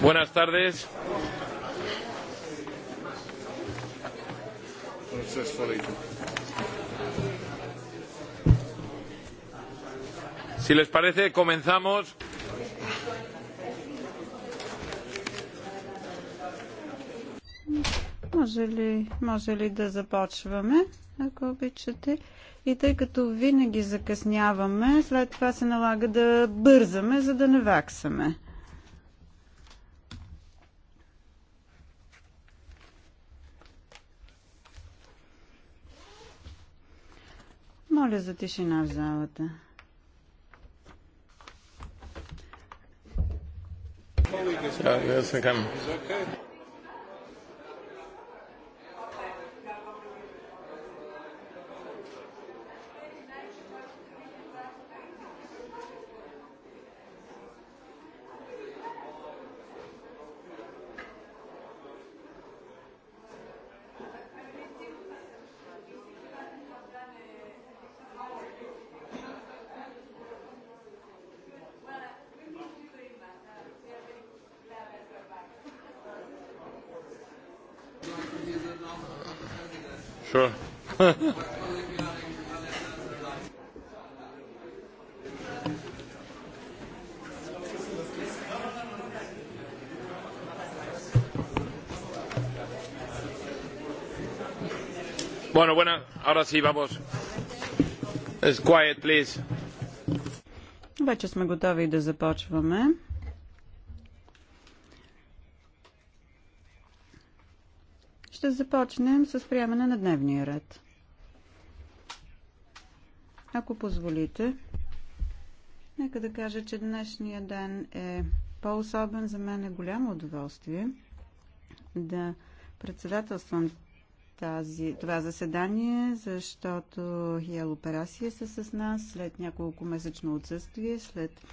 Buenas tardes. Si les parece, comenzamos. Може ли, може ли да започваме, ако обичате? И тъй като винаги закъсняваме, след това се налага да бързаме, за да не ваксаме. Моля за тишина в залата. Yeah, yes, I can. Bueno, bueno, ahora sí, vamos. It's quiet, please. Вече сме готови да започваме. Ще започнем с приемане на дневния ред. Ако позволите, нека да кажа, че днешния ден е по-особен. За мен е голямо удоволствие да председателствам тази, това заседание, защото Хиел Операсия са с нас след няколко месечно отсъствие, след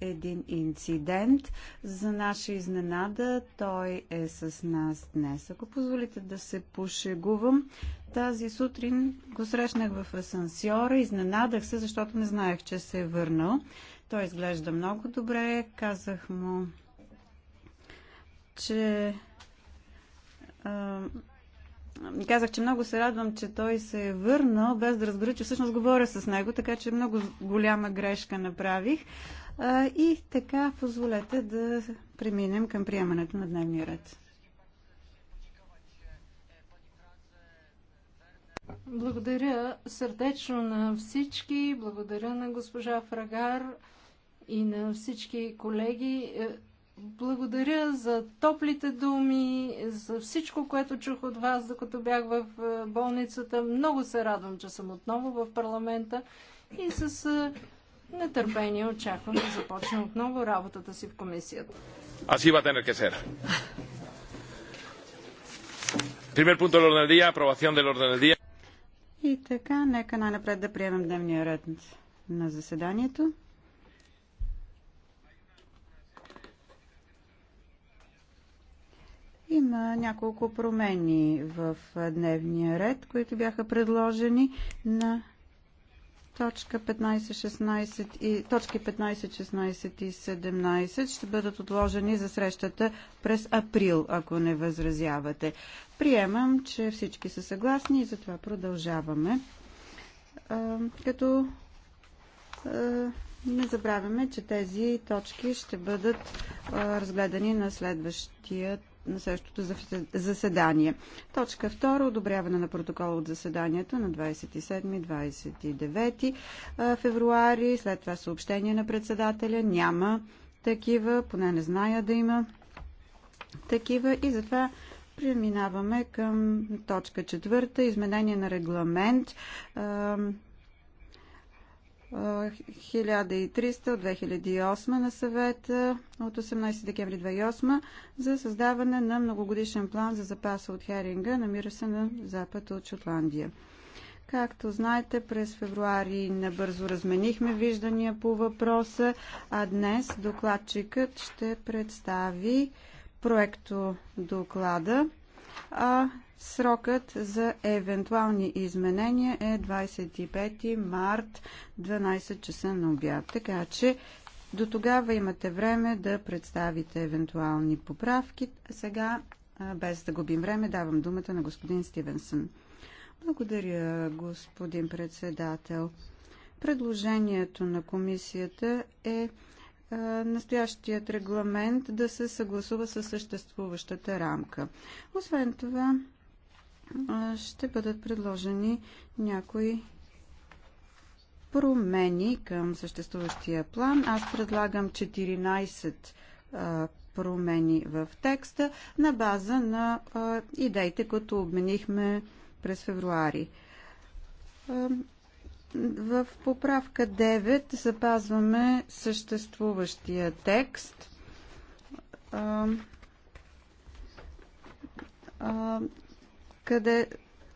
един инцидент. За наша изненада той е с нас днес. Ако позволите да се пошегувам, тази сутрин го срещнах в асансьора, изненадах се, защото не знаех, че се е върнал. Той изглежда много добре. Казах му, че а, казах, че много се радвам, че той се е върнал, без да разбера, че всъщност говоря с него, така че много голяма грешка направих. А, и така, позволете да преминем към приемането на дневния ред. Благодаря сърдечно на всички, благодаря на госпожа Фрагар и на всички колеги. Е, благодаря за топлите думи, за всичко, което чух от вас, докато бях в е, болницата. Много се радвам, че съм отново в парламента и с е, нетърпение очаквам да започна отново работата си в комисията. Así va a tener que ser. Primer punto del orden del día, aprobación del orden del día. И така, нека най-напред да приемем дневния ред на заседанието. Има няколко промени в дневния ред, които бяха предложени на Точка 15, 16 и, точки 15, 16 и 17 ще бъдат отложени за срещата през април, ако не възразявате. Приемам, че всички са съгласни и затова продължаваме. А, като а, не забравяме, че тези точки ще бъдат а, разгледани на следващият на същото заседание. Точка 2. Одобряване на протокол от заседанията на 27-29 февруари. След това съобщение на председателя. Няма такива, поне не зная да има такива и затова преминаваме към точка 4. изменение на регламент 1300 от 2008 на съвета от 18 декември 2008 за създаване на многогодишен план за запаса от херинга, намира се на запад от Шотландия. Както знаете, през февруари набързо разменихме виждания по въпроса, а днес докладчикът ще представи проекто доклада, а Срокът за евентуални изменения е 25 март 12 часа на обяд. Така че до тогава имате време да представите евентуални поправки. Сега, без да губим време, давам думата на господин Стивенсън. Благодаря, господин председател. Предложението на комисията е настоящият регламент да се съгласува със съществуващата рамка. Освен това, ще бъдат предложени някои промени към съществуващия план. Аз предлагам 14 промени в текста на база на идеите, които обменихме през февруари. В поправка 9 запазваме съществуващия текст къде,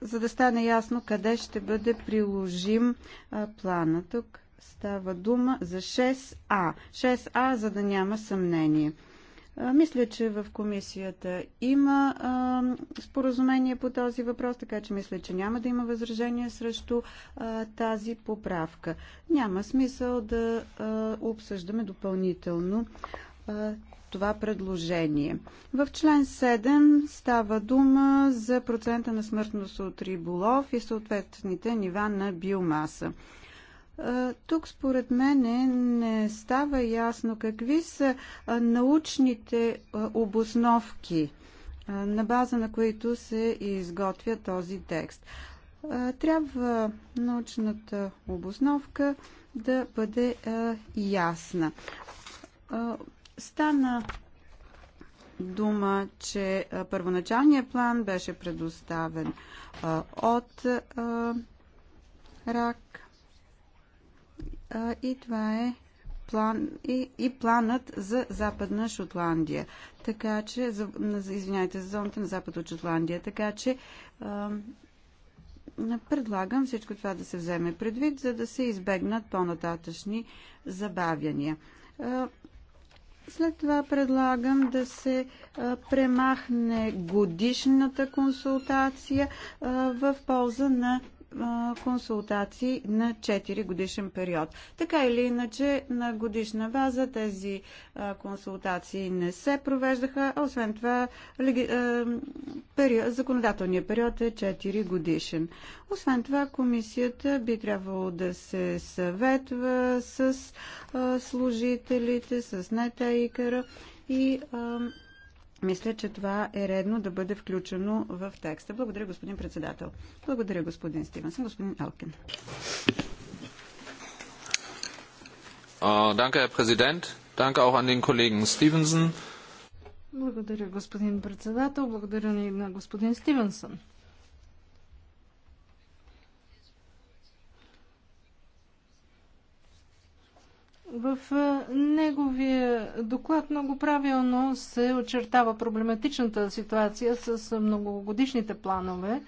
за да стане ясно къде ще бъде приложим а, плана. Тук става дума за 6А. 6А, за да няма съмнение. Мисля, че в комисията има а, споразумение по този въпрос, така че мисля, че няма да има възражение срещу а, тази поправка. Няма смисъл да а, обсъждаме допълнително това предложение. В член 7 става дума за процента на смъртност от риболов и съответните нива на биомаса. Тук според мен не става ясно какви са научните обосновки, на база на които се изготвя този текст. Трябва научната обосновка да бъде ясна. Стана дума, че първоначалният план беше предоставен от РАК и това е план и, и планът за Западна Шотландия. Така че, за, извиняйте, за зоната на Запад от Шотландия. Така че, предлагам всичко това да се вземе предвид, за да се избегнат по-нататъчни забавяния. След това предлагам да се премахне годишната консултация в полза на консултации на 4 годишен период. Така или иначе, на годишна база тези консултации не се провеждаха, а освен това период, законодателният период е 4 годишен. Освен това, комисията би трябвало да се съветва с служителите, с нета ИКРА и мисля, че това е редно да бъде включено в текста. Благодаря, господин председател. Благодаря, господин Стивенсън. Господин Елкин. Данка, Herr президент. Данка, auch an den Kollegen Stevenson. Благодаря, господин председател. Благодаря ни на господин Стивенсън. В е, неговия доклад много правилно се очертава проблематичната ситуация с многогодишните планове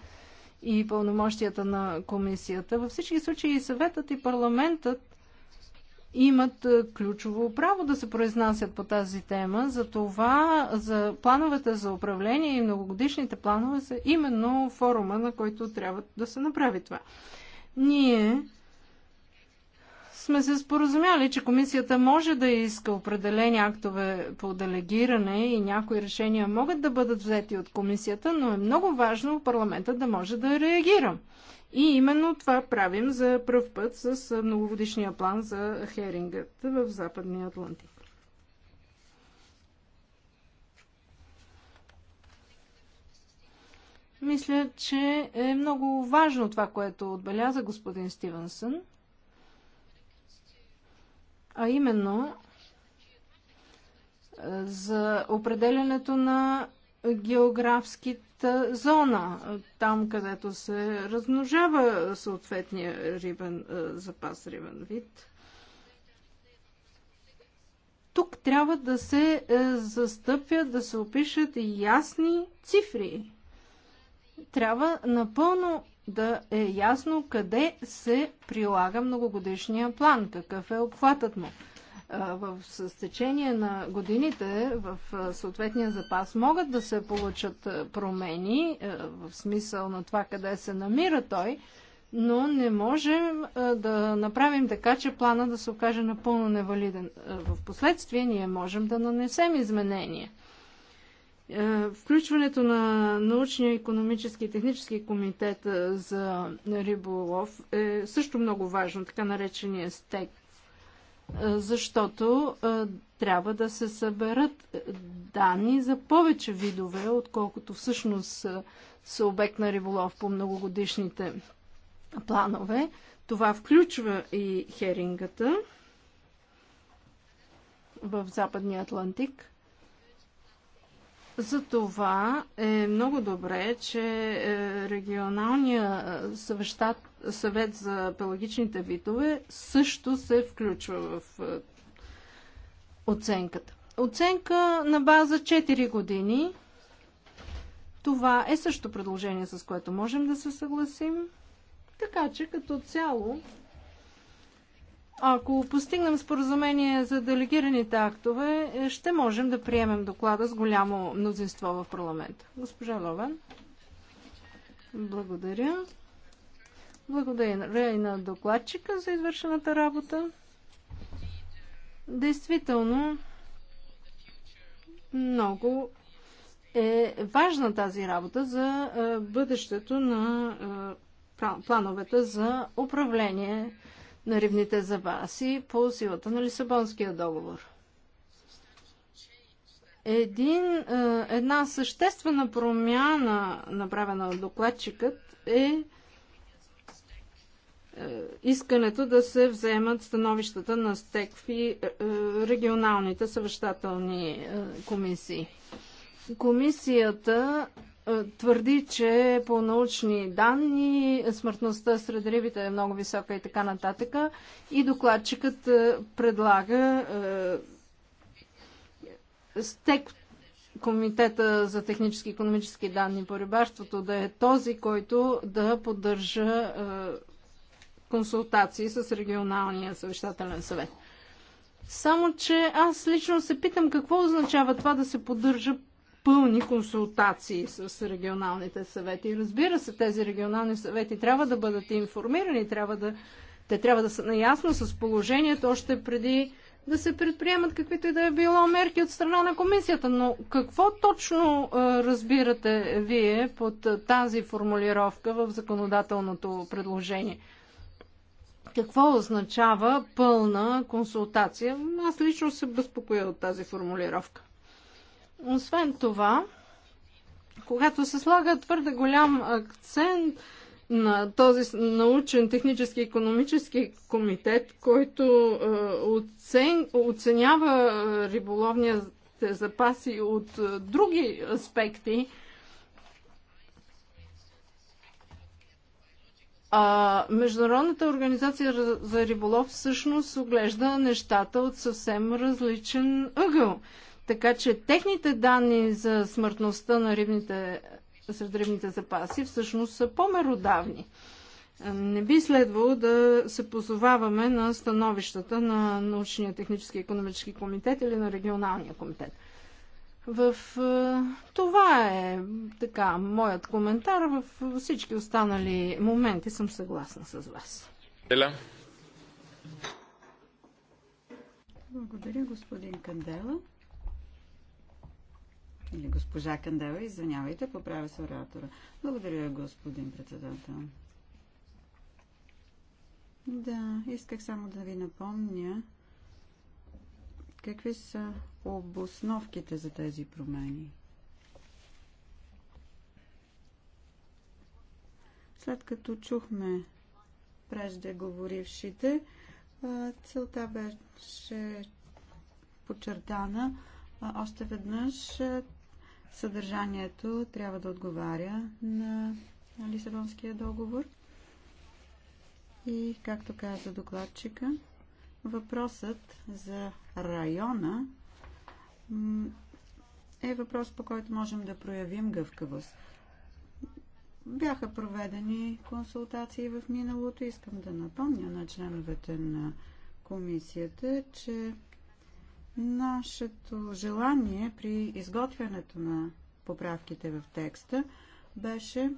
и пълномощията на комисията. Във всички случаи и съветът и парламентът имат е, ключово право да се произнасят по тази тема. За това за плановете за управление и многогодишните планове са именно форума, на който трябва да се направи това. Ние сме се споразумяли, че комисията може да иска определени актове по делегиране и някои решения могат да бъдат взети от комисията, но е много важно парламента да може да реагира. И именно това правим за пръв път с многогодишния план за херингът в Западния Атлантик. Мисля, че е много важно това, което отбеляза господин Стивенсън – а именно за определенето на географската зона, там където се размножава съответния рибен, запас рибен вид. Тук трябва да се застъпят, да се опишат ясни цифри. Трябва напълно да е ясно къде се прилага многогодишния план, какъв е обхватът му. В течение на годините в съответния запас могат да се получат промени в смисъл на това къде се намира той, но не можем да направим така, че плана да се окаже напълно невалиден. В последствие ние можем да нанесем изменения – е, включването на научния, економически и технически комитет е, за риболов е също много важно, така наречения стек, е, защото трябва да се съберат данни за повече видове, отколкото всъщност са обект на риболов по многогодишните планове. Това включва и херингата в Западния Атлантик – затова е много добре, че е, регионалния е, съвещат, съвет за пелагичните видове също се включва в е, оценката. Оценка на база 4 години. Това е също предложение, с което можем да се съгласим. Така че като цяло ако постигнем споразумение за делегираните актове, е, ще можем да приемем доклада с голямо мнозинство в парламента. Госпожа Ловен. Благодаря. Благодаря и на докладчика за извършената работа. Действително, много е важна тази работа за е, бъдещето на е, плановете за управление на ревните и по силата на Лисабонския договор. Един, е, една съществена промяна, направена от докладчикът, е, е искането да се вземат становищата на СТЕК и е, регионалните съвещателни комисии. Комисията е, твърди, че по научни данни смъртността сред рибите е много висока и така нататък. И докладчикът е, предлага е, стек Комитета за технически и економически данни по рибарството да е този, който да поддържа е, консултации с регионалния съвещателен съвет. Само, че аз лично се питам какво означава това да се поддържа пълни консултации с регионалните съвети. Разбира се, тези регионални съвети трябва да бъдат информирани, трябва да, те трябва да са наясно с положението още преди да се предприемат каквито и да е било мерки от страна на комисията. Но какво точно разбирате вие под тази формулировка в законодателното предложение? Какво означава пълна консултация? Аз лично се безпокоя от тази формулировка. Освен това, когато се слага твърде голям акцент на този научен, технически и економически комитет, който е, оцен, оценява е, риболовния запаси от е, други аспекти, А Международната организация за риболов всъщност оглежда нещата от съвсем различен ъгъл. Така че техните данни за смъртността на рибните, сред рибните запаси всъщност са по-меродавни. Не би следвало да се позоваваме на становищата на научния технически и економически комитет или на регионалния комитет. В е, това е така моят коментар. В всички останали моменти съм съгласна с вас. Еля. Благодаря, господин Кандела или госпожа Кандева, извинявайте, поправя се оратора. Благодаря, господин председател. Да, исках само да ви напомня какви са обосновките за тези промени. След като чухме преждеговорившите, целта беше подчертана още веднъж Съдържанието трябва да отговаря на Лисабонския договор. И, както каза докладчика, въпросът за района е въпрос, по който можем да проявим гъвкавост. Бяха проведени консултации в миналото. Искам да напомня на членовете на комисията, че Нашето желание при изготвянето на поправките в текста беше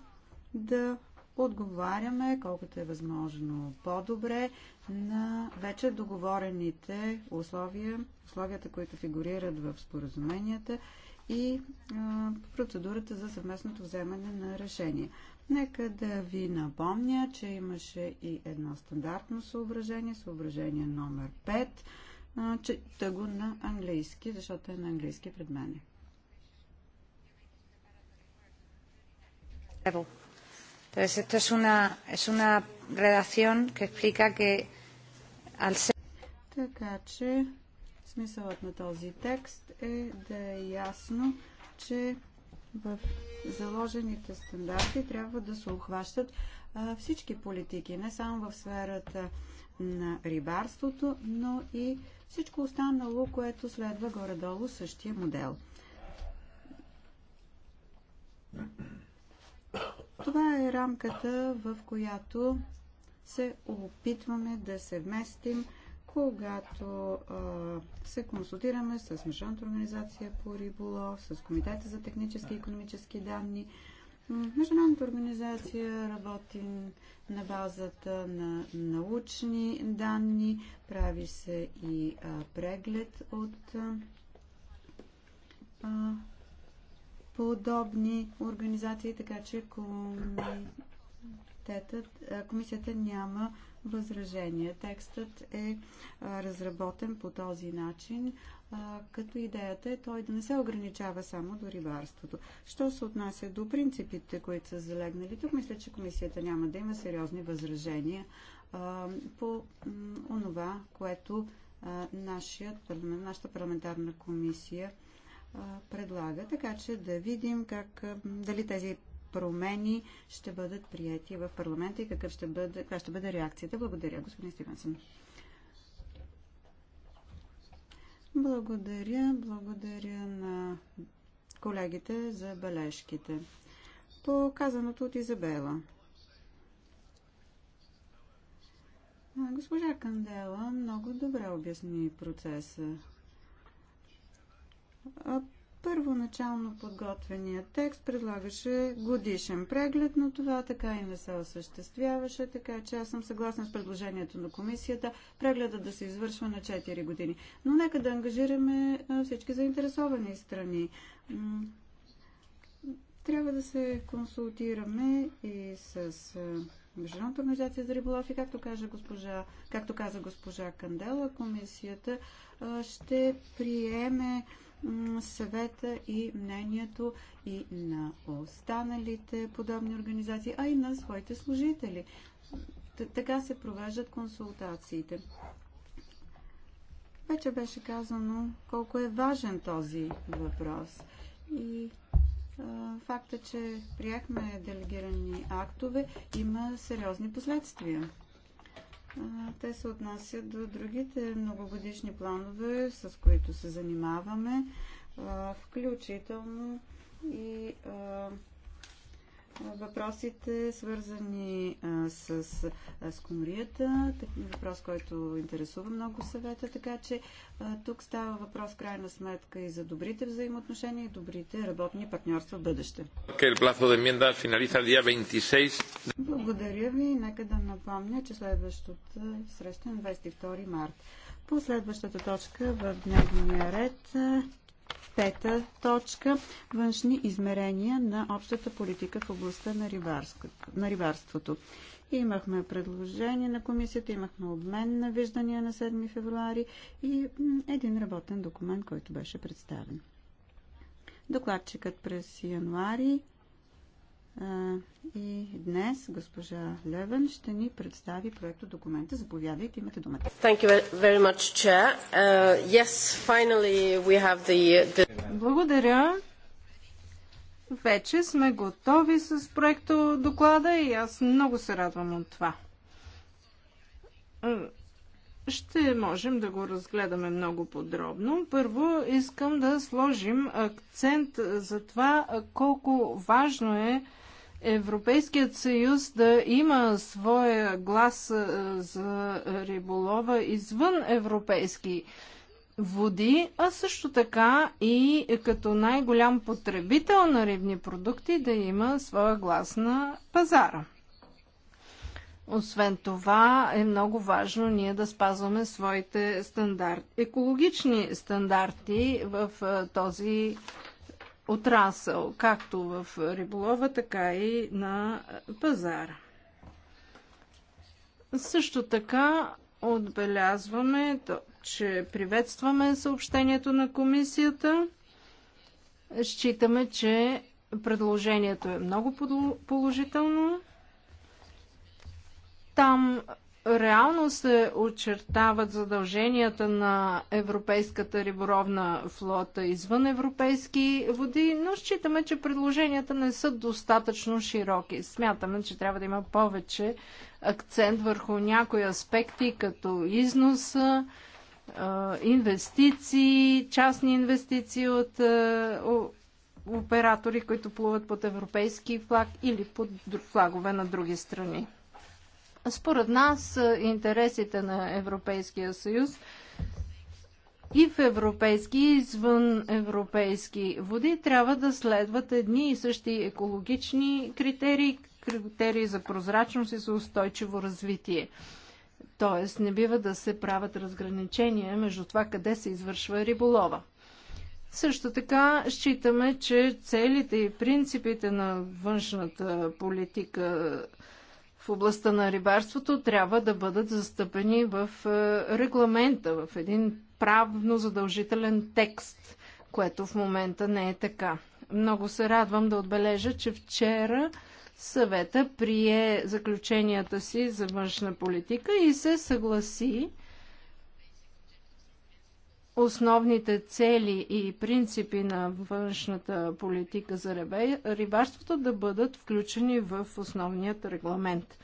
да отговаряме колкото е възможно по-добре на вече договорените условия, условията, които фигурират в споразуменията и а, процедурата за съвместното вземане на решение. Нека да ви напомня, че имаше и едно стандартно съображение, съображение номер 5 чета го на английски, защото е на английски пред мене. Entonces, esto es una, es una redacción que explica que al ser... Така че смисълът на този текст е да е ясно, че в заложените стандарти трябва да се обхващат а, всички политики, не само в сферата на рибарството, но и а, всичко останало, което следва горе-долу същия модел. Това е рамката, в която се опитваме да се вместим, когато а, се консултираме с Международната организация по риболов, с Комитета за технически и економически данни, Международната организация работи на базата на научни данни, прави се и а, преглед от а, подобни организации, така че комисията няма възражения. Текстът е разработен по този начин като идеята е той да не се ограничава само до рибарството. Що се отнася до принципите, които са залегнали тук, мисля, че комисията няма да има сериозни възражения по онова, което нашата парламентарна комисия предлага, така че да видим как, дали тези промени ще бъдат прияти в парламента и какъв ще бъде, каква ще бъде реакцията. Благодаря, господин Стивенсън. Благодаря, благодаря на колегите за бележките. По казаното от Изабела. Госпожа Кандела много добре обясни процеса. Първоначално подготвения текст предлагаше годишен преглед, но това така и не се осъществяваше, така че аз съм съгласна с предложението на комисията прегледа да се извършва на 4 години. Но нека да ангажираме всички заинтересовани страни. Трябва да се консултираме и с Международната организация за риболов и както, каза госпожа, както каза госпожа Кандела, комисията ще приеме съвета и мнението и на останалите подобни организации, а и на своите служители. Така се провеждат консултациите. Вече беше казано колко е важен този въпрос. И факта, че приехме делегирани актове, има сериозни последствия. Те се отнасят до другите многогодишни планове, с които се занимаваме, включително и въпросите, свързани с, с комрията. Въпрос, който интересува много съвета, така че тук става въпрос крайна сметка и за добрите взаимоотношения и добрите работни партньорства в бъдеще. Благодаря ви. Нека да напомня, че следващото среща е на 22 март. Последващата точка в дневния ред Пета точка – външни измерения на общата политика в областта на, рибарско, на рибарството. Имахме предложение на комисията, имахме обмен на виждания на 7 февруари и един работен документ, който беше представен. Докладчикът през януари и днес госпожа Левен ще ни представи проекта документа. Заповядайте, имате думата. Thank you very much, Chair. Uh, yes, finally we have the, the... Благодаря. Вече сме готови с проекто доклада и аз много се радвам от това. Е, ще можем да го разгледаме много подробно. Първо искам да сложим акцент за това колко важно е Европейският съюз да има своя глас за риболова извън европейски води, а също така и като най-голям потребител на рибни продукти да има своя глас на пазара. Освен това е много важно ние да спазваме своите стандарти, екологични стандарти в този отрасъл, както в риболова, така и на пазара. Също така отбелязваме, че приветстваме съобщението на комисията. Считаме, че предложението е много положително. Там реално се очертават задълженията на европейската риборовна флота извън европейски води, но считаме, че предложенията не са достатъчно широки. Смятаме, че трябва да има повече акцент върху някои аспекти, като износа, инвестиции, частни инвестиции от оператори, които плуват под европейски флаг или под флагове на други страни. Според нас е, интересите на Европейския съюз и в европейски, и извън европейски води трябва да следват едни и същи екологични критерии, критерии за прозрачност и за устойчиво развитие. Тоест не бива да се правят разграничения между това къде се извършва риболова. Също така считаме, че целите и принципите на външната политика в областта на рибарството трябва да бъдат застъпени в е, регламента, в един правно задължителен текст, което в момента не е така. Много се радвам да отбележа, че вчера съвета прие заключенията си за външна политика и се съгласи основните цели и принципи на външната политика за рибарството да бъдат включени в основният регламент.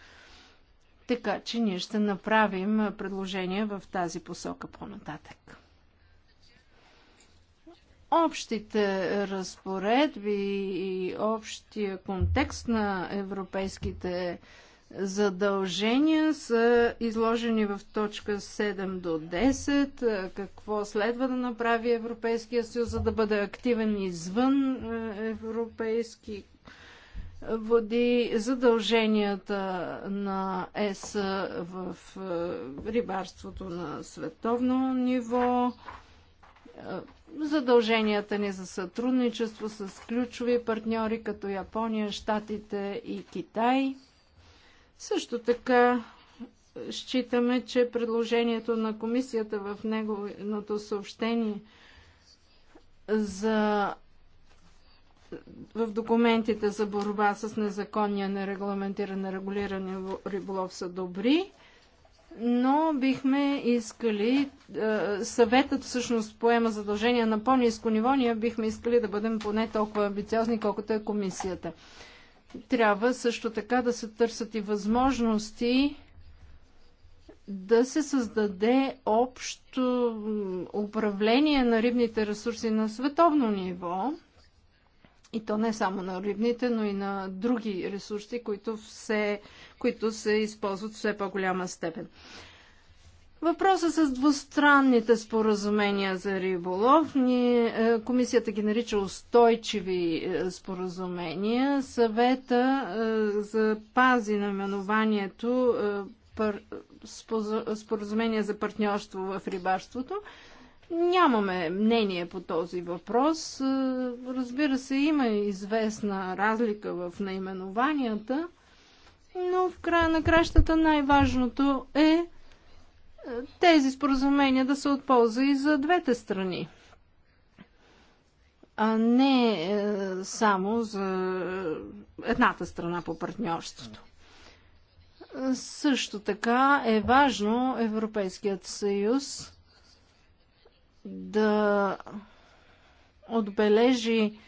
Така че ние ще направим предложения в тази посока по-нататък. Общите разпоредби и общия контекст на европейските задължения са изложени в точка 7 до 10. Какво следва да направи Европейския съюз, за да бъде активен извън европейски води задълженията на ЕС в рибарството на световно ниво, задълженията ни за сътрудничество с ключови партньори като Япония, Штатите и Китай – също така считаме, че предложението на комисията в неговото съобщение за в документите за борба с незаконния, нерегламентиран, нерегулиран риболов са добри, но бихме искали, е, съветът всъщност поема задължения на по-низко ниво, ние бихме искали да бъдем поне толкова амбициозни, колкото е комисията. Трябва също така да се търсят и възможности да се създаде общо управление на рибните ресурси на световно ниво. И то не само на рибните, но и на други ресурси, които, все, които се използват в все по-голяма степен. Въпросът с двустранните споразумения за риболов. Ние, е, комисията ги нарича устойчиви е, споразумения. Съвета е, пази наименованието е, пар... споразумение за партньорство в рибарството. Нямаме мнение по този въпрос. Е, разбира се, има известна разлика в наименованията, но в края на кращата най-важното е тези споразумения да се отполза и за двете страни. А не е, само за едната страна по партньорството. Също така е важно Европейският съюз да отбележи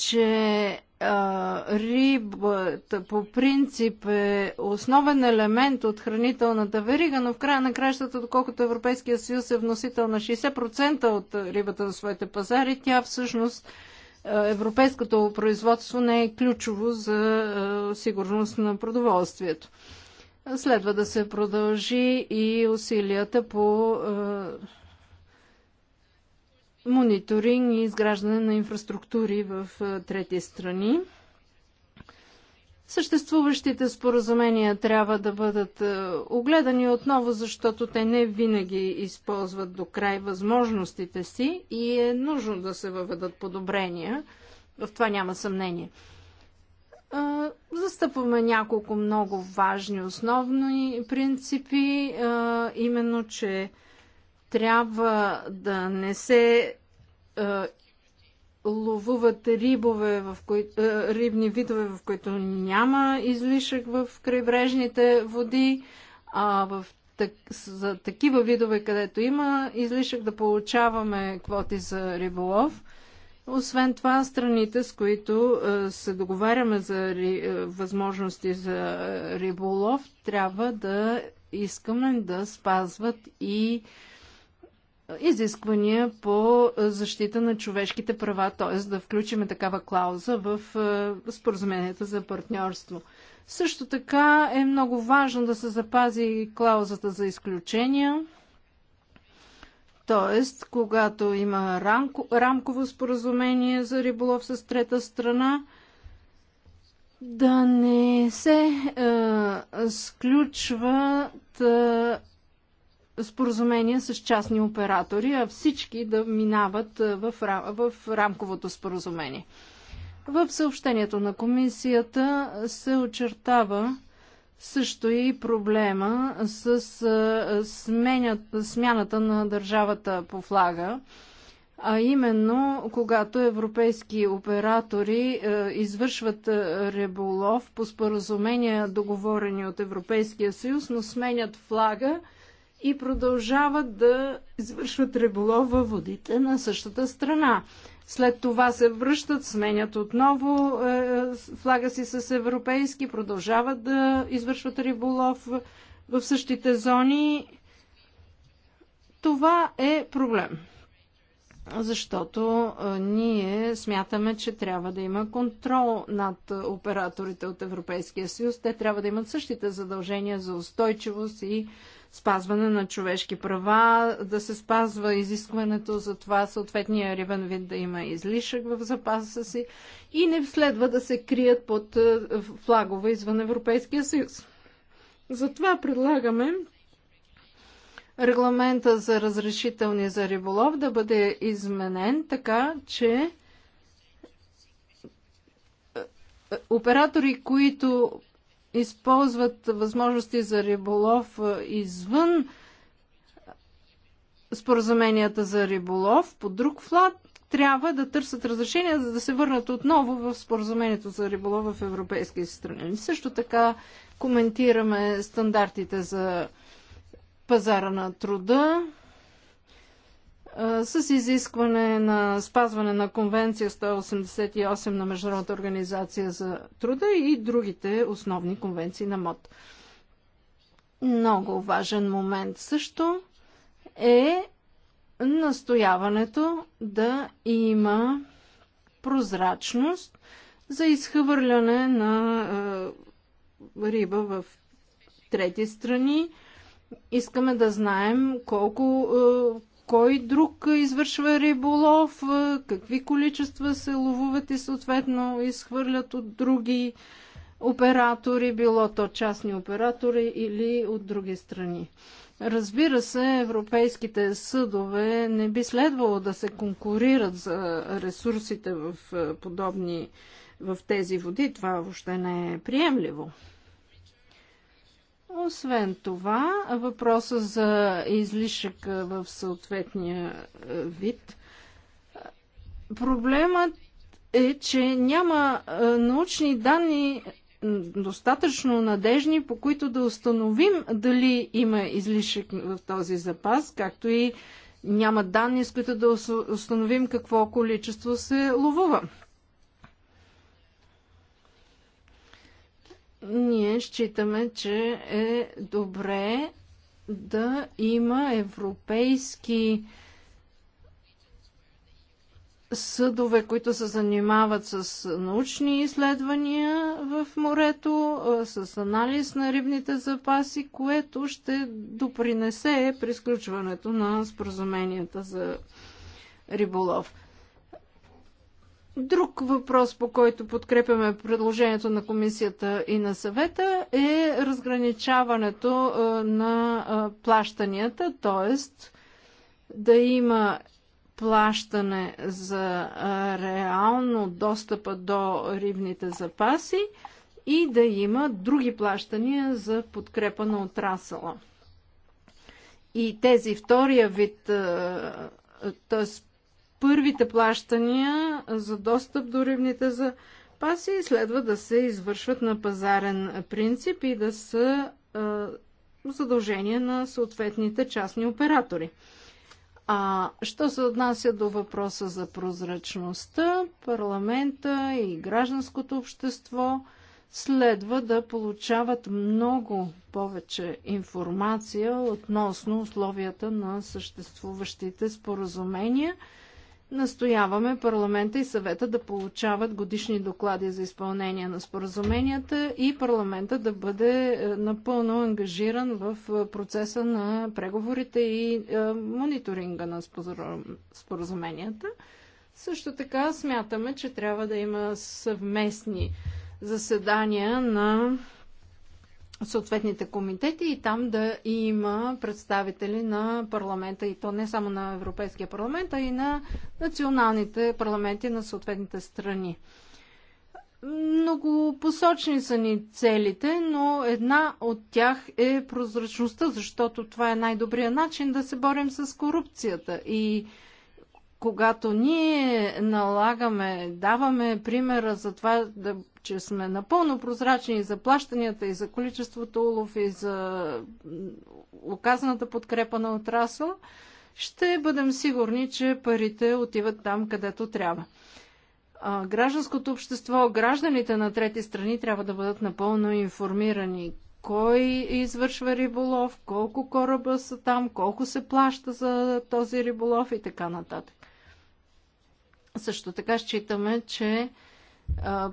че а, рибата по принцип е основен елемент от хранителната верига, но в края на кращата, доколкото Европейския съюз е вносител на 60% от рибата на своите пазари, тя всъщност европейското производство не е ключово за сигурност на продоволствието. Следва да се продължи и усилията по мониторинг и изграждане на инфраструктури в трети страни. Съществуващите споразумения трябва да бъдат огледани отново, защото те не винаги използват до край възможностите си и е нужно да се въведат подобрения. В това няма съмнение. Застъпваме няколко много важни основни принципи, именно, че трябва да не се а, е, ловуват рибове, в кои, а, е, рибни видове, в които няма излишък в крайбрежните води, а в так, за такива видове, където има излишък да получаваме квоти за риболов. Освен това, страните, с които е, се договаряме за възможности за риболов, трябва да искаме да спазват и изисквания по защита на човешките права, т.е. да включим такава клауза в е, споразумението за партньорство. Също така е много важно да се запази клаузата за изключения, т.е. когато има рамко, рамково споразумение за риболов с трета страна, да не се е, сключват е, споразумения с частни оператори, а всички да минават в, в рамковото споразумение. В съобщението на комисията се очертава също и проблема с сменят, смяната на държавата по флага, а именно когато европейски оператори е, извършват Реболов по споразумения договорени от Европейския съюз, но сменят флага и продължават да извършват риболов във водите на същата страна. След това се връщат, сменят отново е, е флага си с европейски, продължават да извършват риболов в, в същите зони. Това е проблем. Защото е, ние смятаме, че трябва да има контрол над операторите от Европейския съюз. Те трябва да имат същите задължения за устойчивост и спазване на човешки права, да се спазва изискването за това съответния рибен вид да има излишък в запаса си и не следва да се крият под е, флагове извън Европейския съюз. Затова предлагаме регламента за разрешителни за риболов да бъде изменен така, че е, е, оператори, които използват възможности за риболов извън споразуменията за риболов по друг флаг, трябва да търсят разрешение, за да се върнат отново в споразумението за риболов в европейски страни. Също така коментираме стандартите за пазара на труда, с изискване на спазване на конвенция 188 на Международната организация за труда и другите основни конвенции на МОД. Много важен момент също е настояването да има прозрачност за изхвърляне на е, риба в трети страни. Искаме да знаем колко кой друг извършва риболов, какви количества се ловуват и съответно изхвърлят от други оператори, било то частни оператори или от други страни. Разбира се, европейските съдове не би следвало да се конкурират за ресурсите в подобни в тези води. Това въобще не е приемливо. Освен това, въпроса за излишък в съответния е, вид. Проблемът е, че няма е, научни данни достатъчно надежни, по които да установим дали има излишък в този запас, както и няма данни, с които да установим какво количество се ловува. ние считаме, че е добре да има европейски съдове, които се занимават с научни изследвания в морето, с анализ на рибните запаси, което ще допринесе при сключването на споразуменията за риболов. Друг въпрос, по който подкрепяме предложението на комисията и на съвета е разграничаването на плащанията, т.е. да има плащане за реално достъпа до рибните запаси и да има други плащания за подкрепа на отрасъла. И тези втория вид т.е първите плащания за достъп до рибните запаси следва да се извършват на пазарен принцип и да са задължения на съответните частни оператори. А що се отнася до въпроса за прозрачността, парламента и гражданското общество следва да получават много повече информация относно условията на съществуващите споразумения – Настояваме парламента и съвета да получават годишни доклади за изпълнение на споразуменията и парламента да бъде е, напълно ангажиран в е, процеса на преговорите и е, мониторинга на споразуменията. Също така смятаме, че трябва да има съвместни заседания на съответните комитети и там да има представители на парламента и то не само на Европейския парламент, а и на националните парламенти на съответните страни. Много посочни са ни целите, но една от тях е прозрачността, защото това е най-добрият начин да се борим с корупцията. И когато ние налагаме, даваме примера за това да че сме напълно прозрачни и за плащанията, и за количеството улов, и за оказаната подкрепа на отрасъл, ще бъдем сигурни, че парите отиват там, където трябва. гражданското общество, гражданите на трети страни трябва да бъдат напълно информирани кой извършва риболов, колко кораба са там, колко се плаща за този риболов и така нататък. Също така считаме, че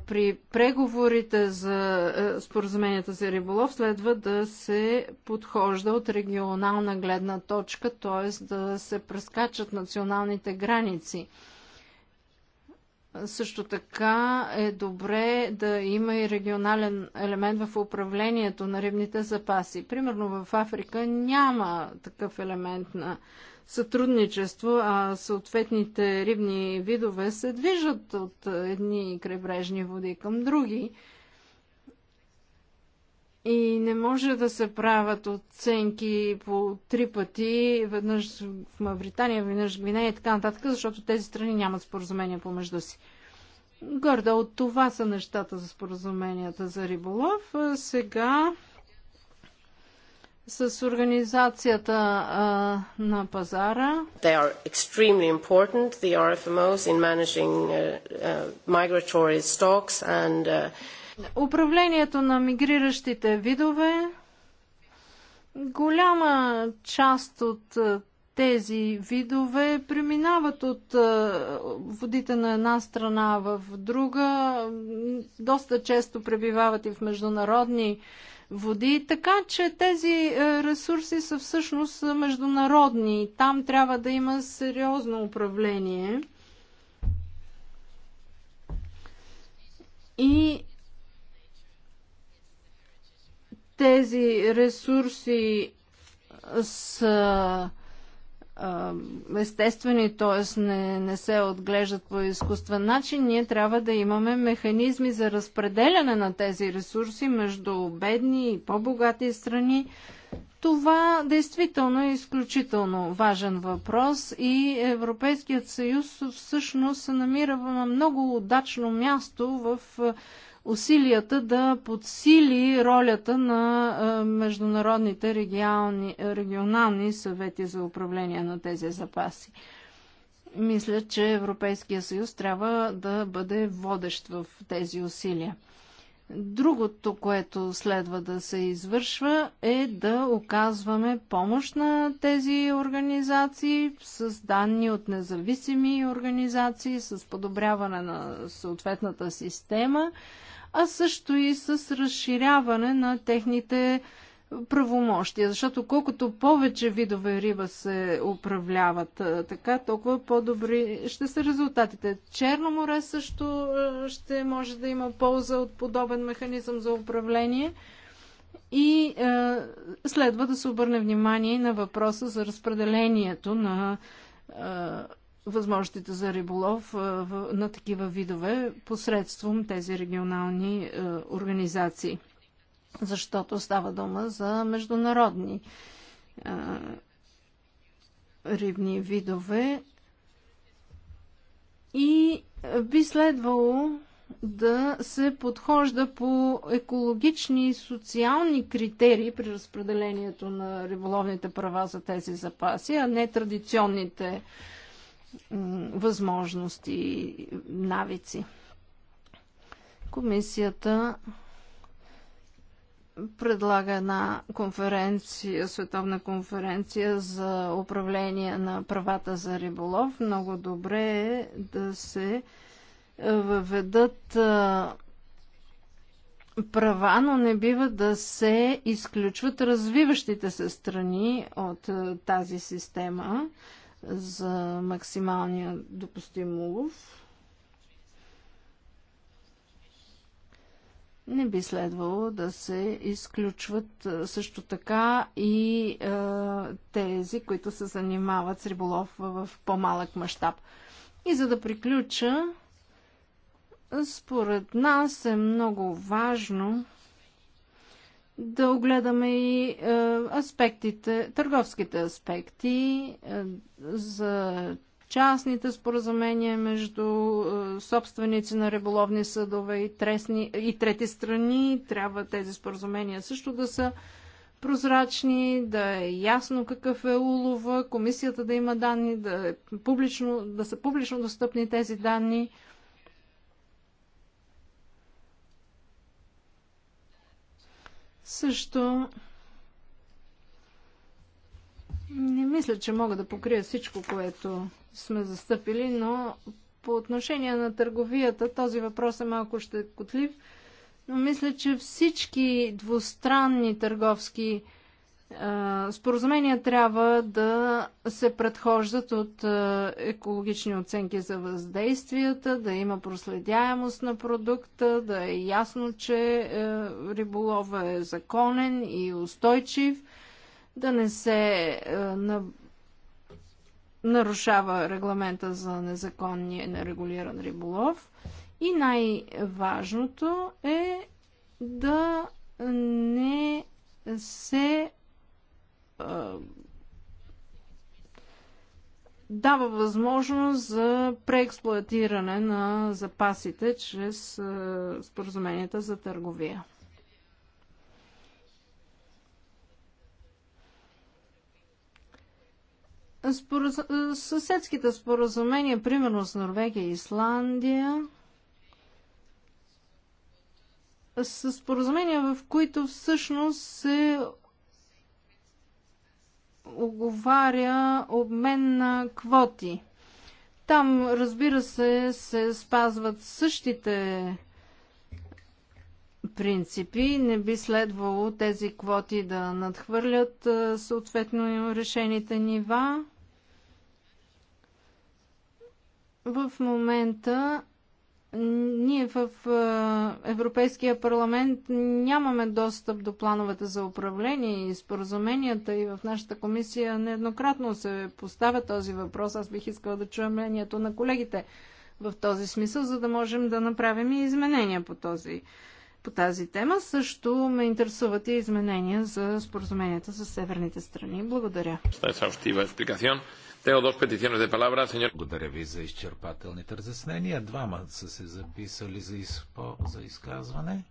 при преговорите за споразуменията за риболов следва да се подхожда от регионална гледна точка, т.е. да се прескачат националните граници. Също така е добре да има и регионален елемент в управлението на рибните запаси. Примерно в Африка няма такъв елемент на сътрудничество, а съответните рибни видове се движат от едни крайбрежни води към други. И не може да се правят оценки по три пъти, веднъж в Мавритания, веднъж в Гвинея и така нататък, защото тези страни нямат споразумения помежду си. Горда от това са нещата за споразуменията за риболов. Сега с организацията а, на пазара. They are extremely important, the RFMOs, in managing uh, uh, migratory stocks and... Uh... Управлението на мигриращите видове. Голяма част от тези видове преминават от водите на една страна в друга. Доста често пребивават и в международни uh, води, така че тези е, ресурси са всъщност международни. Там трябва да има сериозно управление. И тези ресурси са естествени, т.е. Не, не се отглеждат по изкуствен начин, ние трябва да имаме механизми за разпределяне на тези ресурси между бедни и по-богати страни. Това действително е изключително важен въпрос и Европейският съюз всъщност се намира на много удачно място в усилията да подсили ролята на международните региални, регионални съвети за управление на тези запаси. Мисля, че Европейския съюз трябва да бъде водещ в тези усилия. Другото, което следва да се извършва е да оказваме помощ на тези организации с данни от независими организации, с подобряване на съответната система а също и с разширяване на техните правомощия, защото колкото повече видове риба се управляват така, толкова по-добри ще са резултатите. Черно море също ще може да има полза от подобен механизъм за управление и е, следва да се обърне внимание на въпроса за разпределението на е, възможностите за риболов на такива видове посредством тези регионални е, организации. Защото става дума за международни е, рибни видове и е, би следвало да се подхожда по екологични и социални критерии при разпределението на риболовните права за тези запаси, а не традиционните възможности и навици. Комисията предлага една конференция, световна конференция за управление на правата за риболов. Много добре е да се е, въведат е, права, но не бива да се изключват развиващите се страни от е, тази система за максималния допустим улов. Не би следвало да се изключват също така и е, тези, които се занимават с риболов в по-малък мащаб. И за да приключа, според нас е много важно да огледаме и е, аспектите, търговските аспекти е, за частните споразумения между е, собственици на риболовни съдове и, тресни, и трети страни. Трябва тези споразумения също да са прозрачни, да е ясно какъв е улова, комисията да има данни, да, е публично, да са публично достъпни тези данни. Също не мисля, че мога да покрия всичко, което сме застъпили, но по отношение на търговията този въпрос е малко щекотлив, но мисля, че всички двустранни търговски Споразумения трябва да се предхождат от екологични оценки за въздействията, да има проследяемост на продукта, да е ясно, че е, риболова е законен и устойчив, да не се е, нарушава регламента за незаконния нерегулиран риболов. И най-важното е да не се дава възможност за преексплуатиране на запасите чрез споразуменията за търговия. Съседските споразумения, примерно с Норвегия и Исландия, са споразумения, в които всъщност се оговаря обмен на квоти. Там, разбира се, се спазват същите принципи. Не би следвало тези квоти да надхвърлят съответно решените нива. В момента ние в Европейския парламент нямаме достъп до плановете за управление и споразуменията и в нашата комисия нееднократно се поставя този въпрос. Аз бих искала да чуя мнението на колегите в този смисъл, за да можем да направим и изменения по, този, по тази тема. Също ме интересуват и изменения за споразуменията с северните страни. Благодаря. Благодаря ви за изчерпателните разяснения. Двама са се записали за, изпо, за изказване.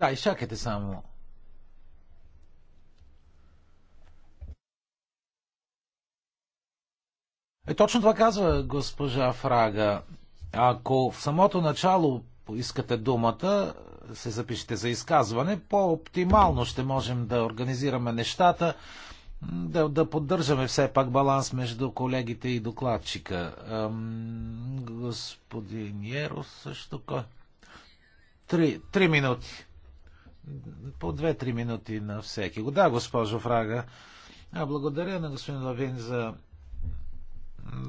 Да, изчакайте само. Е, точно това казва госпожа Фрага. Ако в самото начало искате думата, се запишете за изказване, по-оптимално ще можем да организираме нещата, да, да поддържаме все пак баланс между колегите и докладчика. Ам, господин Ерос също кой? Три, три минути. По две-три минути на всеки. Да, госпожо Фрага. А благодаря на господин Лавин за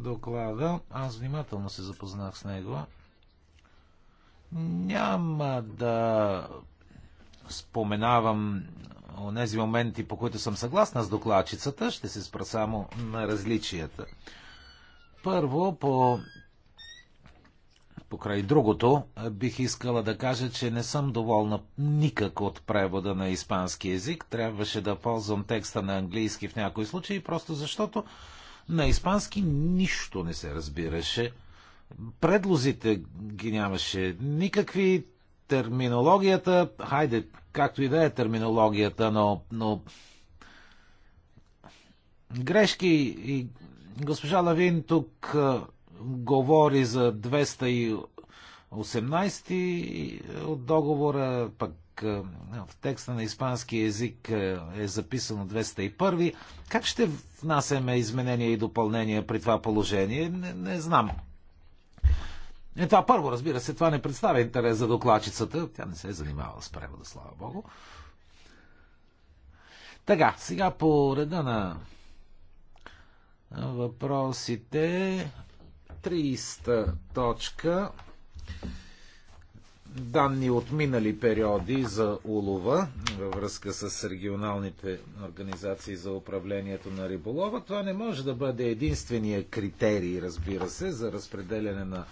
доклада. Аз внимателно се запознах с него. Няма да споменавам онези моменти, по които съм съгласна с докладчицата, ще се спра само на различията. Първо, по... покрай другото, бих искала да кажа, че не съм доволна никак от превода на испански язик. Трябваше да ползвам текста на английски в някои случаи, просто защото на испански нищо не се разбираше предлозите ги нямаше никакви, терминологията, хайде, както и да е терминологията, но, но грешки и госпожа Лавин тук а, говори за 218 от договора, пък в текста на испански язик е записано 201. Как ще внасяме изменения и допълнения при това положение? Не, не знам. Е, това първо, разбира се, това не представя интерес за докладчицата. Тя не се е занимавала с превода, слава богу. Така, сега по реда на въпросите. 30 точка. Данни от минали периоди за улова във връзка с регионалните организации за управлението на риболова. Това не може да бъде единствения критерий, разбира се, за разпределяне на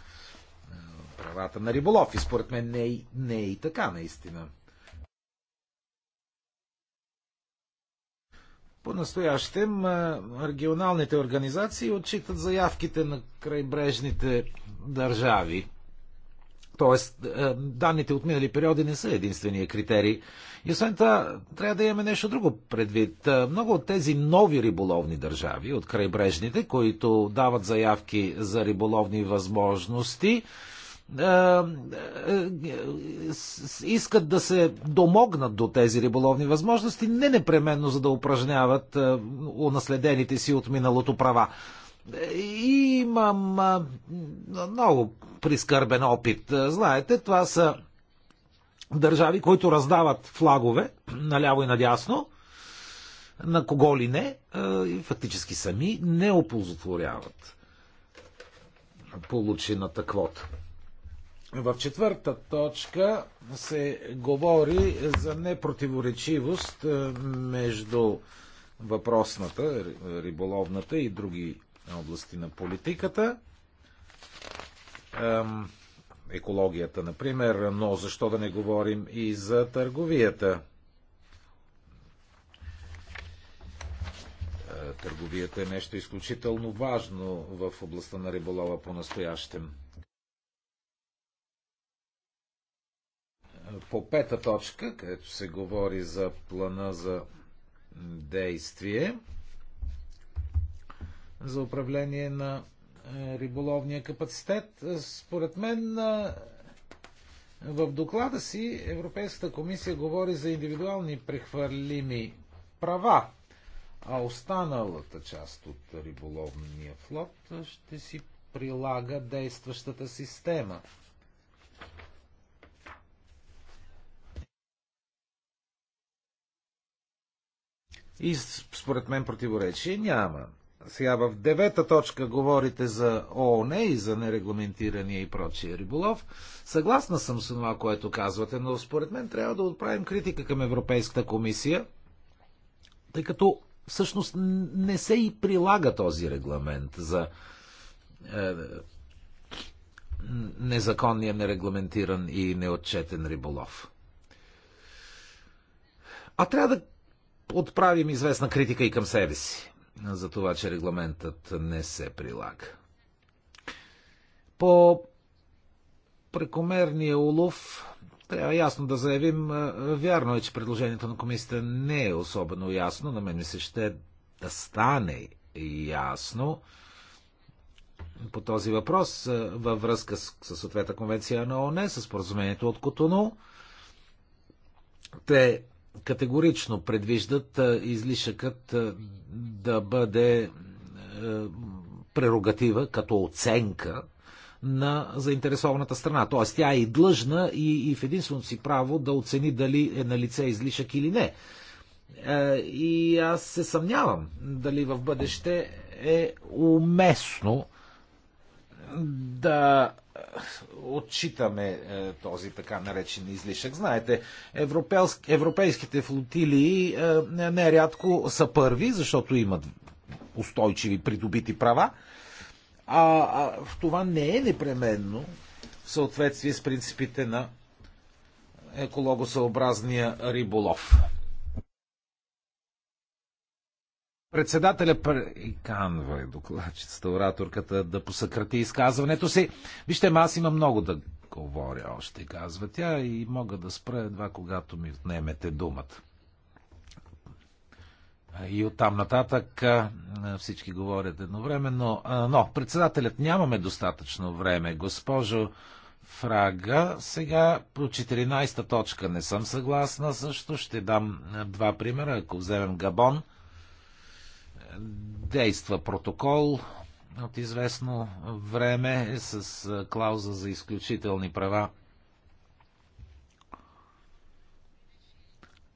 правата на риболов. И според мен не е, не е и така, наистина. По-настоящем регионалните организации отчитат заявките на крайбрежните държави. Тоест, данните от минали периоди не са единствения критерий. И освен това, трябва да имаме нещо друго предвид. Много от тези нови риболовни държави, от крайбрежните, които дават заявки за риболовни възможности, е, е, искат да се домогнат до тези риболовни възможности, не непременно за да упражняват е, унаследените си от миналото права. Имам много прискърбен опит. Знаете, това са държави, които раздават флагове наляво и надясно, на кого ли не, и фактически сами не оползотворяват получената квота. В четвърта точка се говори за непротиворечивост е, между въпросната, риболовната и други области на политиката. Екологията, например, но защо да не говорим и за търговията? Е, търговията е нещо изключително важно в областта на риболова по-настоящем. по пета точка, където се говори за плана за действие за управление на е, риболовния капацитет. Според мен е, в доклада си Европейската комисия говори за индивидуални прехвърлими права, а останалата част от риболовния флот ще си прилага действащата система – И според мен противоречие няма. Сега в девета точка говорите за ООН и за нерегламентирания и прочия риболов. Съгласна съм с това, което казвате, но според мен трябва да отправим критика към Европейската комисия, тъй като всъщност не се и прилага този регламент за е, незаконния, нерегламентиран и неотчетен риболов. А трябва да отправим известна критика и към себе си за това, че регламентът не се прилага. По прекомерния улов трябва ясно да заявим, вярно е, че предложението на комисията не е особено ясно, на мен ми се ще да стане ясно по този въпрос във връзка с, с съответната конвенция на ОНЕ, с поразумението от Котоно. Те категорично предвиждат излишъкът да бъде е, прерогатива като оценка на заинтересованата страна. Т.е. тя е и длъжна и, и в единственото си право да оцени дали е на лице излишък или не. Е, и аз се съмнявам дали в бъдеще е уместно да е, отчитаме е, този така наречен излишък. Знаете, европейските флотилии е, нерядко са първи, защото имат устойчиви придобити права, а, а това не е непременно в съответствие с принципите на екологосъобразния риболов. Председателя приканва докладчицата, ораторката да посъкрати изказването си. Вижте, аз има много да говоря още, казва тя, и мога да спра едва когато ми отнемете думата. И оттам нататък всички говорят едновременно. Но председателят нямаме достатъчно време. Госпожо Фрага, сега по 14-та точка не съм съгласна също. Ще дам два примера. Ако вземем Габон, Действа протокол от известно време с клауза за изключителни права.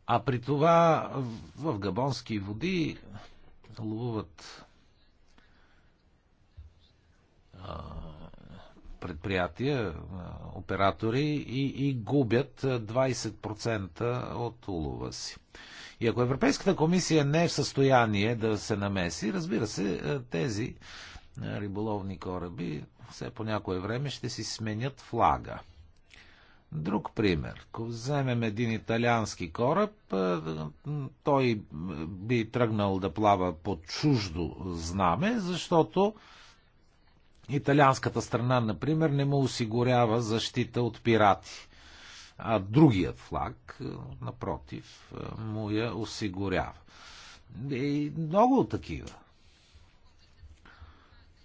А при това в габонски води ловуват предприятия, оператори и, и губят 20% от улова си. И ако Европейската комисия не е в състояние да се намеси, разбира се, тези риболовни кораби все по някое време ще си сменят флага. Друг пример. Ако вземем един италиански кораб, той би тръгнал да плава под чуждо знаме, защото Италианската страна, например, не му осигурява защита от пирати. А другият флаг, е, напротив, е, му я осигурява. И много такива.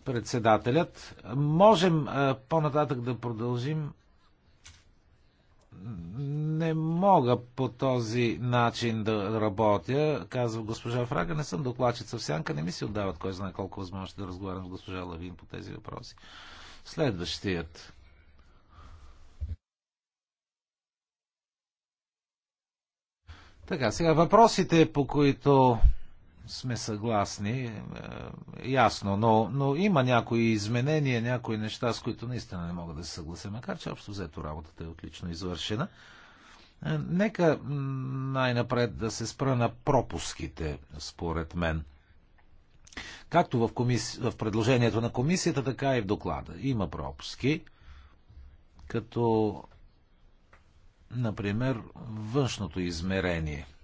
Председателят. Можем е, по-нататък да продължим не мога по този начин да работя, казва госпожа Фрага. Не съм докладчица в сянка, не ми се отдават кой знае колко възможности да разговарям с госпожа Лавин по тези въпроси. Следващият. Така, сега въпросите, по които сме съгласни, е, ясно, но, но има някои изменения, някои неща, с които наистина не мога да се съглася, макар че общо взето работата е отлично извършена. Е, нека най-напред да се спра на пропуските, според мен. Както в, комис... в предложението на комисията, така и в доклада. Има пропуски, като, например, външното измерение –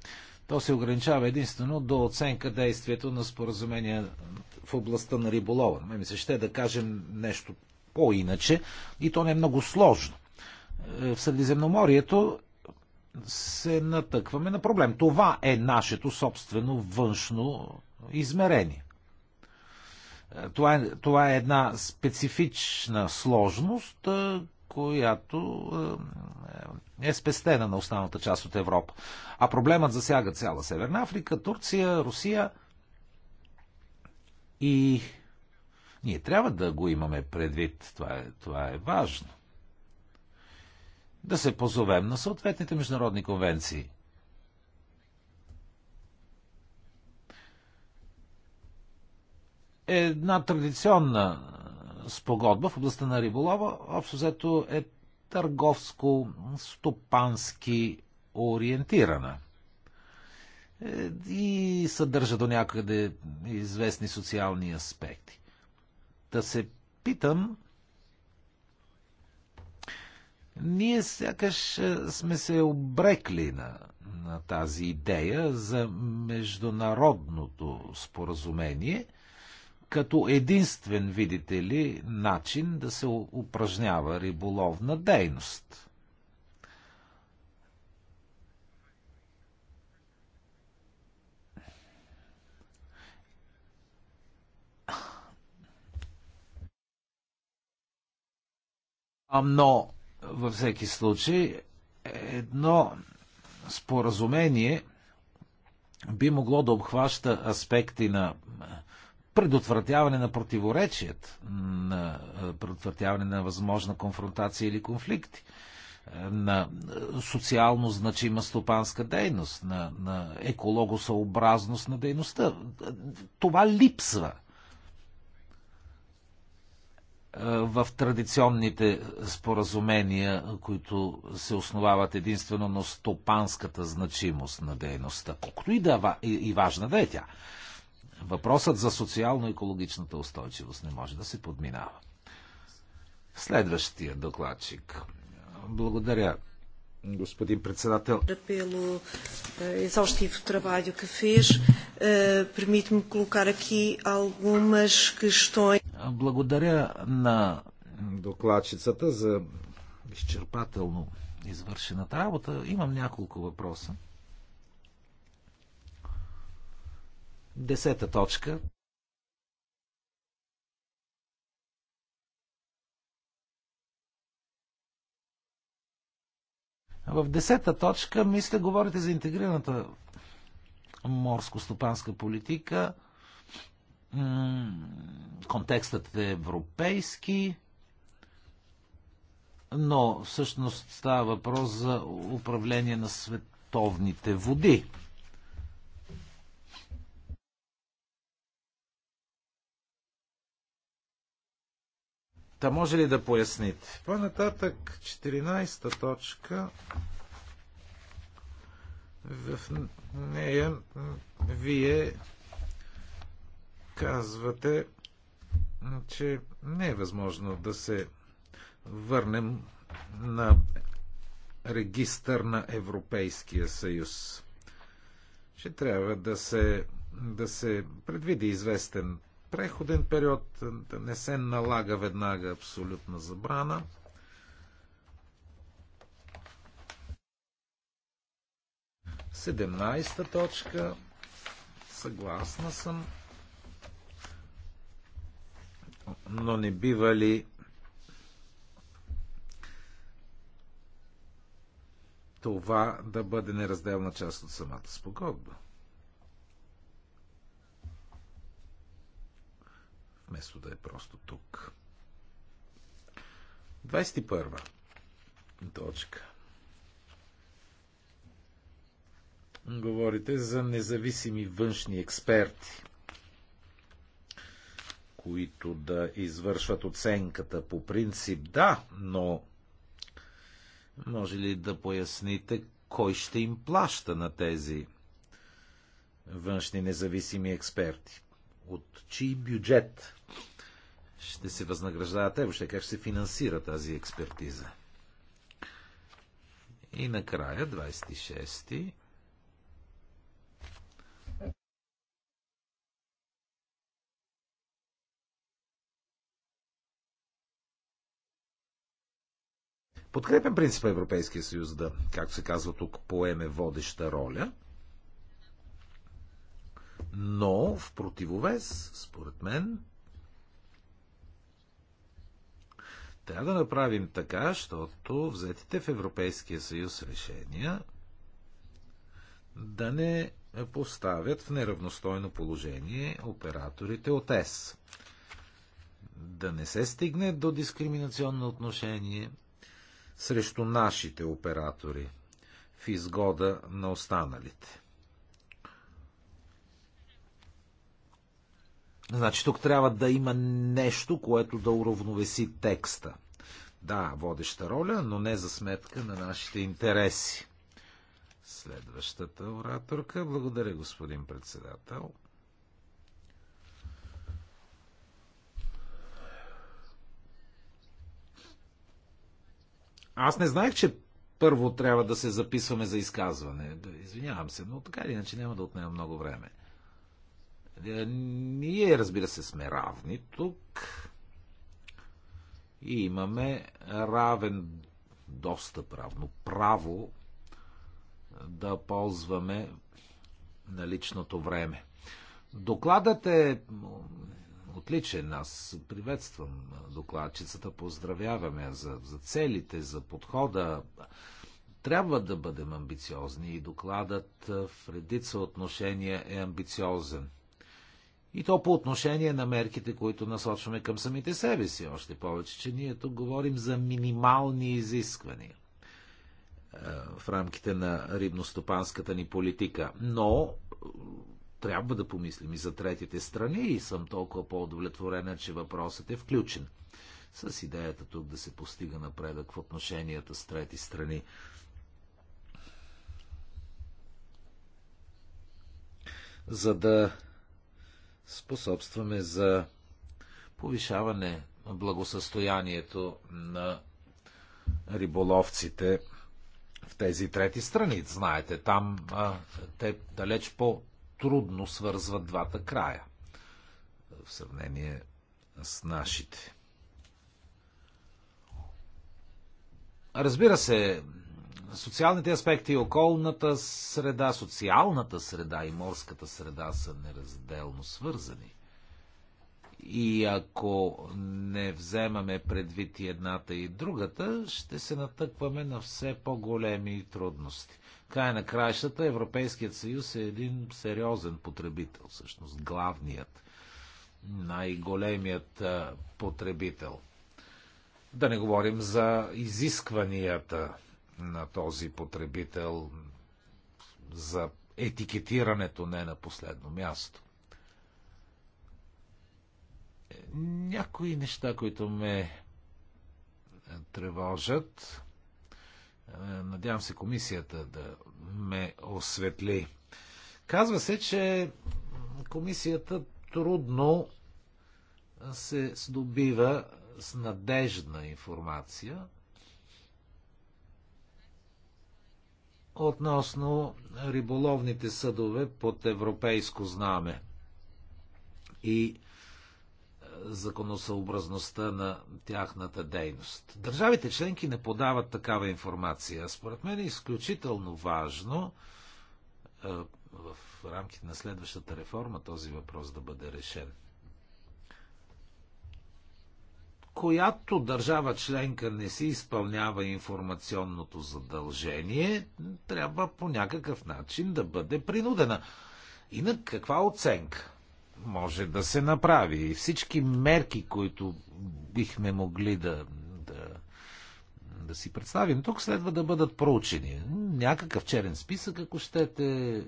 то се ограничава единствено до оценка действието на споразумения в областта на риболова. Ме ми се ще да кажем нещо по-иначе и то не е много сложно. Е, в Средиземноморието се натъкваме на проблем. Това е нашето собствено външно измерение. Е, това е, това е една специфична сложност, е, която е спестена на останалата част от Европа. А проблемът засяга цяла Северна Африка, Турция, Русия и ние трябва да го имаме предвид. Това е, това е важно. Да се позовем на съответните международни конвенции. Една традиционна спогодба в областта на риболова общо взето е търговско-стопански ориентирана е, и съдържа до някъде известни социални аспекти. Да се питам, ние сякаш е, сме се обрекли на, на тази идея за международното споразумение като единствен, видите ли, начин да се упражнява риболовна дейност. Но във всеки случай едно споразумение би могло да обхваща аспекти на предотвратяване на противоречият, на предотвратяване на възможна конфронтация или конфликти, на социално значима стопанска дейност, на, на екологосъобразност на дейността. Това липсва в традиционните споразумения, които се основават единствено на стопанската значимост на дейността, колкото и, да, и важна да е тя. Въпросът за социално-екологичната устойчивост не може да се подминава. Следващия докладчик. Благодаря, господин председател. Pelo exaustivo trabalho que fez, permite-me colocar aqui algumas questões. Благодаря на докладчицата за изчерпателно извършената работа. Имам няколко въпроса. Десета точка. В десета точка, мисля, говорите за интегрираната морско-стопанска политика. Контекстът е европейски, но всъщност става въпрос за управление на световните води. Та може ли да поясните? По-нататък, 14-та точка. В нея вие казвате, че не е възможно да се върнем на регистър на Европейския съюз. Ще трябва да се, да се предвиди известен преходен период да не се налага веднага абсолютна забрана. Седемнайста точка. Съгласна съм. Но не бива ли това да бъде неразделна част от самата спогодба? вместо да е просто тук. 21 точка. Говорите за независими външни експерти, които да извършват оценката по принцип. Да, но може ли да поясните кой ще им плаща на тези външни независими експерти? от чий бюджет ще се възнаграждава те, въобще как ще се финансира тази експертиза. И накрая, 26-ти, Подкрепям принципа Европейския съюз да, както се казва тук, поеме водеща роля – но в противовес, според мен, трябва да направим така, защото взетите в Европейския съюз решения да не поставят в неравностойно положение операторите от ЕС. Да не се стигне до дискриминационно отношение срещу нашите оператори в изгода на останалите. Значи тук трябва да има нещо, което да уравновеси текста. Да, водеща роля, но не за сметка на нашите интереси. Следващата ораторка. Благодаря, господин председател. Аз не знаех, че първо трябва да се записваме за изказване. Извинявам се, но така или иначе няма да отнема много време. Е, ние, разбира се, сме равни тук и имаме равен достъп, равно право да ползваме наличното време. Докладът е отличен. Аз приветствам докладчицата, поздравяваме за, за целите, за подхода. Трябва да бъдем амбициозни и докладът в редица отношения е амбициозен. И то по отношение на мерките, които насочваме към самите себе си. Още повече, че ние тук говорим за минимални изисквания е, в рамките на рибностопанската ни политика. Но е, трябва да помислим и за третите страни и съм толкова по-удовлетворена, че въпросът е включен. С идеята тук да се постига напредък в отношенията с трети страни. За да способстваме за повишаване на благосъстоянието на риболовците в тези трети страни. Знаете, там а, те далеч по-трудно свързват двата края в сравнение с нашите. Разбира се, социалните аспекти, околната среда, социалната среда и морската среда са неразделно свързани. И ако не вземаме предвид и едната и другата, ще се натъкваме на все по-големи трудности. Край на краищата Европейският съюз е един сериозен потребител, всъщност главният, най-големият потребител. Да не говорим за изискванията на този потребител за етикетирането не на последно място. Е, някои неща, които ме тревожат, е, надявам се комисията да ме осветли. Казва се, че комисията трудно се здобива с надежна информация относно риболовните съдове под европейско знаме и е, законосъобразността на тяхната дейност. Държавите членки не подават такава информация. Според мен е изключително важно е, в рамките на следващата реформа този въпрос да бъде решен. която държава членка не си изпълнява информационното задължение, трябва по някакъв начин да бъде принудена. Инак каква оценка може да се направи? И всички мерки, които бихме могли да, да, да си представим, тук следва да бъдат проучени. Някакъв черен списък, ако щете, е,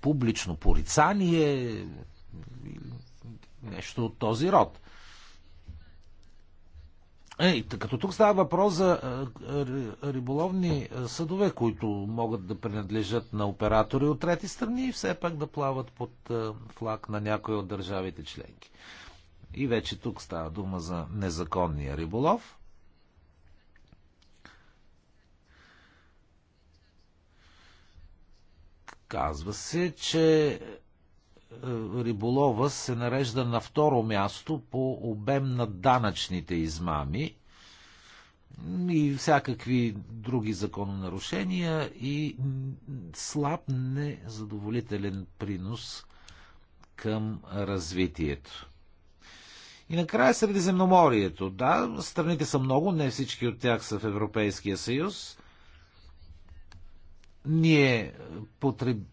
публично порицание, нещо от този род Ей, като тук става въпрос за риболовни съдове, които могат да принадлежат на оператори от трети страни и все пак да плават под флаг на някои от държавите членки. И вече тук става дума за незаконния риболов. Казва се, че е, риболова се нарежда на второ място по обем на данъчните измами и всякакви други закононарушения и слаб незадоволителен принос към развитието. И накрая Средиземноморието. Да, страните са много, не всички от тях са в Европейския съюз. Ние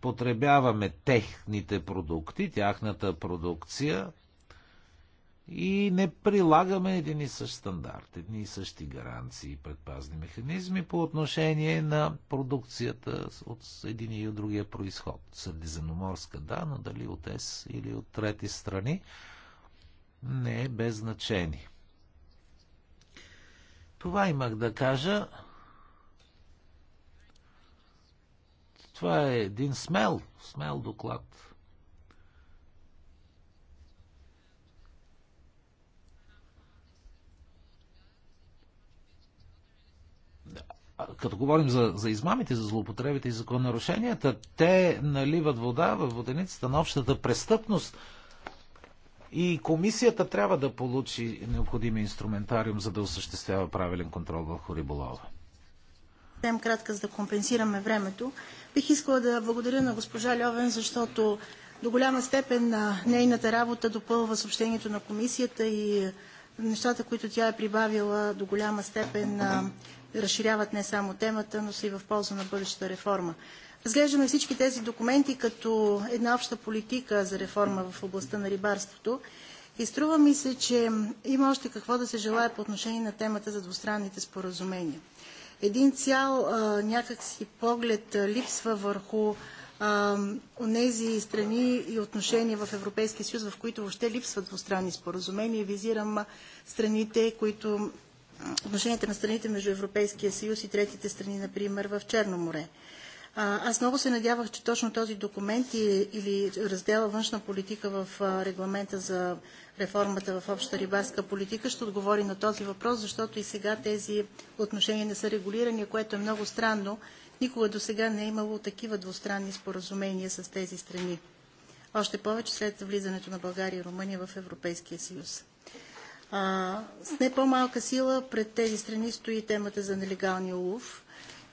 потребяваме техните продукти, тяхната продукция и не прилагаме един и същ стандарт, едни и същи гаранции и предпазни механизми по отношение на продукцията от един и от другия происход. Средиземноморска, да, но дали от ЕС или от трети страни, не е без значение. Това имах да кажа. Това е един смел, смел доклад. като говорим за, за измамите, за злоупотребите и закононарушенията, те наливат вода в воденицата на общата престъпност. И комисията трябва да получи необходимия инструментариум, за да осъществява правилен контрол върху риболова съвсем кратка, за да компенсираме времето. Бих искала да благодаря на госпожа Льовен, защото до голяма степен на нейната работа допълва съобщението на комисията и нещата, които тя е прибавила до голяма степен разширяват не само темата, но са и в полза на бъдещата реформа. Разглеждаме всички тези документи като една обща политика за реформа в областта на рибарството. И струва ми се, че има още какво да се желая по отношение на темата за двустранните споразумения един цял а, някакси поглед а, липсва върху онези страни и отношения в Европейския съюз, в които въобще липсват двустранни споразумения. Визирам страните, които отношенията на страните между Европейския съюз и третите страни, например, в Черно море. Аз много се надявах, че точно този документ или раздела външна политика в регламента за реформата в обща рибарска политика ще отговори на този въпрос, защото и сега тези отношения не са регулирани, което е много странно. Никога до сега не е имало такива двустранни споразумения с тези страни. Още повече след влизането на България и Румъния в Европейския съюз. А, с не по-малка сила пред тези страни стои темата за нелегалния улов –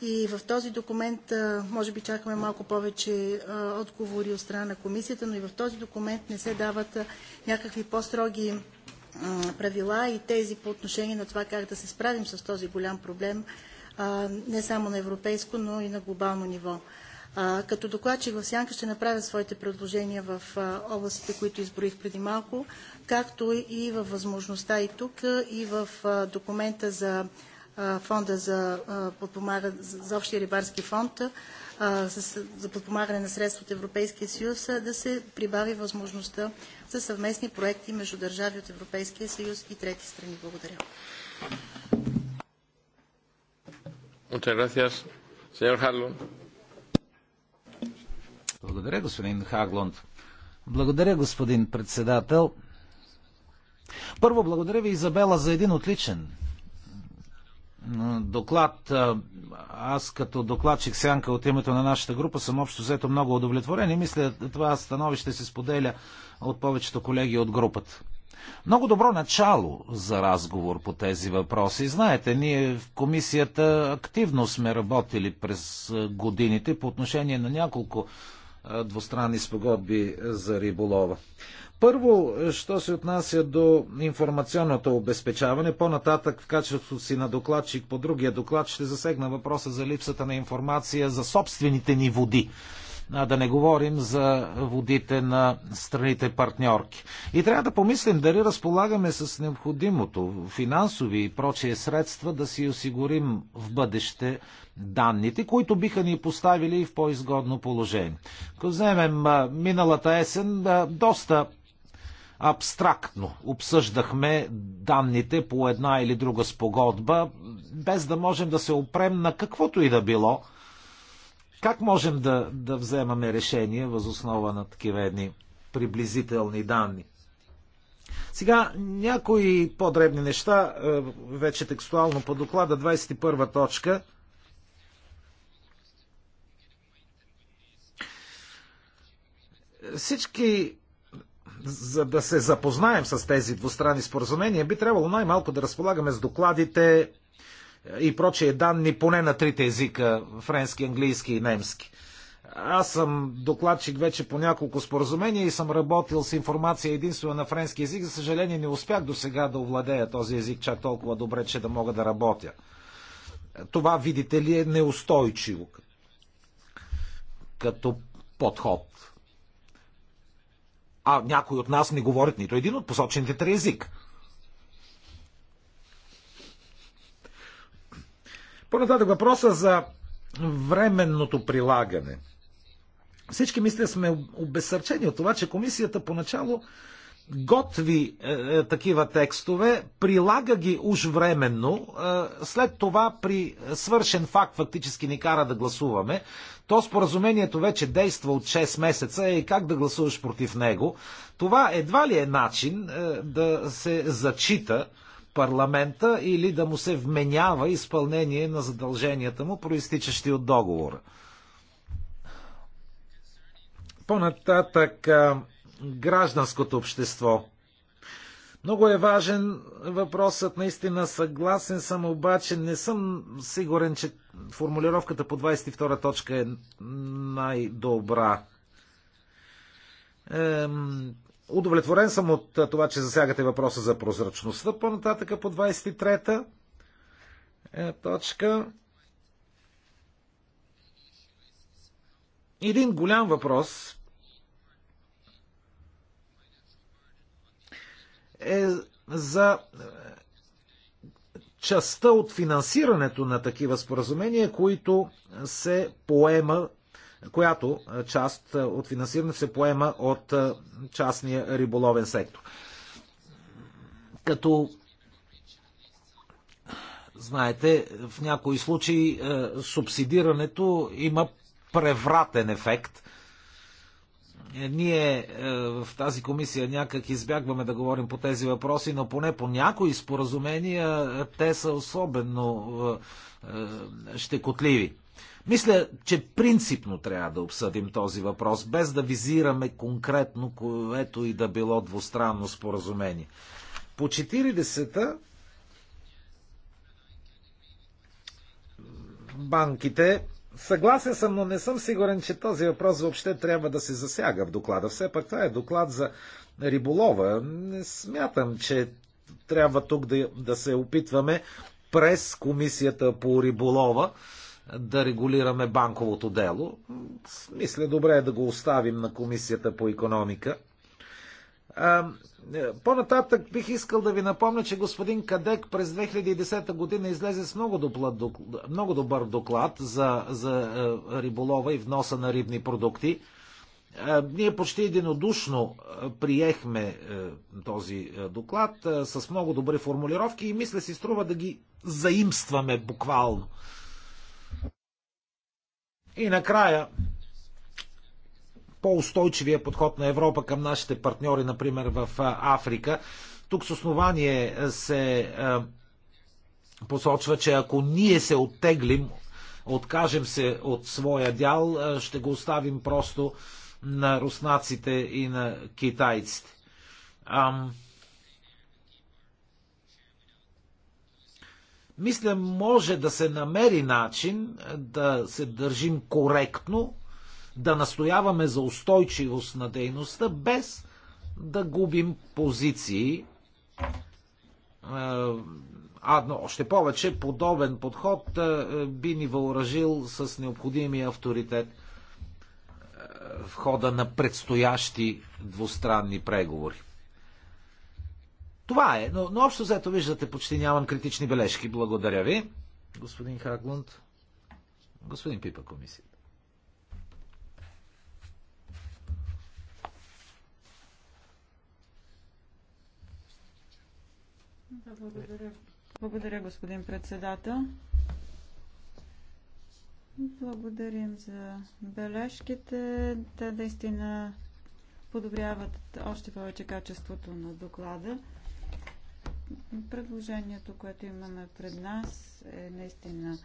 и в този документ, може би чакаме малко повече отговори от страна на комисията, но и в този документ не се дават някакви по-строги правила и тези по отношение на това как да се справим с този голям проблем, не само на европейско, но и на глобално ниво. Като докладчик в Сянка ще направя своите предложения в областите, които изброих преди малко, както и във възможността и тук, и в документа за фонда за, за общия рибарски фонд за подпомагане на средства от Европейския съюз да се прибави възможността за съвместни проекти между държави от Европейския съюз и трети страни. Благодаря. Благодаря, господин Хаглонд. Благодаря, господин председател. Първо, благодаря ви, Изабела, за един отличен доклад. Аз като докладчик Сянка от името на нашата група съм общо взето много удовлетворен и мисля това становище се споделя от повечето колеги от групата. Много добро начало за разговор по тези въпроси. Знаете, ние в комисията активно сме работили през годините по отношение на няколко двустранни спогодби за риболова. Първо, що се отнася до информационното обезпечаване, по-нататък в качеството си на докладчик по другия доклад ще засегна въпроса за липсата на информация за собствените ни води. А да не говорим за водите на страните партньорки. И трябва да помислим дали разполагаме с необходимото финансови и прочие средства да си осигурим в бъдеще данните, които биха ни поставили в по-изгодно положение. Ако вземем миналата есен, доста абстрактно обсъждахме данните по една или друга спогодба, без да можем да се опрем на каквото и да било. Как можем да, да вземаме решение възоснова на такива едни приблизителни данни? Сега някои по-дребни неща, е, вече текстуално по доклада, 21 точка. Всички за да се запознаем с тези двустранни споразумения, би трябвало най-малко да разполагаме с докладите е, и прочие данни поне на трите езика френски, английски и немски. Аз съм докладчик вече по няколко споразумения и съм работил с информация единствено на френски език. За съжаление не успях до сега да овладея този език чак толкова добре, че да мога да работя. Това, видите ли, е неустойчиво като подход а някои от нас не говорят нито един от посочените три език. Понататък въпроса за временното прилагане. Всички мисля сме обесърчени от това, че комисията поначало готви е, е, такива текстове, прилага ги уж временно, е, след това при свършен факт фактически ни кара да гласуваме, то споразумението вече действа от 6 месеца и как да гласуваш против него. Това едва ли е начин е, да се зачита парламента или да му се вменява изпълнение на задълженията му, проистичащи от договора. По-нататък е, гражданското общество. Много е важен въпросът, наистина съгласен съм, обаче не съм сигурен, че формулировката по 22 точка е най-добра. Ем, удовлетворен съм от това, че засягате въпроса за прозрачността по-нататъка по нататък по 23 та е, точка. Един голям въпрос, е за е, частта от финансирането на такива споразумения, които се поема, която е, част е, от финансирането се поема от частния риболовен сектор. Като знаете, в някои случаи субсидирането има превратен ефект е, ние е, в тази комисия някак избягваме да говорим по тези въпроси, но поне по някои споразумения е, те са особено щекотливи. Мисля, че принципно трябва да обсъдим този въпрос, без да визираме конкретно което и да било двустранно споразумение. По 40-та банките Съгласен съм, но не съм сигурен, че този въпрос въобще трябва да се засяга в доклада. Все пак това е доклад за риболова. Не смятам, че трябва тук да, да се опитваме през комисията по риболова да регулираме банковото дело. Мисля, добре е да го оставим на комисията по економика. Е, по-нататък бих искал да ви напомня, че господин Кадек през 2010 година излезе с много, доплад, много добър доклад за, за е, риболова и вноса на рибни продукти. Е, ние почти единодушно приехме този доклад с много добри формулировки и мисля си струва да ги заимстваме буквално. И накрая по-устойчивия подход на Европа към нашите партньори, например в Африка. Тук с основание се посочва, че ако ние се оттеглим, откажем се от своя дял, ще го оставим просто на руснаците и на китайците. Ам... Мисля, може да се намери начин да се държим коректно да настояваме за устойчивост на дейността, без да губим позиции. Е, а, но още повече, подобен подход е, би ни въоръжил с необходимия авторитет е, в хода на предстоящи двустранни преговори. Това е, но, но общо взето виждате, почти нямам критични бележки. Благодаря ви, господин Хаглунд. Господин Пипа, комисията. Да, благодаря. Благодаря, господин председател. Благодарим за бележките. Те наистина подобряват още повече качеството на доклада. Предложението, което имаме пред нас е наистина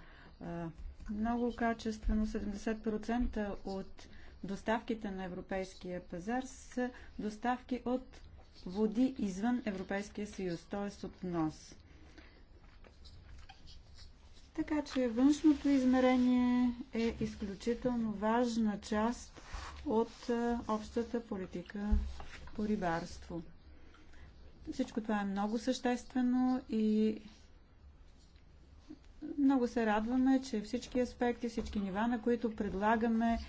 много качествено. 70% от доставките на европейския пазар са доставки от води извън Европейския съюз, т.е. от внос. Така че външното измерение е изключително важна част от общата политика по рибарство. Всичко това е много съществено и много се радваме, че всички аспекти, всички нива, на които предлагаме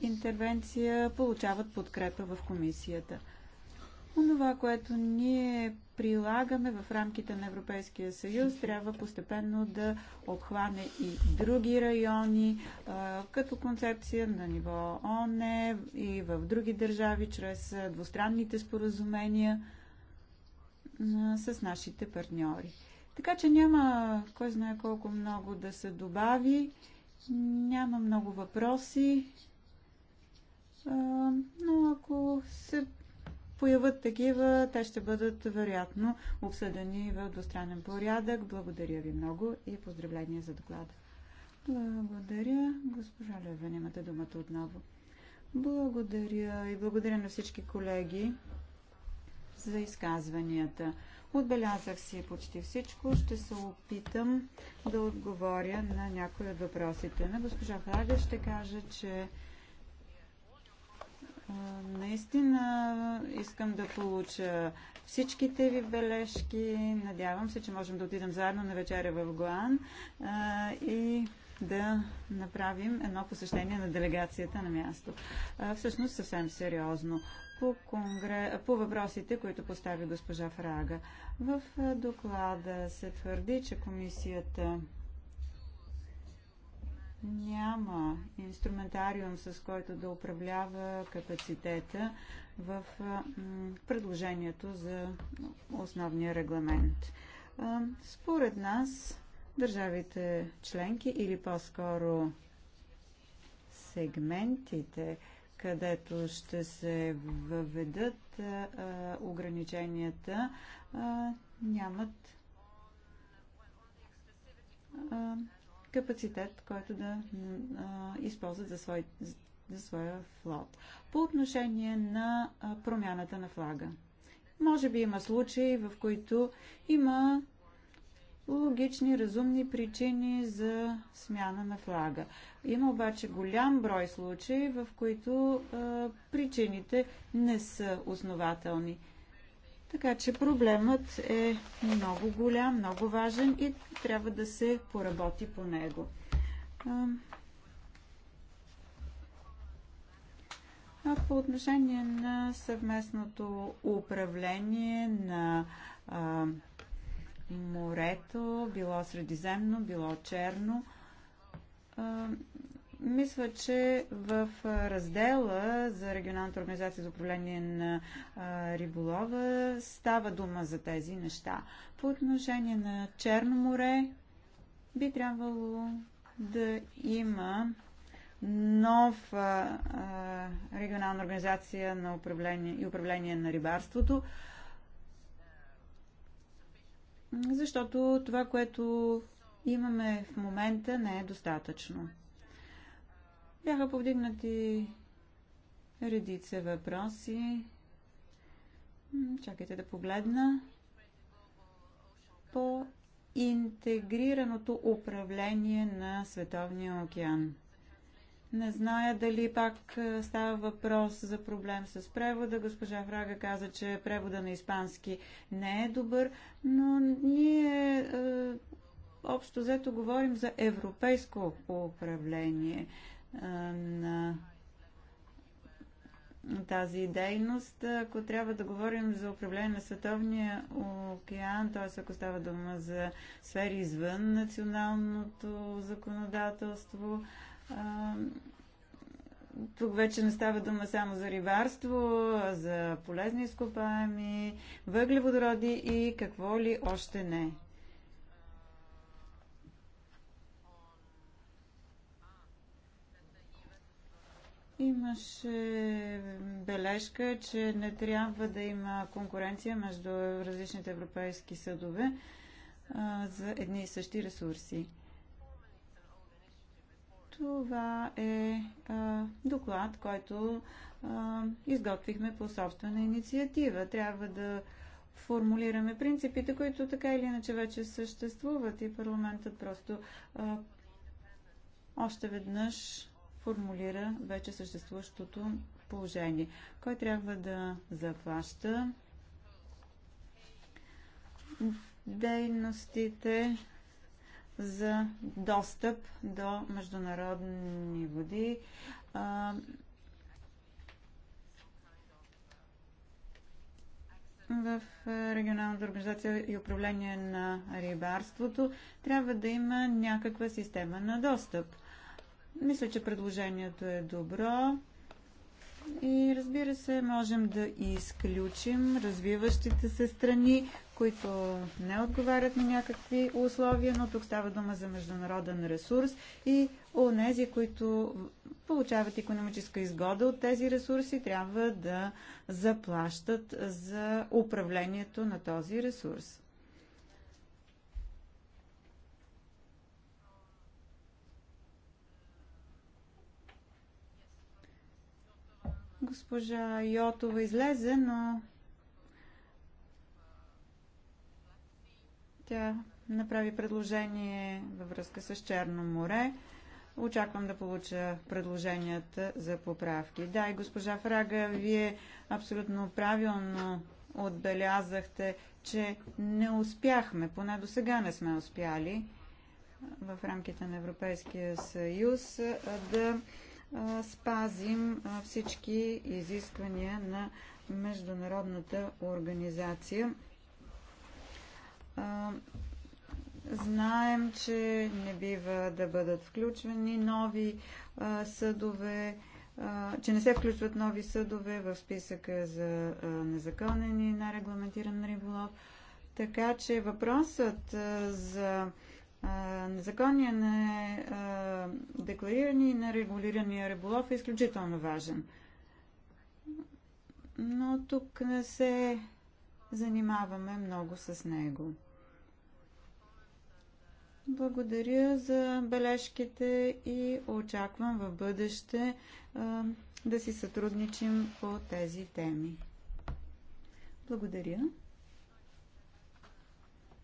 интервенция, получават подкрепа в комисията. Онова, което ние прилагаме в рамките на Европейския съюз, трябва постепенно да обхване и други райони, като концепция на ниво ОНЕ и в други държави, чрез двустранните споразумения с нашите партньори. Така че няма кой знае колко много да се добави, няма много въпроси, но ако се появат такива, те ще бъдат вероятно обсъдени в двустранен порядък. Благодаря ви много и поздравления за доклада. Благодаря. Госпожа Левен, имате думата отново. Благодаря и благодаря на всички колеги за изказванията. Отбелязах си почти всичко. Ще се опитам да отговоря на някои от въпросите. На госпожа Фрага ще кажа, че Наистина искам да получа всичките ви бележки. Надявам се, че можем да отидем заедно на вечеря в Гоан и да направим едно посещение на делегацията на място. Всъщност съвсем сериозно по, конгре... по въпросите, които постави госпожа Фрага. В доклада се твърди, че комисията няма инструментариум, с който да управлява капацитета в предложението за основния регламент. Според нас, държавите членки или по-скоро сегментите, където ще се въведат ограниченията, нямат капацитет, който да използват за, свой, за своя флот. По отношение на промяната на флага. Може би има случаи, в които има логични, разумни причини за смяна на флага. Има обаче голям брой случаи, в които а, причините не са основателни. Така че проблемът е много голям, много важен и трябва да се поработи по него. А по отношение на съвместното управление на а, морето, било средиземно, било черно, а, мисля, че в раздела за регионалната организация за управление на риболова става дума за тези неща. По отношение на Черно море би трябвало да има нов а, регионална организация на управление и управление на рибарството, защото това, което имаме в момента, не е достатъчно. Бяха повдигнати редица въпроси. Чакайте да погледна. По интегрираното управление на Световния океан. Не зная дали пак е, става въпрос за проблем с превода. Госпожа Фрага каза, че превода на испански не е добър, но ние е, общо взето говорим за европейско управление на тази дейност. Ако трябва да говорим за управление на Световния океан, т.е. ако става дума за сфери извън националното законодателство, тук вече не става дума само за рибарство, за полезни изкопаеми, въглеводороди и какво ли още не. Имаше бележка, че не трябва да има конкуренция между различните европейски съдове за едни и същи ресурси. Това е а, доклад, който а, изготвихме по собствена инициатива. Трябва да формулираме принципите, които така или иначе вече съществуват и парламентът просто а, още веднъж формулира вече съществуващото положение. Кой трябва да заплаща дейностите за достъп до международни води? в регионалната организация и управление на рибарството трябва да има някаква система на достъп – мисля, че предложението е добро. И разбира се, можем да изключим развиващите се страни, които не отговарят на някакви условия, но тук става дума за международен ресурс и онези, които получават економическа изгода от тези ресурси, трябва да заплащат за управлението на този ресурс. Госпожа Йотова излезе, но тя направи предложение във връзка с Черно море. Очаквам да получа предложенията за поправки. Да, и госпожа Фрага, вие абсолютно правилно отбелязахте, че не успяхме, поне до сега не сме успяли в рамките на Европейския съюз да спазим всички изисквания на Международната организация. Знаем, че не бива да бъдат включвани нови съдове, че не се включват нови съдове в списъка за незаконен и нерегламентиран риболов. Така че въпросът за незаконния, декларирани и нерегулирания риболов е изключително важен. Но тук не се занимаваме много с него. Благодаря за бележките и очаквам в бъдеще да си сътрудничим по тези теми. Благодаря.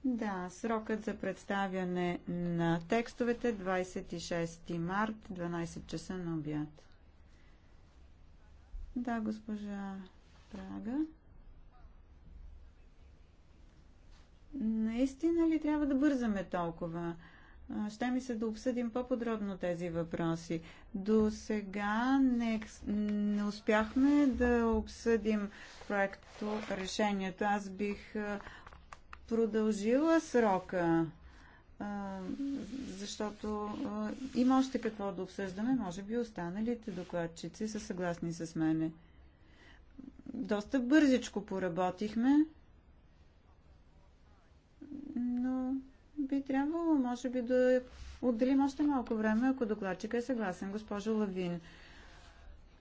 Да, срокът за представяне на текстовете 26 март, 12 часа на обяд. Да, госпожа Прага. Наистина ли трябва да бързаме толкова? Ще ми се да обсъдим по-подробно тези въпроси. До сега не, не успяхме да обсъдим проекто решението. Аз бих продължила срока, защото има още какво да обсъждаме. Може би останалите докладчици са съгласни с мене. Доста бързичко поработихме, но би трябвало, може би, да отделим още малко време, ако докладчика е съгласен, госпожо Лавин.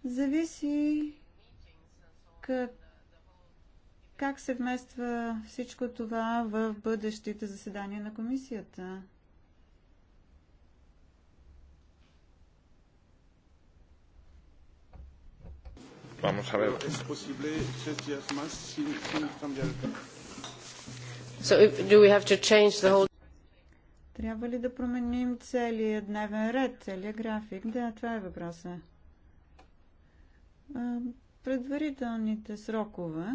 Зависи как как се вмества всичко това в бъдещите заседания на комисията? Vamos a ver. ¿Es posible tres días más sin, sin cambiar el do we have to change the whole... Трябва ли да променим целия дневен ред, целият график? Да, това е въпроса. Предварителните срокове.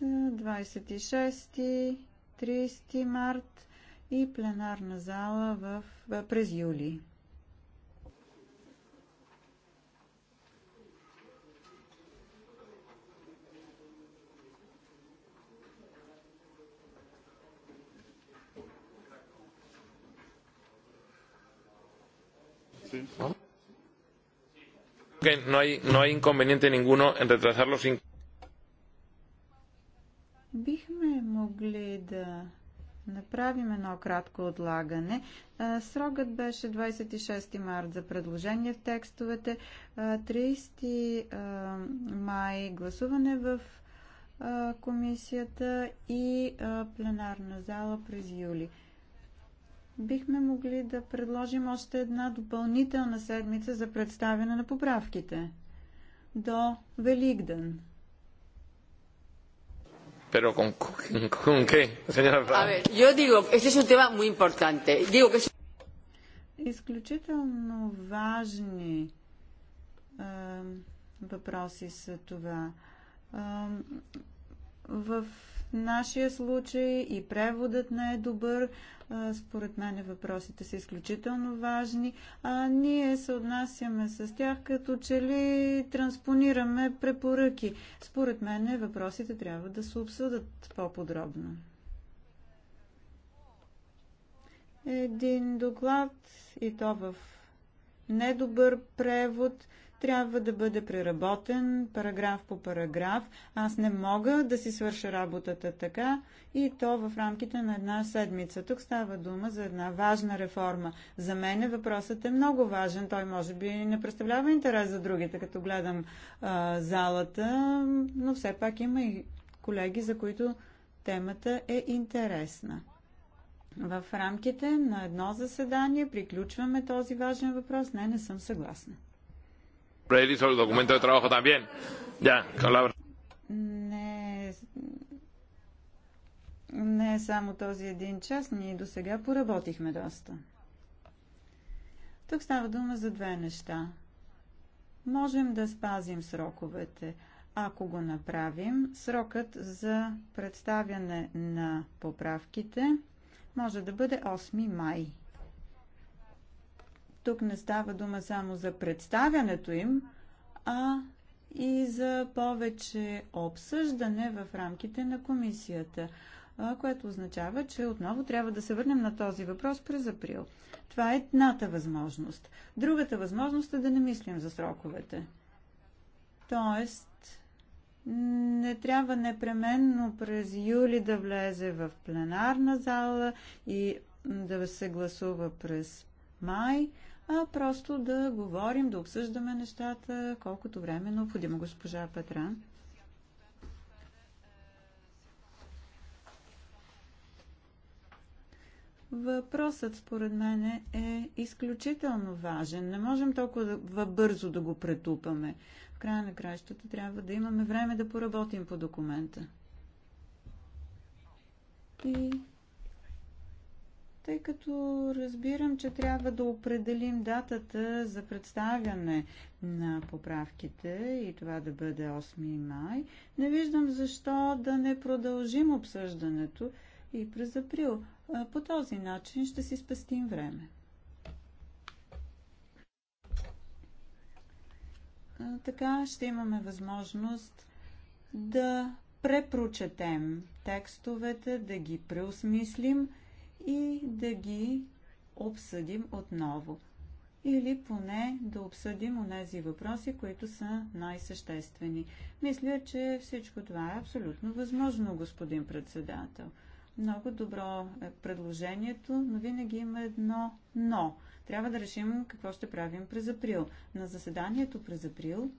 26, 30 март и пленарна зала в, през юли. no hay no hay inconveniente ninguno en retrasar los Бихме могли да направим едно кратко отлагане. Срокът беше 26 март за предложение в текстовете, 30 май гласуване в комисията и пленарна зала през юли. Бихме могли да предложим още една допълнителна седмица за представяне на поправките до Великден pero con, con qué, señora A ver, yo digo, este es un tema muy importante. Digo que es... Изключително важни а, въпроси са това. А, в нашия случай и преводът не е добър, според мен въпросите са изключително важни, а ние се отнасяме с тях като че ли транспонираме препоръки. Според мен въпросите трябва да се обсъдат по-подробно. Един доклад и то в недобър превод – трябва да бъде преработен параграф по параграф. Аз не мога да си свърша работата така и то в рамките на една седмица. Тук става дума за една важна реформа. За мен е въпросът е много важен. Той може би не представлява интерес за другите, като гледам а, залата, но все пак има и колеги, за които темата е интересна. В рамките на едно заседание приключваме този важен въпрос. Не, не съм съгласна. Él sobre el documento de trabajo también. Ya, Calabra. Не, не е само този един час, ние до сега поработихме доста. Тук става дума за две неща. Можем да спазим сроковете. Ако го направим, срокът за представяне на поправките може да бъде 8 май тук не става дума само за представянето им, а и за повече обсъждане в рамките на комисията, което означава, че отново трябва да се върнем на този въпрос през април. Това е едната възможност. Другата възможност е да не мислим за сроковете. Тоест, не трябва непременно през юли да влезе в пленарна зала и да се гласува през май, а просто да говорим, да обсъждаме нещата, колкото време е необходимо, госпожа Петран. Въпросът, според мен, е изключително важен. Не можем толкова бързо да го претупаме. В края на краищата трябва да имаме време да поработим по документа. И тъй като разбирам, че трябва да определим датата за представяне на поправките и това да бъде 8 май, не виждам защо да не продължим обсъждането и през април. По този начин ще си спестим време. Така ще имаме възможност да препрочетем текстовете, да ги преосмислим – и да ги обсъдим отново. Или поне да обсъдим онези въпроси, които са най-съществени. Мисля, че всичко това е абсолютно възможно, господин председател. Много добро е предложението, но винаги има едно но. Трябва да решим какво ще правим през април. На заседанието през април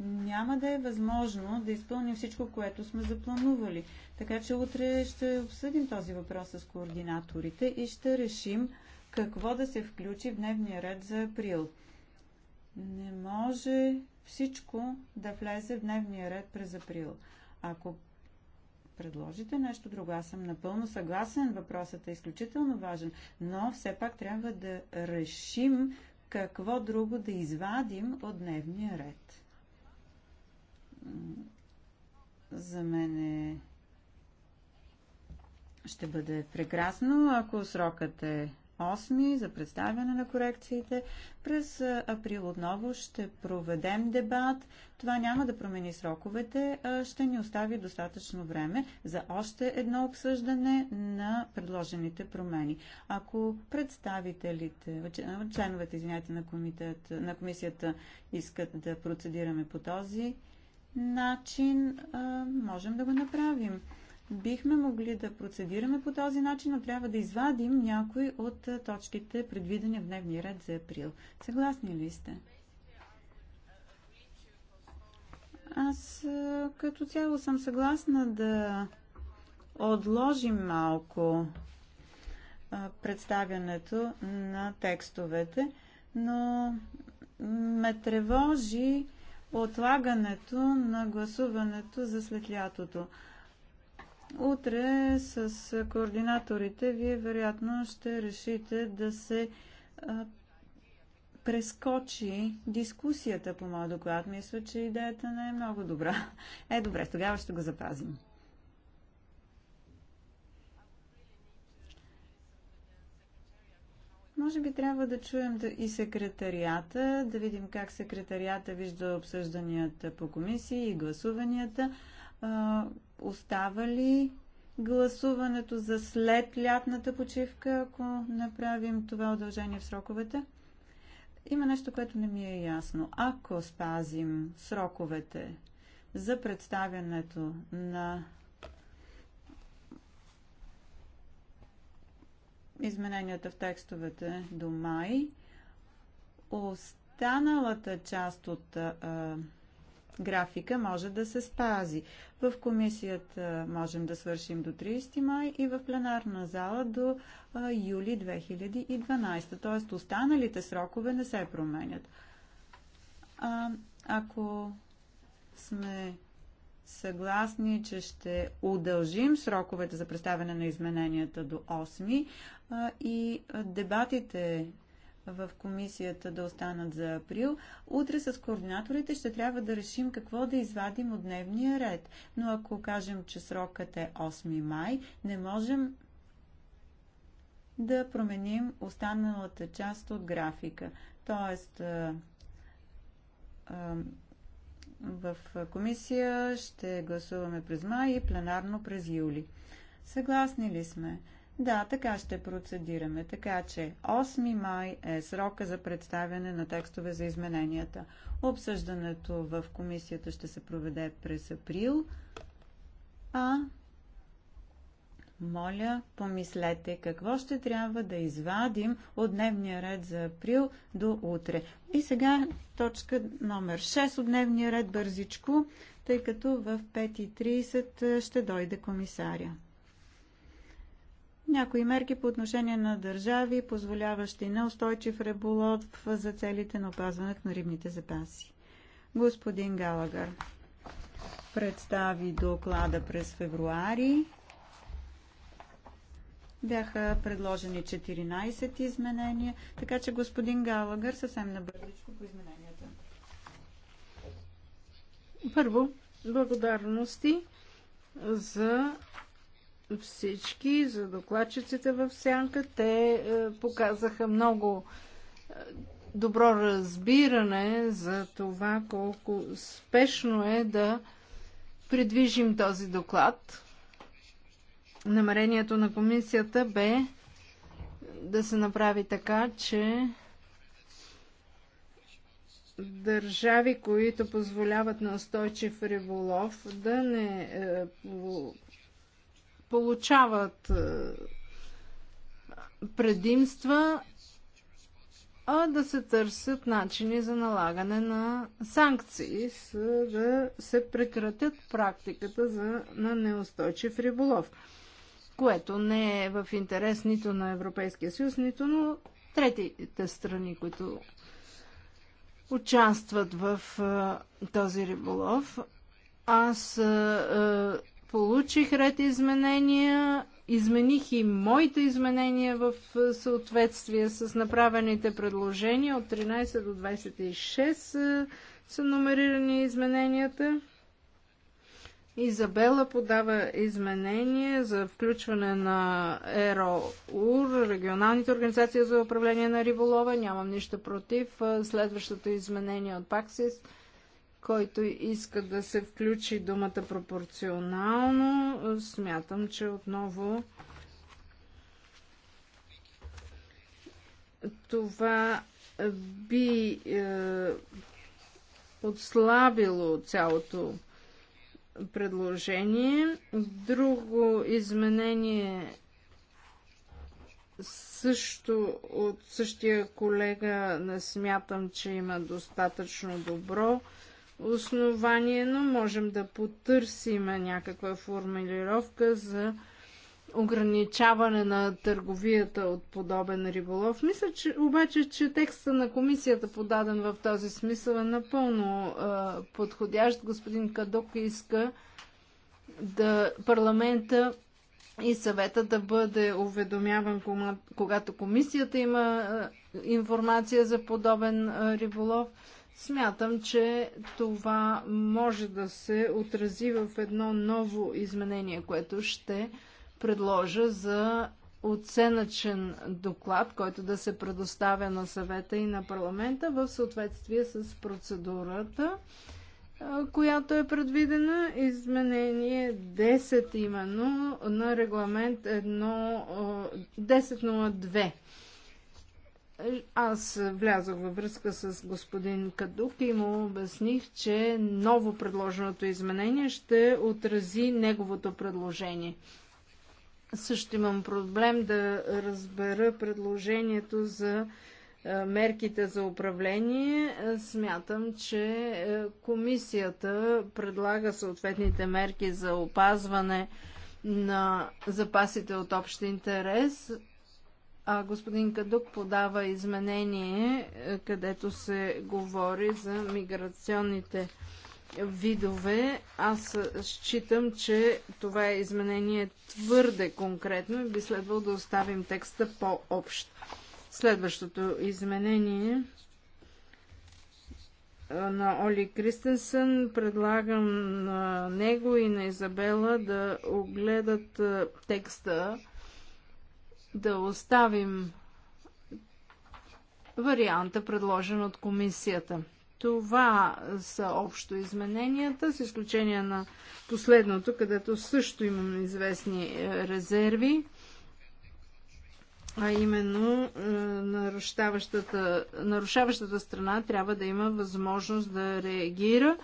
няма да е възможно да изпълним всичко, което сме запланували. Така че утре ще обсъдим този въпрос с координаторите и ще решим какво да се включи в дневния ред за април. Не може всичко да влезе в дневния ред през април. Ако предложите нещо друго, аз съм напълно съгласен, въпросът е изключително важен, но все пак трябва да решим какво друго да извадим от дневния ред за мен е ще бъде прекрасно, ако срокът е 8 за представяне на корекциите. През април отново ще проведем дебат. Това няма да промени сроковете, а ще ни остави достатъчно време за още едно обсъждане на предложените промени. Ако представителите, членовете извинете, на, комитет, на комисията искат да процедираме по този начин можем да го направим. Бихме могли да процедираме по този начин, но трябва да извадим някои от точките, предвидени в дневния ред за април. Съгласни ли сте? Аз като цяло съм съгласна да отложим малко представянето на текстовете, но ме тревожи отлагането на гласуването за след лятото. Утре с координаторите вие вероятно ще решите да се прескочи дискусията по моя доклад. Мисля, че идеята не е много добра. Е, добре, тогава ще го запазим. Може би трябва да чуем да и секретарията, да видим как секретарията вижда обсъжданията по комисии и гласуванията. А, остава ли гласуването за след лятната почивка, ако направим това удължение в сроковете? Има нещо, което не ми е ясно. Ако спазим сроковете за представянето на измененията в текстовете до май. Останалата част от а, графика може да се спази. В комисията можем да свършим до 30 май и в пленарна зала до а, юли 2012. Тоест останалите срокове не се променят. А, ако сме съгласни, че ще удължим сроковете за представяне на измененията до 8, и дебатите в комисията да останат за април. Утре с координаторите ще трябва да решим какво да извадим от дневния ред. Но ако кажем, че срокът е 8 май, не можем да променим останалата част от графика. Тоест, в комисия ще гласуваме през май и пленарно през юли. Съгласни ли сме? Да, така ще процедираме. Така че 8 май е срока за представяне на текстове за измененията. Обсъждането в комисията ще се проведе през април. А моля, помислете какво ще трябва да извадим от дневния ред за април до утре. И сега точка номер 6 от дневния ред бързичко, тъй като в 5.30 ще дойде комисаря някои мерки по отношение на държави, позволяващи неустойчив риболов за целите на опазването на рибните запаси. Господин Галагър представи доклада през февруари. Бяха предложени 14 изменения, така че господин Галагър съвсем набързичко по измененията. Първо, благодарности за всички, за докладчиците в сянка. Те е, показаха много е, добро разбиране за това колко спешно е да придвижим този доклад. Намерението на комисията бе да се направи така, че държави, които позволяват на устойчив риболов, да не е, получават е, предимства, а да се търсят начини за налагане на санкции, за да се прекратят практиката за, на неустойчив риболов, което не е в интерес нито на Европейския съюз, нито на третите страни, които участват в а, е, този риболов. Аз а, е, а Получих ред изменения, измених и моите изменения в е, съответствие с направените предложения. От 13 до 26 е, са, номерирани измененията. Изабела подава изменение за включване на ЕРОУР, регионалните организации за управление на риболова. Нямам нищо против. Е, следващото изменение от ПАКСИС – който иска да се включи думата пропорционално, смятам, че отново това би е, отслабило цялото предложение. Друго изменение също от същия колега не смятам, че има достатъчно добро основание, но можем да потърсим някаква формулировка за ограничаване на търговията от подобен риболов. Мисля, че, обаче, че текста на комисията, подаден в този смисъл, е напълно е, подходящ. Господин Кадок иска да парламента и съвета да бъде уведомяван, когато комисията има информация за подобен риболов. Смятам, че това може да се отрази в едно ново изменение, което ще предложа за оценъчен доклад, който да се предоставя на съвета и на парламента в съответствие с процедурата, която е предвидена изменение 10 именно на регламент 1002 аз влязох във връзка с господин Кадук и му обясних, че ново предложеното изменение ще отрази неговото предложение. Също имам проблем да разбера предложението за е, мерките за управление. Смятам, че е, комисията предлага съответните мерки за опазване на запасите от общ интерес а господин Кадук подава изменение, е, където се говори за миграционните видове. Аз считам, че това е изменение твърде конкретно и би следвало да оставим текста по-общ. Следващото изменение на Оли Кристенсън. Предлагам на него и на Изабела да огледат текста да оставим варианта, предложен от комисията. Това са общо измененията, с изключение на последното, където също имам известни е, резерви, а именно е, нарушаващата, нарушаващата страна трябва да има възможност да реагира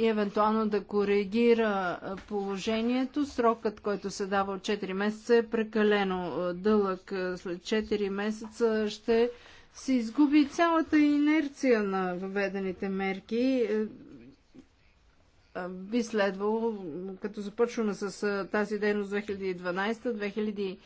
и евентуално да коригира положението. Срокът, който се дава от 4 месеца е прекалено дълъг. След 4 месеца ще се изгуби цялата инерция на въведените мерки. Би следвало, като започваме с тази дейност 2012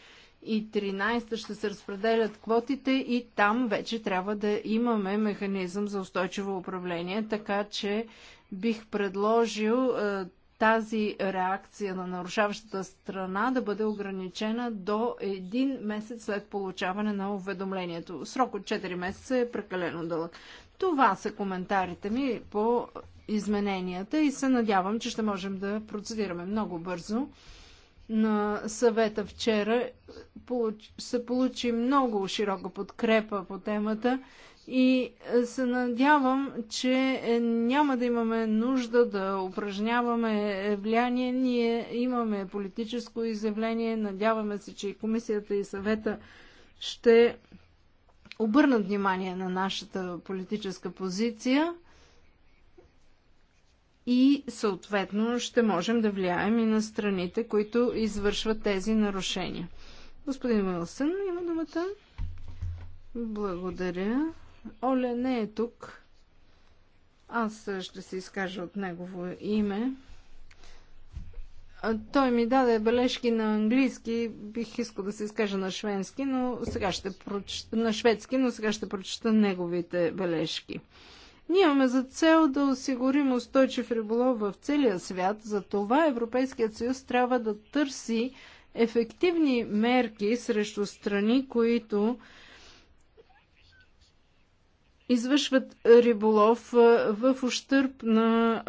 2013 ще се разпределят квотите и там вече трябва да имаме механизъм за устойчиво управление, така че бих предложил е, тази реакция на нарушаващата страна да бъде ограничена до един месец след получаване на уведомлението. Срок от 4 месеца е прекалено дълъг. Това са коментарите ми по измененията и се надявам, че ще можем да процедираме много бързо. На съвета вчера се получи много широка подкрепа по темата и е, се надявам, че е, няма да имаме нужда да упражняваме е, влияние. Ние имаме политическо изявление, надяваме се, че и комисията и съвета ще обърнат внимание на нашата политическа позиция и съответно ще можем да влияем и на страните, които извършват тези нарушения. Господин Уилсън има думата. Благодаря. Оле не е тук. Аз ще се изкажа от негово име. Той ми даде бележки на английски, бих искал да се изкажа на шведски, но сега ще прочета, на шведски, но сега ще прочета неговите бележки. Ние имаме за цел да осигурим устойчив риболов в целия свят, за това Европейският съюз трябва да търси ефективни мерки срещу страни, които извършват риболов в ущърп на,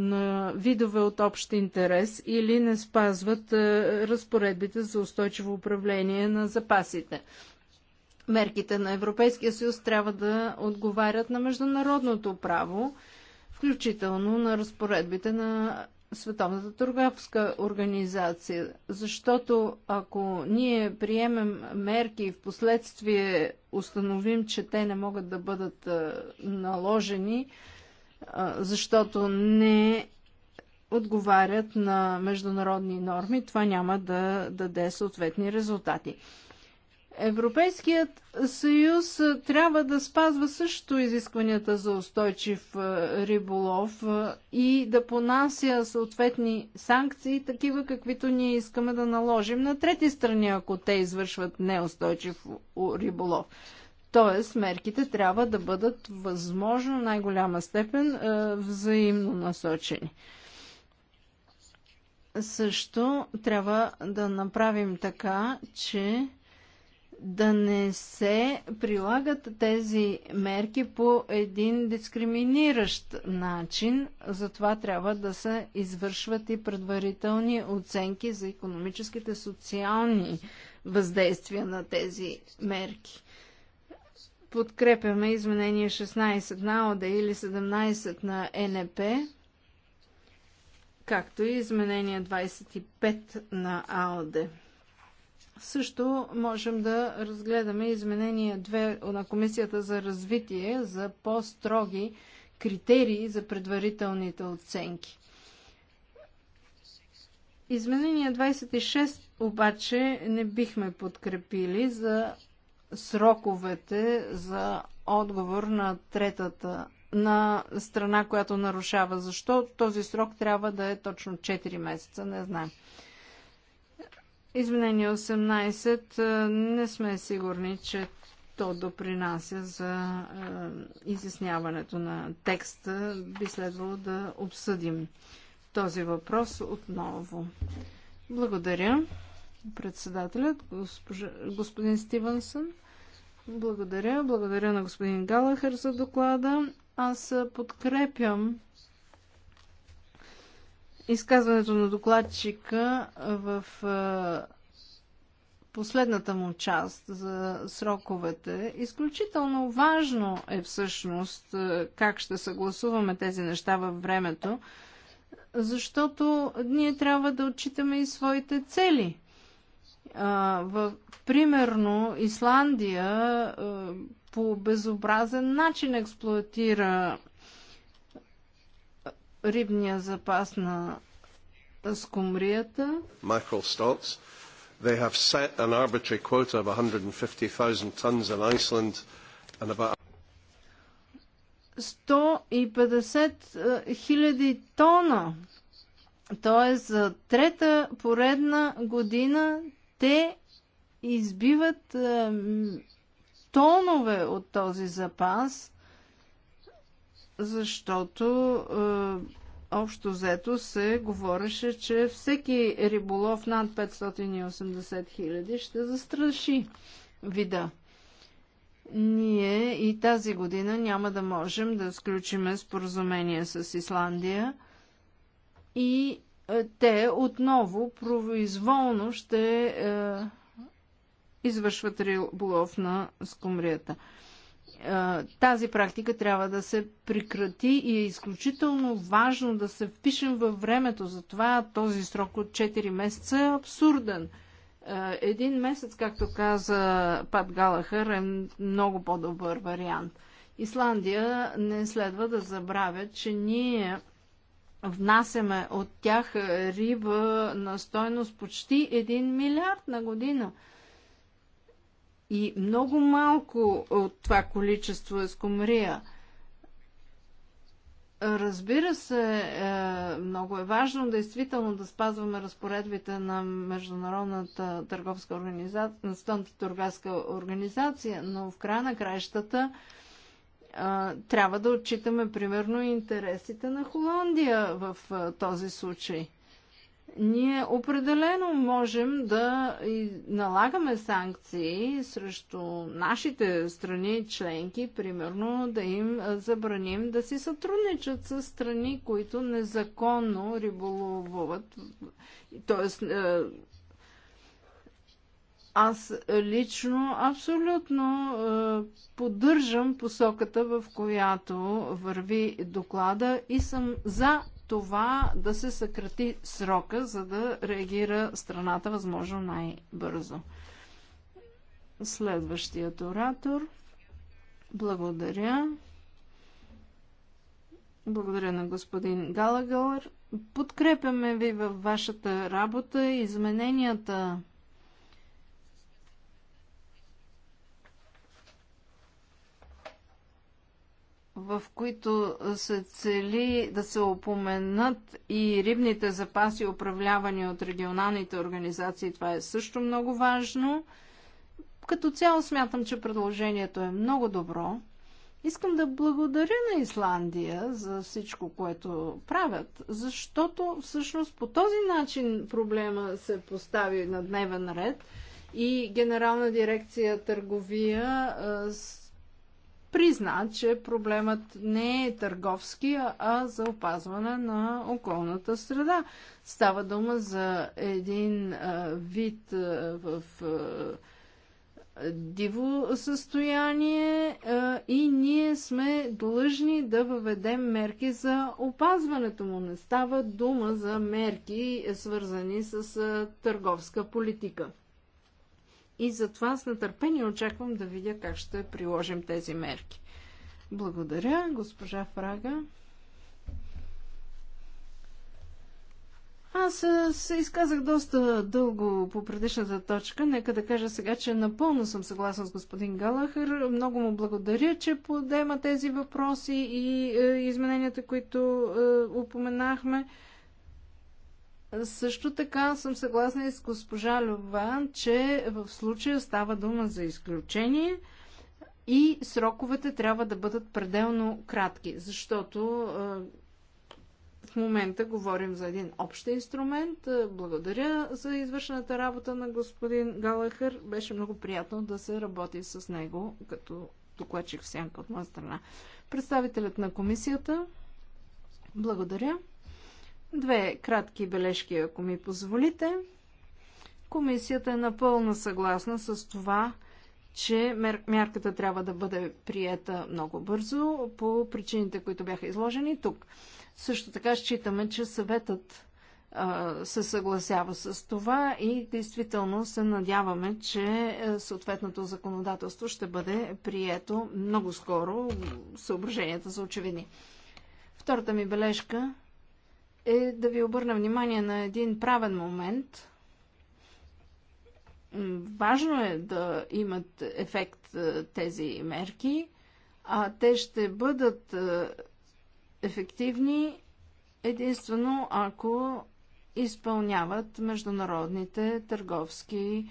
на видове от общ интерес или не спазват разпоредбите за устойчиво управление на запасите. Мерките на Европейския съюз трябва да отговарят на международното право, включително на разпоредбите на Световната търговска организация, защото ако ние приемем мерки и в последствие установим, че те не могат да бъдат наложени, защото не отговарят на международни норми, това няма да даде съответни резултати. Европейският съюз трябва да спазва също изискванията за устойчив риболов и да понася съответни санкции, такива каквито ние искаме да наложим на трети страни, ако те извършват неустойчив риболов. Тоест, мерките трябва да бъдат възможно най-голяма степен взаимно насочени също трябва да направим така, че да не се прилагат тези мерки по един дискриминиращ начин. Затова трябва да се извършват и предварителни оценки за економическите социални въздействия на тези мерки. Подкрепяме изменение 16 на ОДА или 17 на НП, както и изменение 25 на АОД. Също можем да разгледаме изменение 2 на Комисията за развитие за по-строги критерии за предварителните оценки. Изменение 26 обаче не бихме подкрепили за сроковете за отговор на третата на страна, която нарушава. Защо този срок трябва да е точно 4 месеца, не знам. Изменение 18 е, не сме сигурни, че то допринася за е, изясняването на текста. Би следвало да обсъдим този въпрос отново. Благодаря. Председателят, госпожа, господин Стивенсън. Благодаря. Благодаря на господин Галахер за доклада. Аз е, подкрепям изказването на докладчика в последната му част за сроковете. Изключително важно е всъщност как ще съгласуваме тези неща във времето, защото ние трябва да отчитаме и своите цели. А, в, примерно, Исландия а, по безобразен начин експлуатира рибния запас на скумрията. Mackerel stocks. They have set an arbitrary quota of 150,000 tons in Iceland and about 150 хиляди тона. Тоест за трета поредна година те избиват тонове от този запас защото е, общо взето се говореше, че всеки риболов над 580 хиляди ще застраши вида. Ние и тази година няма да можем да сключиме споразумение с Исландия и е, те отново произволно ще е, извършват риболов на скумрията тази практика трябва да се прекрати и е изключително важно да се впишем във времето. Затова този срок от 4 месеца е абсурден. Един месец, както каза Пат Галахър, е много по-добър вариант. Исландия не следва да забравя, че ние внасяме от тях риба на стойност почти 1 милиард на година – и много малко от това количество е скумрия. Разбира се, е, много е важно действително да спазваме разпоредбите на Международната търговска организация, на търговска организация, но в края на краищата е, трябва да отчитаме примерно интересите на Холандия в е, този случай. Ние определено можем да налагаме санкции срещу нашите страни членки, примерно да им забраним да си сътрудничат с страни, които незаконно риболовуват. Тоест, аз лично абсолютно поддържам посоката, в която върви доклада и съм за това да се съкрати срока, за да реагира страната възможно най-бързо. Следващият оратор. Благодаря. Благодаря на господин Галагалър. Подкрепяме ви във вашата работа. Измененията в които се цели да се опоменат и рибните запаси, управлявани от регионалните организации. Това е също много важно. Като цяло смятам, че предложението е много добро. Искам да благодаря на Исландия за всичко, което правят, защото всъщност по този начин проблема се постави на дневен ред и Генерална дирекция търговия призна, че проблемът не е търговски, а за опазване на околната среда. Става дума за един а, вид а, в а, диво състояние а, и ние сме длъжни да въведем мерки за опазването му. Не става дума за мерки, свързани с а, търговска политика и затова с нетърпение очаквам да видя как ще приложим тези мерки. Благодаря, госпожа Фрага. Аз се изказах доста дълго по предишната точка. Нека да кажа сега, че напълно съм съгласна с господин Галахър. Много му благодаря, че подема тези въпроси и е, измененията, които е, упоменахме. Също така съм съгласна и с госпожа Люба, че в случая става дума за изключение и сроковете трябва да бъдат пределно кратки, защото в момента говорим за един общ инструмент. Благодаря за извършената работа на господин Галахър. Беше много приятно да се работи с него, като докладчик в сянка от моя страна. Представителят на комисията. Благодаря. Две кратки бележки, ако ми позволите. Комисията е напълно съгласна с това, че мярката трябва да бъде приета много бързо по причините, които бяха изложени тук. Също така считаме, че съветът а, се съгласява с това и действително се надяваме, че е, съответното законодателство ще бъде прието много скоро. Съображенията са очевидни. Втората ми бележка е да ви обърна внимание на един правен момент. Важно е да имат ефект е, тези мерки, а те ще бъдат е, ефективни единствено ако изпълняват международните търговски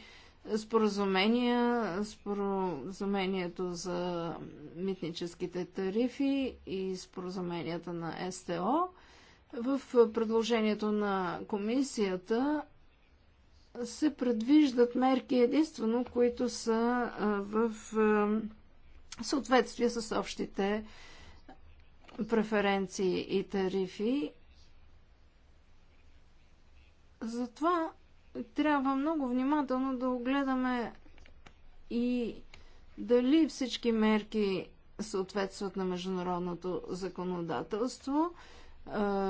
споразумения, споразумението за митническите тарифи и споразуменията на СТО. В предложението на комисията се предвиждат мерки единствено, които са в съответствие с общите преференции и тарифи. Затова трябва много внимателно да огледаме и дали всички мерки съответстват на международното законодателство –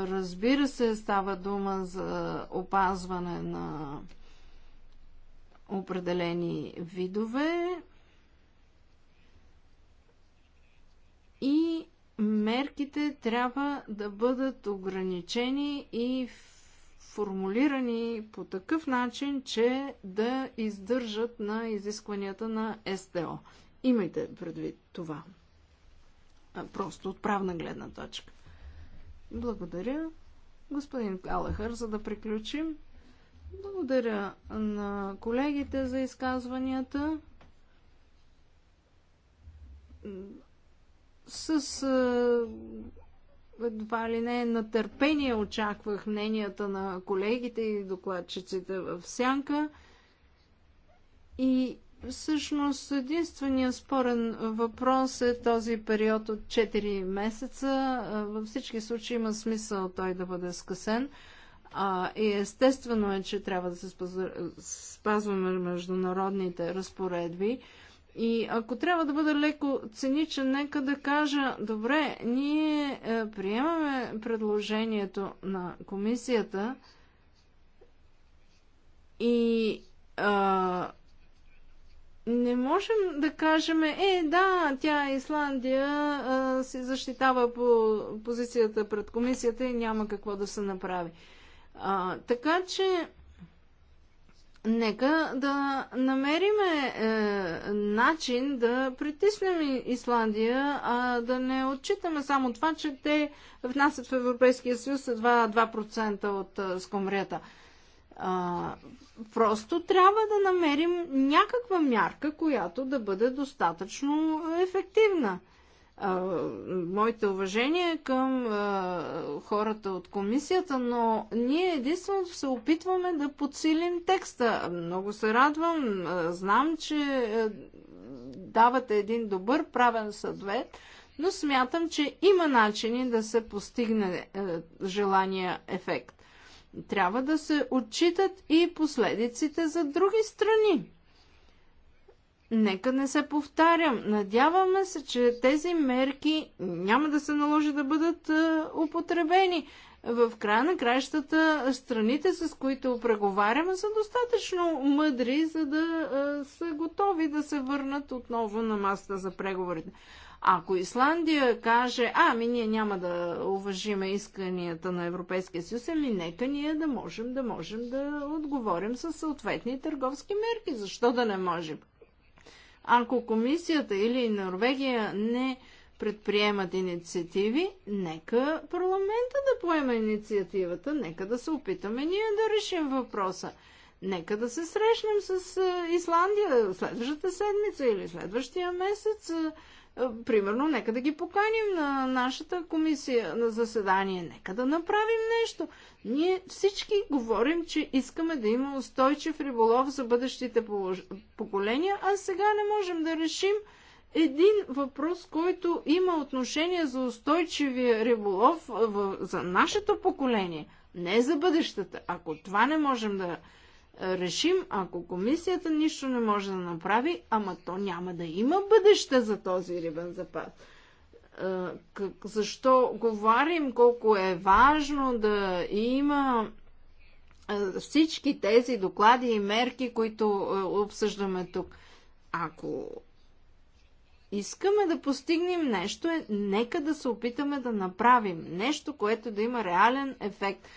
Разбира се, става дума за опазване на определени видове и мерките трябва да бъдат ограничени и формулирани по такъв начин, че да издържат на изискванията на СТО. Имайте предвид това. Просто от правна гледна точка. Благодаря. Господин Калахър, за да приключим. Благодаря на колегите за изказванията. С едва ли не натърпение очаквах мненията на колегите и докладчиците в сянка. И Всъщност единственият спорен въпрос е този период от 4 месеца. Във всички случаи има смисъл той да бъде скъсен. А, и естествено е, че трябва да се спазваме международните разпоредби. И ако трябва да бъда леко циничен, нека да кажа, добре, ние е, приемаме предложението на комисията и а, не можем да кажем, е, да, тя Исландия а, си защитава по позицията пред комисията и няма какво да се направи. А, така че, нека да намериме е, начин да притиснем Исландия, а да не отчитаме само това, че те внасят в Европейския съюз 2%, 2% от а, е, скомрията. А, просто трябва да намерим някаква мярка, която да бъде достатъчно ефективна. А, моите уважения към а, хората от комисията, но ние единствено се опитваме да подсилим текста. Много се радвам, а, знам, че а, давате един добър правен съдвет, но смятам, че има начини да се постигне а, желания ефект трябва да се отчитат и последиците за други страни. Нека не се повтарям. Надяваме се, че тези мерки няма да се наложи да бъдат е, употребени. В края на краищата е, страните, с които преговаряме, са достатъчно мъдри, за да е, са готови да се върнат отново на масата за преговорите. Ако Исландия каже, ами ние няма да уважиме исканията на Европейския съюз, ами нека ние да можем да можем да отговорим с съответни търговски мерки. Защо да не можем? Ако комисията или Норвегия не предприемат инициативи, нека парламента да поеме инициативата, нека да се опитаме ние да решим въпроса. Нека да се срещнем с Исландия следващата седмица или следващия месец е, примерно, нека да ги поканим на нашата комисия на заседание, нека да направим нещо. Ние всички говорим, че искаме да има устойчив риболов за бъдещите поколения, а сега не можем да решим един въпрос, който има отношение за устойчивия риболов е, за нашето поколение, не за бъдещата. Ако това не можем да решим, ако комисията нищо не може да направи, ама то няма да има бъдеще за този рибен запас. Защо говорим колко е важно да има всички тези доклади и мерки, които обсъждаме тук. Ако искаме да постигнем нещо, е, нека да се опитаме да направим нещо, което да има реален ефект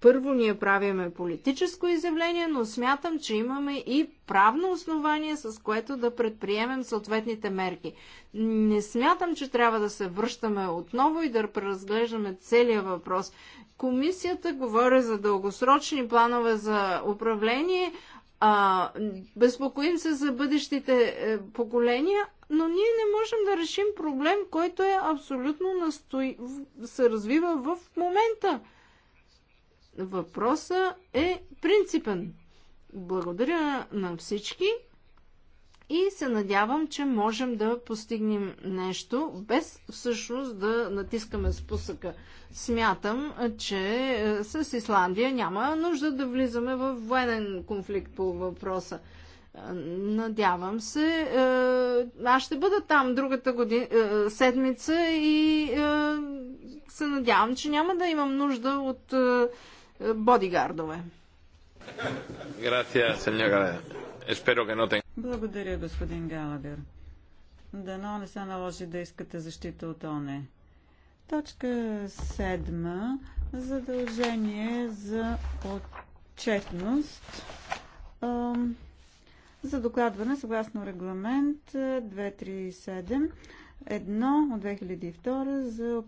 първо ние правиме политическо изявление, но смятам, че имаме и правно основание, с което да предприемем съответните мерки. Не смятам, че трябва да се връщаме отново и да преразглеждаме целия въпрос. Комисията говори за дългосрочни планове за управление, а, безпокоим се за бъдещите е, поколения, но ние не можем да решим проблем, който е абсолютно настой... се развива в момента въпроса е принципен. Благодаря на всички и се надявам, че можем да постигнем нещо, без всъщност да натискаме спусъка. Смятам, че е, с Исландия няма нужда да влизаме в военен конфликт по въпроса. Е, надявам се. Е, аз ще бъда там другата година, седмица и се надявам, че няма да имам нужда от бодигардове. Благодаря, господин Галагър. Дано не се наложи да искате защита от ОНЕ. Точка 7. Задължение за отчетност за докладване съгласно регламент 237 едно от 2002 за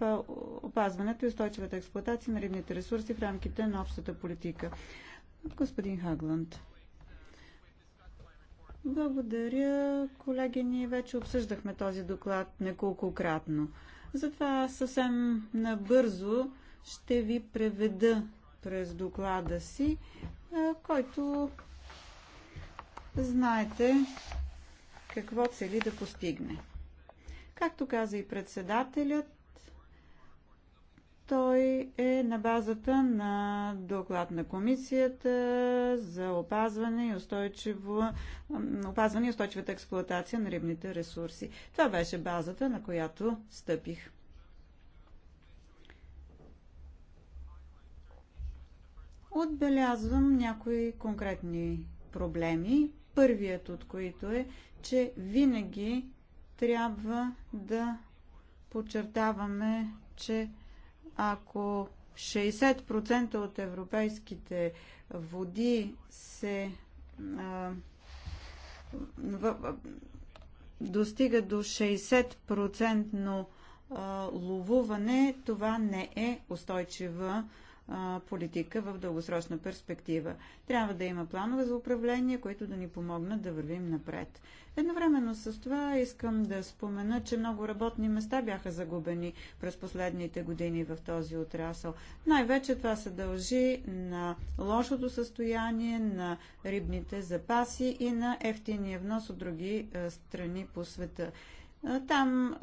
опазването и устойчивата експлуатация на рибните ресурси в рамките на общата политика. Господин Хагланд. Благодаря, колеги. Ние вече обсъждахме този доклад неколкократно. Затова съвсем набързо ще ви преведа през доклада си, който знаете какво цели да постигне. Както каза и председателят, той е на базата на доклад на комисията за опазване и, устойчиво, опазване и устойчивата експлуатация на рибните ресурси. Това беше базата, на която стъпих. Отбелязвам някои конкретни проблеми. Първият от които е, че винаги трябва да подчертаваме, че ако 60% от европейските води се а, в, в, достига до 60% ловуване, това не е устойчива политика в дългосрочна перспектива. Трябва да има планове за управление, които да ни помогнат да вървим напред. Едновременно с това искам да спомена, че много работни места бяха загубени през последните години в този отрасъл. Най-вече това се дължи на лошото състояние на рибните запаси и на ефтиния внос от други страни по света. Там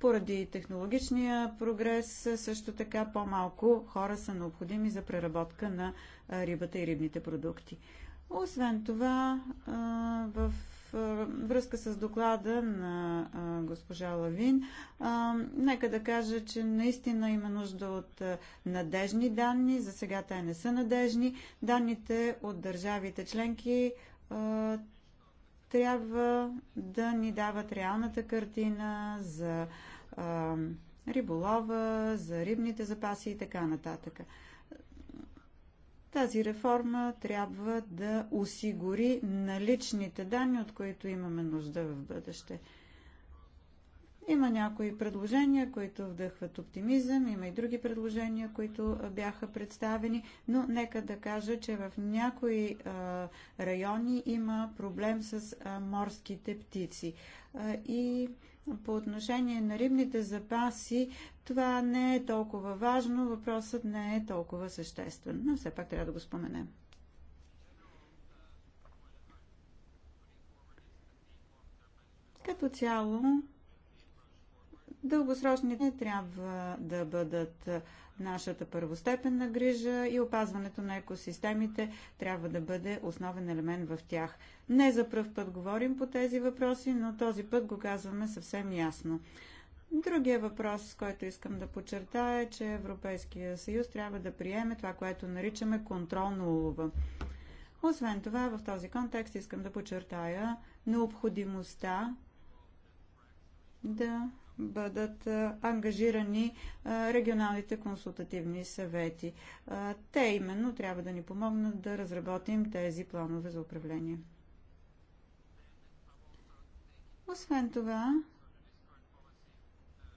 Поради технологичния прогрес също така по-малко хора са необходими за преработка на рибата и рибните продукти. Освен това, в връзка с доклада на госпожа Лавин, нека да кажа, че наистина има нужда от надежни данни. За сега те не са надежни. Данните от държавите членки трябва да ни дават реалната картина за а, риболова, за рибните запаси и така нататък. Тази реформа трябва да осигури наличните данни, от които имаме нужда в бъдеще. Има някои предложения, които вдъхват оптимизъм, има и други предложения, които бяха представени, но нека да кажа, че в някои райони има проблем с морските птици. И по отношение на рибните запаси, това не е толкова важно, въпросът не е толкова съществен, но все пак трябва да го споменем. Като цяло, Дългосрочните трябва да бъдат нашата първостепенна грижа и опазването на екосистемите трябва да бъде основен елемент в тях. Не за пръв път говорим по тези въпроси, но този път го казваме съвсем ясно. Другия въпрос, който искам да подчертая е, че Европейския съюз трябва да приеме това, което наричаме контролно улова. Освен това, в този контекст искам да подчертая необходимостта да бъдат ангажирани регионалните консултативни съвети. Те именно трябва да ни помогнат да разработим тези планове за управление. Освен това,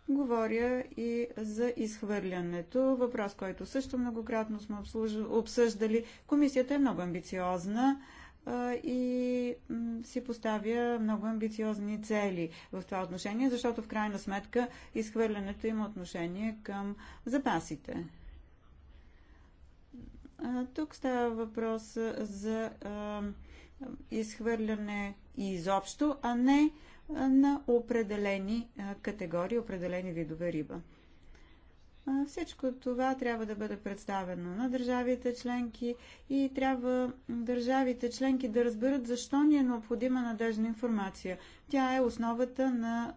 говоря и за изхвърлянето. Въпрос, който също многократно сме обсъждали. Комисията е много амбициозна и си поставя много амбициозни цели в това отношение, защото в крайна сметка изхвърлянето има отношение към запасите. Тук става въпрос за изхвърляне изобщо, а не на определени категории, определени видове риба. Всичко това трябва да бъде представено на държавите членки и трябва държавите членки да разберат защо ни е необходима надежна информация. Тя е основата на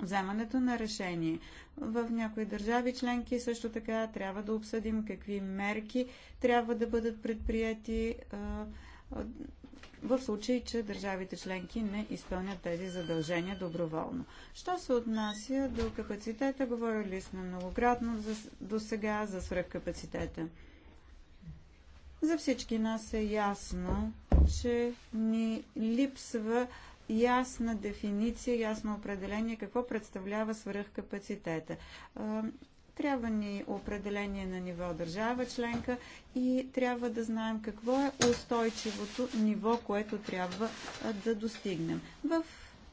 вземането на решение. В някои държави членки също така трябва да обсъдим какви мерки трябва да бъдат предприяти в случай, че държавите членки не изпълнят тези задължения доброволно. Що се отнася до капацитета, говорили сме многократно за, до сега за свръхкапацитета. За всички нас е ясно, че ни липсва ясна дефиниция, ясно определение какво представлява свръхкапацитета. Трябва ни определение на ниво държава членка и трябва да знаем какво е устойчивото ниво, което трябва да достигнем. В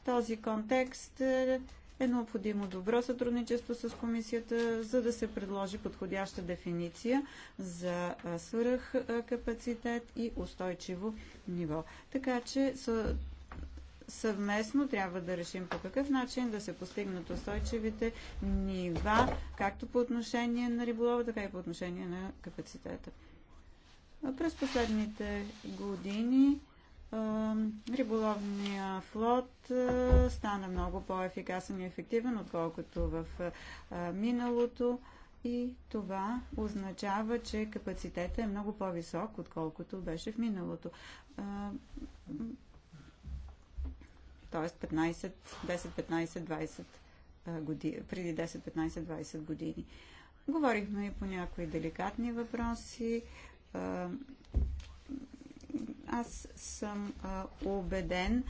този контекст е необходимо добро сътрудничество с комисията, за да се предложи подходяща дефиниция за свръх капацитет и устойчиво ниво. Така че съвместно трябва да решим по какъв начин да се постигнат устойчивите нива, както по отношение на риболова, така и по отношение на капацитета. През последните години риболовния флот стана много по-ефикасен и ефективен, отколкото в миналото. И това означава, че капацитета е много по-висок, отколкото беше в миналото т.е. 10-15-20 години, преди 10-15-20 години. Говорихме и по някои деликатни въпроси. Аз съм убеден,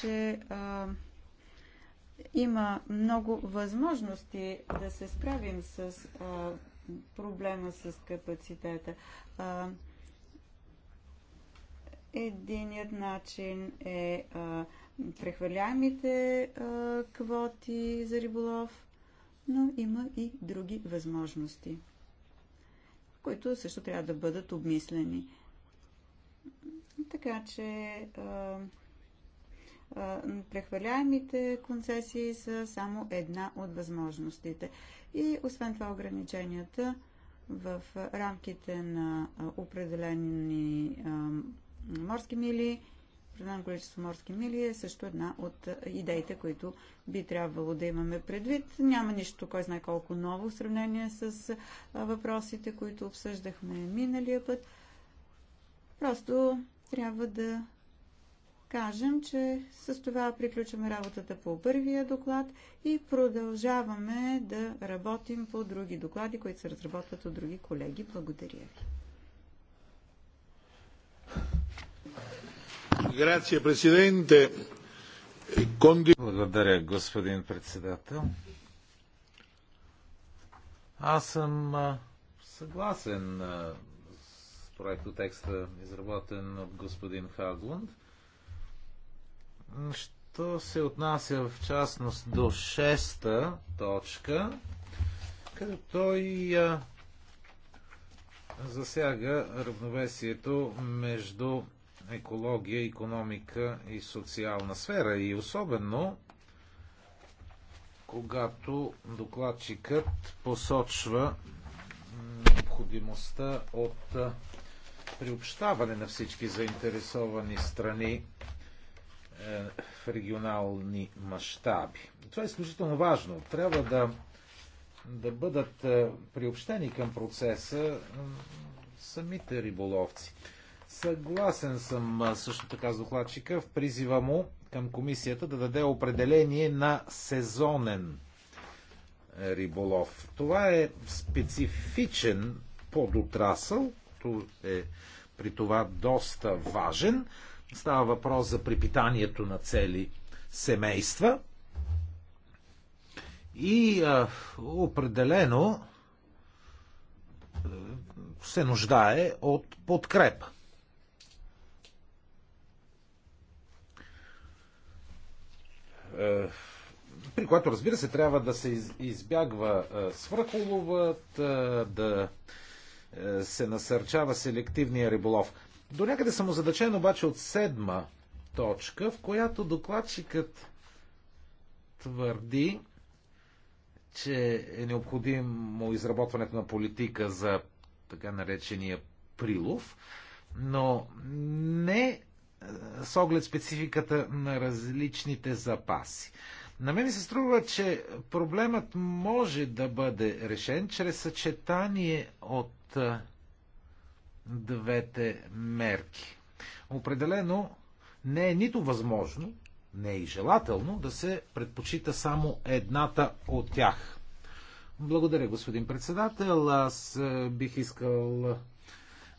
че има много възможности да се справим с проблема с капацитета. Единият начин е а, прехвърляемите квоти за риболов, но има и други възможности, които също трябва да бъдат обмислени. Така че а, а, прехвърляемите концесии са само една от възможностите. И освен това ограниченията в рамките на определени а, морски мили определено количество морски мили е също една от идеите, които би трябвало да имаме предвид. Няма нищо, кой знае колко ново в сравнение с въпросите, които обсъждахме миналия път. Просто трябва да кажем, че с това приключваме работата по първия доклад и продължаваме да работим по други доклади, които се разработват от други колеги. Благодаря ви. Благодаря, господин председател. Аз съм съгласен с проектотекста, изработен от господин Хаглунд. Що се отнася в частност до шеста точка, където той засяга равновесието между екология, економика и социална сфера. И особено, когато докладчикът посочва необходимостта от приобщаване на всички заинтересовани страни е, в регионални мащаби. Това е изключително важно. Трябва да, да бъдат е, приобщени към процеса самите риболовци. Съгласен съм също така с докладчика в призива му към комисията да даде определение на сезонен риболов. Това е специфичен подотрасъл, е при това доста важен. Става въпрос за припитанието на цели семейства. И а, определено се нуждае от подкрепа. Е, при което, разбира се, трябва да се избягва е, свръхоловът, е, да се насърчава селективния риболов. До някъде съм озадачен обаче от седма точка, в която докладчикът твърди, че е необходимо изработването на политика за така наречения прилов, но не с оглед спецификата на различните запаси. На мен се струва, че проблемът може да бъде решен чрез съчетание от двете мерки. Определено не е нито възможно, не е и желателно да се предпочита само едната от тях. Благодаря, господин председател. Аз бих искал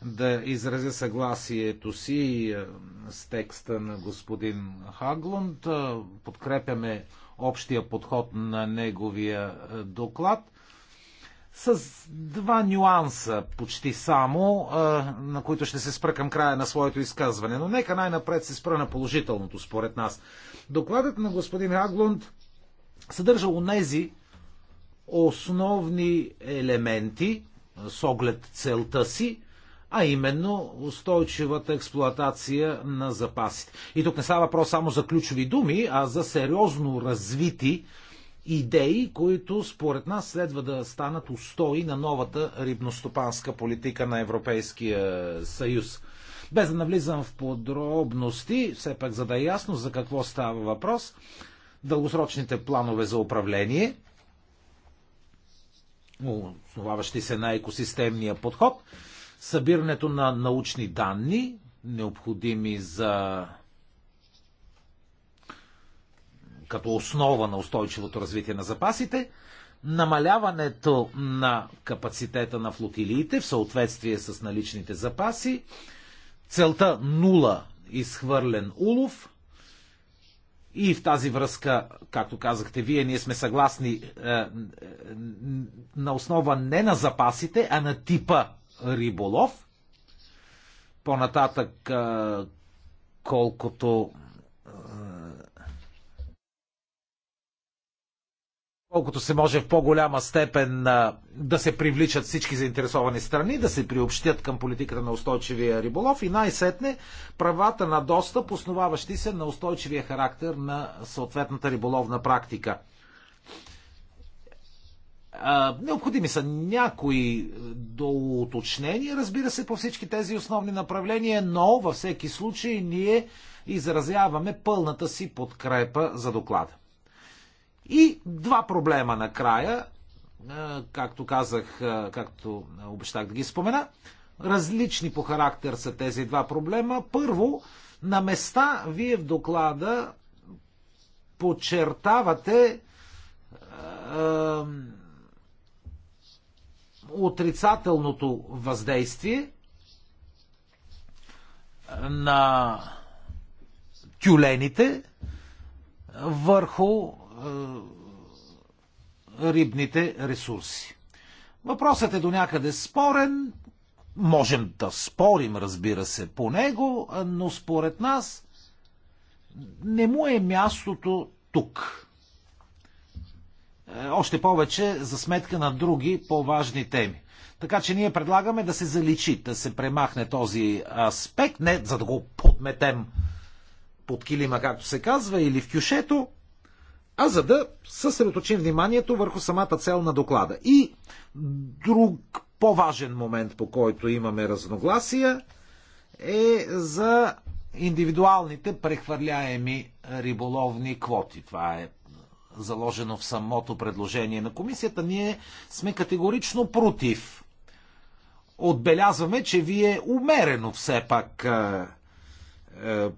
да изразя съгласието си е, с текста на господин Хаглунд. Е, подкрепяме общия подход на неговия е, доклад с два нюанса почти само, на които ще се спра към края на своето изказване. Но нека най-напред се спра на положителното, според нас. Докладът на господин Хаглунд съдържа нези основни елементи с оглед целта си, а именно устойчивата експлоатация на запасите. И тук не става въпрос само за ключови думи, а за сериозно развити идеи, които според нас следва да станат устои на новата рибностопанска политика на Европейския съюз. Без да навлизам в подробности, все пак за да е ясно за какво става въпрос, дългосрочните планове за управление, основаващи се на екосистемния подход – събирането на научни данни, необходими за като основа на устойчивото развитие на запасите, намаляването на капацитета на флотилиите в съответствие с наличните запаси, целта нула изхвърлен улов и в тази връзка, както казахте вие, ние сме съгласни е, е, на основа не на запасите, а на типа риболов. По-нататък, колкото колкото се може в по-голяма степен да се привличат всички заинтересовани страни, да се приобщят към политиката на устойчивия риболов и най-сетне правата на достъп, основаващи се на устойчивия характер на съответната риболовна практика. А, необходими са някои е, доуточнения, разбира се, по всички тези основни направления, но във всеки случай ние изразяваме пълната си подкрепа за доклада. И два проблема накрая, е, както казах, е, както обещах да ги спомена. Различни по характер са тези два проблема. Първо, на места вие в доклада подчертавате отрицателното въздействие на тюлените върху е, рибните ресурси. Въпросът е до някъде спорен. Можем да спорим, разбира се, по него, но според нас не му е мястото тук. Е, още повече за сметка на други по-важни теми. Така че ние предлагаме да се заличи, да се премахне този аспект, не за да го подметем под килима, както се казва, или в кюшето, а за да съсредоточим вниманието върху самата цел на доклада. И друг по-важен момент, по който имаме разногласия, е за индивидуалните прехвърляеми риболовни квоти. Това е заложено в самото предложение на комисията, ние сме категорично против. Отбелязваме, че вие умерено все пак е, е,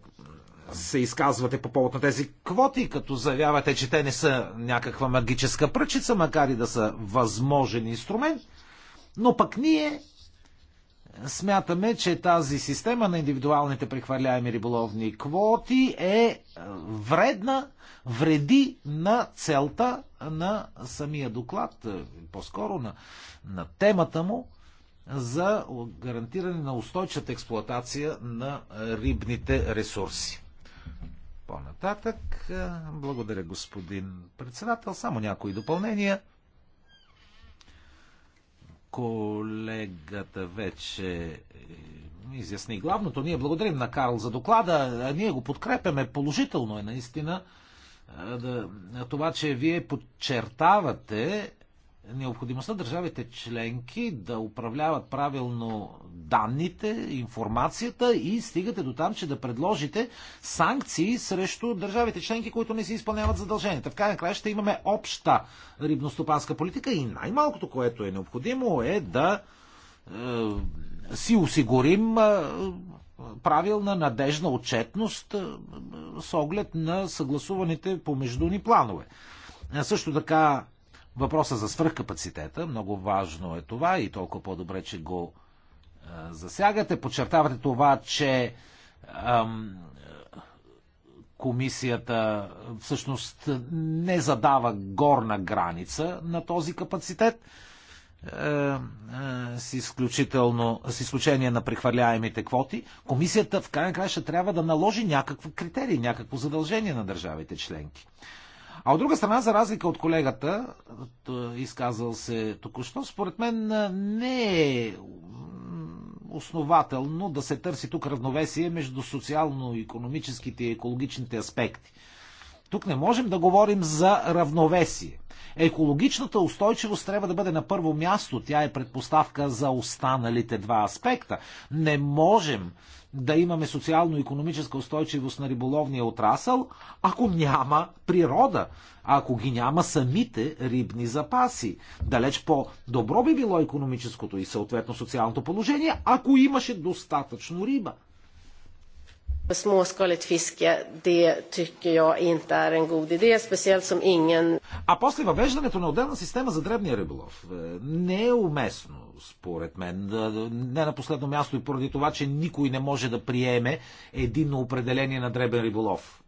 се изказвате по повод на тези квоти, като заявявате, че те не са някаква магическа пръчица, макар и да са възможен инструмент, но пък ние смятаме, че тази система на индивидуалните прехвърляеми риболовни квоти е, е вредна, вреди на целта на самия доклад, е, по-скоро на, на темата му за гарантиране на устойчивата експлоатация на рибните ресурси. По-нататък, е, благодаря господин председател, само някои допълнения колегата вече е, изясни главното. Ние благодарим на Карл за доклада. Ние го подкрепяме. Положително е наистина е, това, че вие подчертавате необходимостта държавите членки да управляват правилно данните, информацията и стигате до там, че да предложите санкции срещу държавите членки, които не си изпълняват задълженията. В крайна края ще имаме обща рибностопанска политика и най-малкото, което е необходимо е да е, си осигурим е, правилна, надежна отчетност е, с оглед на съгласуваните помежду ни планове. Е, също така Въпроса за свръхкапацитета, много важно е това и толкова по-добре, че го засягате. Подчертавате това, че ам, комисията всъщност не задава горна граница на този капацитет е, е, с, изключително, с изключение на прехвърляемите квоти, комисията в крайна края ще трябва да наложи някакво критерии, някакво задължение на държавите членки. А от друга страна, за разлика от колегата, изказал се току-що, според мен не е основателно да се търси тук равновесие между социално-економическите и екологичните аспекти. Тук не можем да говорим за равновесие. Екологичната устойчивост трябва да бъде на първо място. Тя е предпоставка за останалите два аспекта. Не можем да имаме социално-економическа устойчивост на риболовния отрасъл, ако няма природа, ако ги няма самите рибни запаси. Далеч по-добро би било економическото и съответно социалното положение, ако имаше достатъчно риба. А после въвеждането на отделна система за дребния риболов е, не е уместно, според мен. Е, не на последно място и поради това, че никой не може да приеме единно определение на дребен риболов.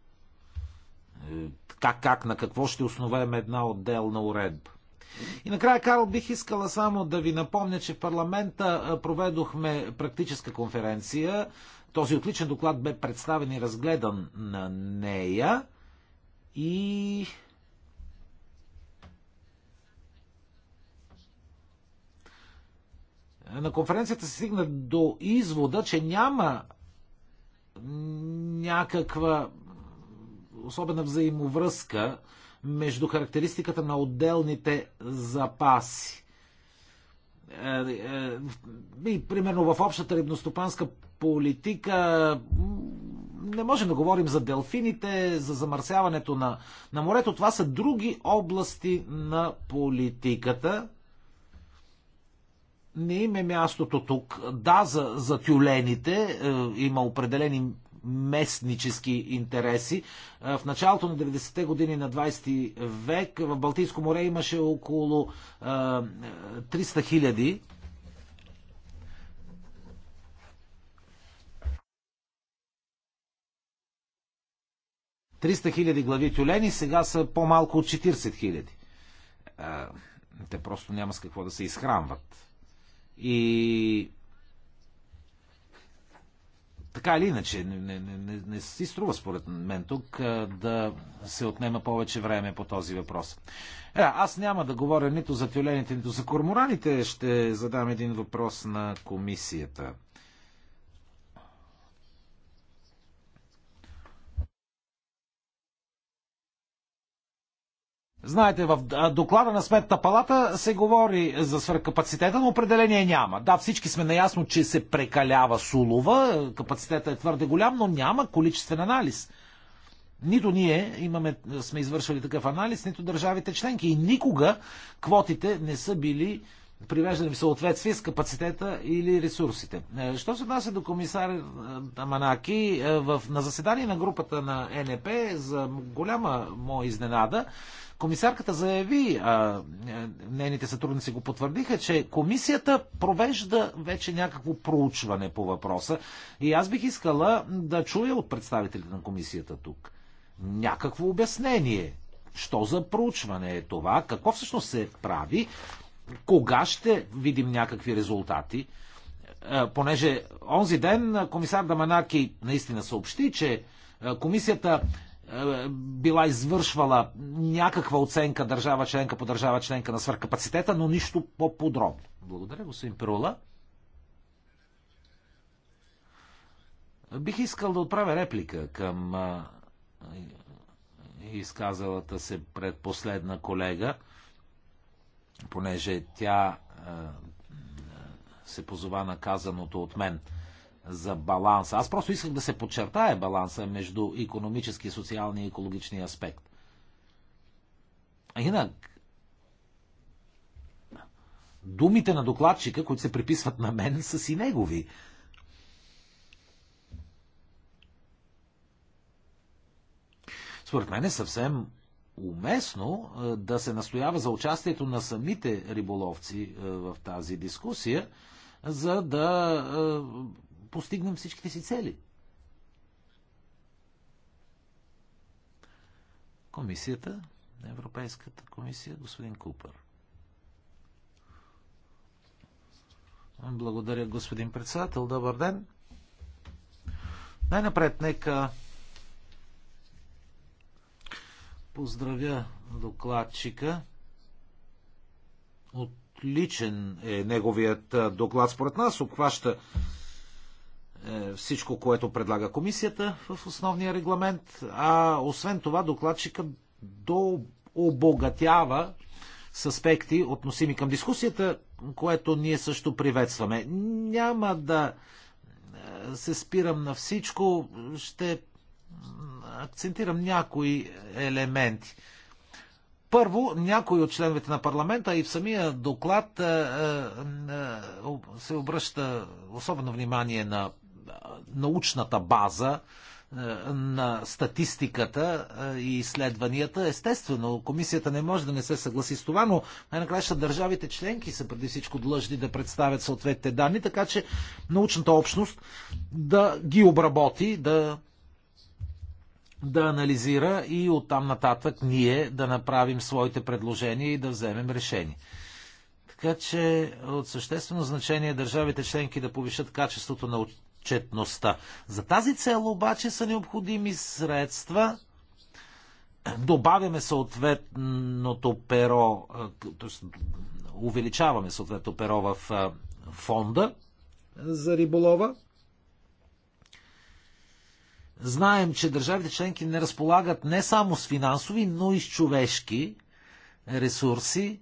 Е, как, как, на какво ще основем една отделна уредба? И накрая, Карл, бих искала само да ви напомня, че в парламента проведохме практическа конференция този отличен доклад бе представен и разгледан на нея и на конференцията се стигна до извода, че няма някаква особена взаимовръзка между характеристиката на отделните запаси. Е, е, и, примерно в общата рибностопанска политика. Не можем да говорим за делфините, за замърсяването на, на морето. Това са други области на политиката. Не им е мястото тук. Да, за, за тюлените е, има определени местнически интереси. Е, в началото на 90-те години на 20 век в Балтийско море имаше около 300 е, е, хиляди 300 хиляди глави тюлени сега са по-малко от 40 хиляди. Те просто няма с какво да се изхранват. И така или иначе, не, не, не, не си струва според мен тук да се отнема повече време по този въпрос. Е, аз няма да говоря нито за тюлените, нито за кормораните. Ще задам един въпрос на комисията. Знаете, в доклада на Сметната палата се говори за свръхкапацитета, но определение няма. Да, всички сме наясно, че се прекалява сулова, капацитета е твърде голям, но няма количествен анализ. Нито ние имаме, сме извършвали такъв анализ, нито държавите членки. И никога квотите не са били привеждане в съответствие с капацитета или ресурсите. Е, що се отнася до комисар е, Аманаки, е, в, на заседание на групата на НП за голяма моя изненада, комисарката заяви, а, нейните сътрудници го потвърдиха, че комисията провежда вече някакво проучване по въпроса и аз бих искала да чуя от представителите на комисията тук някакво обяснение. Що за проучване е това? Какво всъщност се прави? Кога ще видим някакви резултати? Е, понеже онзи ден е, комисар Даманаки наистина съобщи, че е, комисията била извършвала някаква оценка държава членка по държава членка на свърхкапацитета, но нищо по-подробно. Благодаря, господин Перула. Бих искал да отправя реплика към изказалата се предпоследна колега понеже тя е, се позова на казаното от мен за баланса. Аз просто исках да се подчертая баланса между економически, социалния и екологичния аспект. А инак, думите на докладчика, които се приписват на мен, са си негови. Според мен е съвсем уместно е, да се настоява за участието на самите риболовци е, в тази дискусия, за да е, постигнем всичките си цели. Комисията, Европейската комисия, господин Купър. Благодаря, господин председател. Добър ден. Най-напред, нека поздравя докладчика. Отличен е неговият доклад според нас. Обхваща е, всичко, което предлага комисията в основния регламент, а освен това докладчика до обогатява с аспекти, относими към дискусията, което ние също приветстваме. Няма да е, се спирам на всичко, ще акцентирам някои елементи. Първо, някои от членовете на парламента и в самия доклад е, е, е, се обръща особено внимание на научната база на статистиката и изследванията. Естествено, комисията не може да не се съгласи с това, но най-накрая държавите членки са преди всичко длъжни да представят съответните данни, така че научната общност да ги обработи, да да анализира и оттам нататък ние да направим своите предложения и да вземем решение. Така че от съществено значение е държавите членки да повишат качеството на отчетността. За тази цел обаче са необходими средства. Добавяме съответното перо, т.е. увеличаваме съответното перо в фонда за риболова Знаем, че държавите членки не разполагат не само с финансови, но и с човешки ресурси,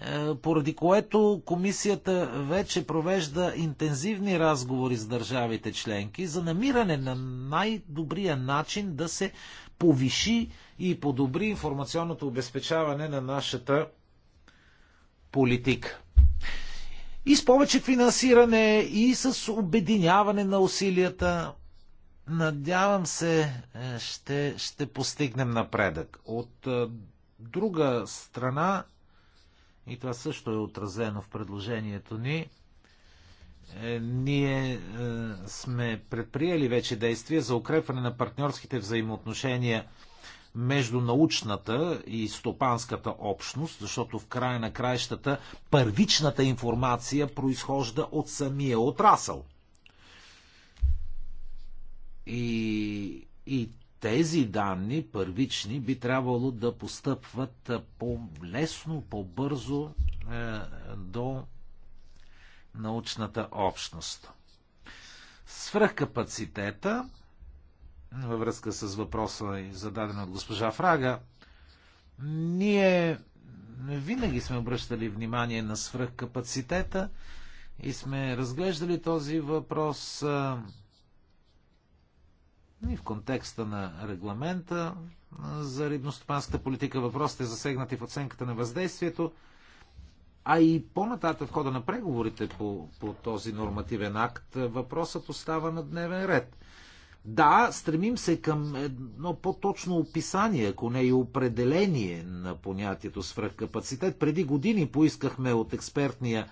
е, поради което комисията вече провежда интензивни разговори с държавите членки за намиране на най-добрия начин да се повиши и подобри информационното обезпечаване на нашата политика. И с повече финансиране, и с обединяване на усилията, Надявам се, е, ще, ще постигнем напредък. От е, друга страна, и това също е отразено в предложението ни, е, ние сме предприели вече действия за укрепване на партньорските взаимоотношения между научната и стопанската общност, защото в края на краищата първичната информация произхожда от самия отрасъл – и, и тези данни, първични, би трябвало да постъпват по-лесно, по-бързо е, до научната общност. Свръхкапацитета, във връзка с въпроса и зададен от госпожа Фрага, ние винаги сме обръщали внимание на свръхкапацитета и сме разглеждали този въпрос и в контекста на регламента за рибностопанската политика въпросите засегнати в оценката на въздействието, а и по-нататък в хода на преговорите по, по този нормативен акт въпросът остава на дневен ред. Да, стремим се към едно по-точно описание, ако не и определение на понятието свръхкапацитет. Преди години поискахме от експертния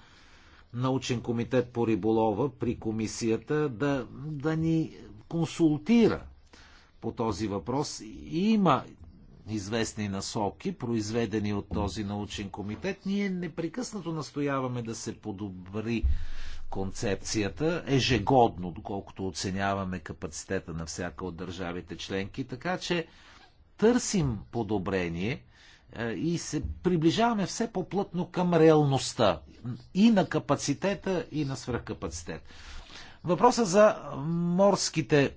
научен комитет по риболова при комисията да, да ни консултира по този въпрос. Има известни насоки, произведени от този научен комитет. Ние непрекъснато настояваме да се подобри концепцията ежегодно, доколкото оценяваме капацитета на всяка от държавите членки. Така че търсим подобрение е, и се приближаваме все по-плътно към реалността и на капацитета, и на свръхкапацитет. Въпроса за морските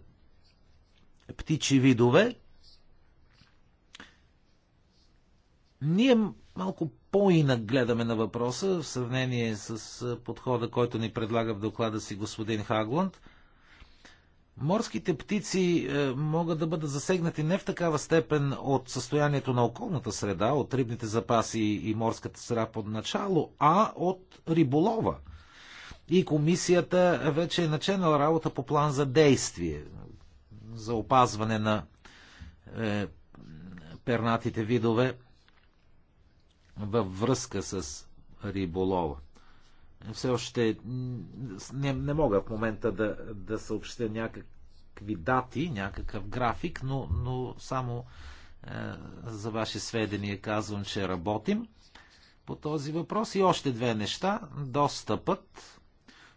птичи видове. Ние малко по-инак гледаме на въпроса в сравнение с подхода, който ни предлага в доклада си господин Хагланд. Морските птици е, могат да бъдат засегнати не в такава степен от състоянието на околната среда, от рибните запаси и морската среда под начало, а от риболова – и комисията вече е начинала работа по план за действие за опазване на е, пернатите видове във връзка с риболова. Все още не, не мога в момента да, да съобщя някакви дати, някакъв график, но, но само е, за ваше сведение казвам, че работим по този въпрос. И още две неща. Достъпът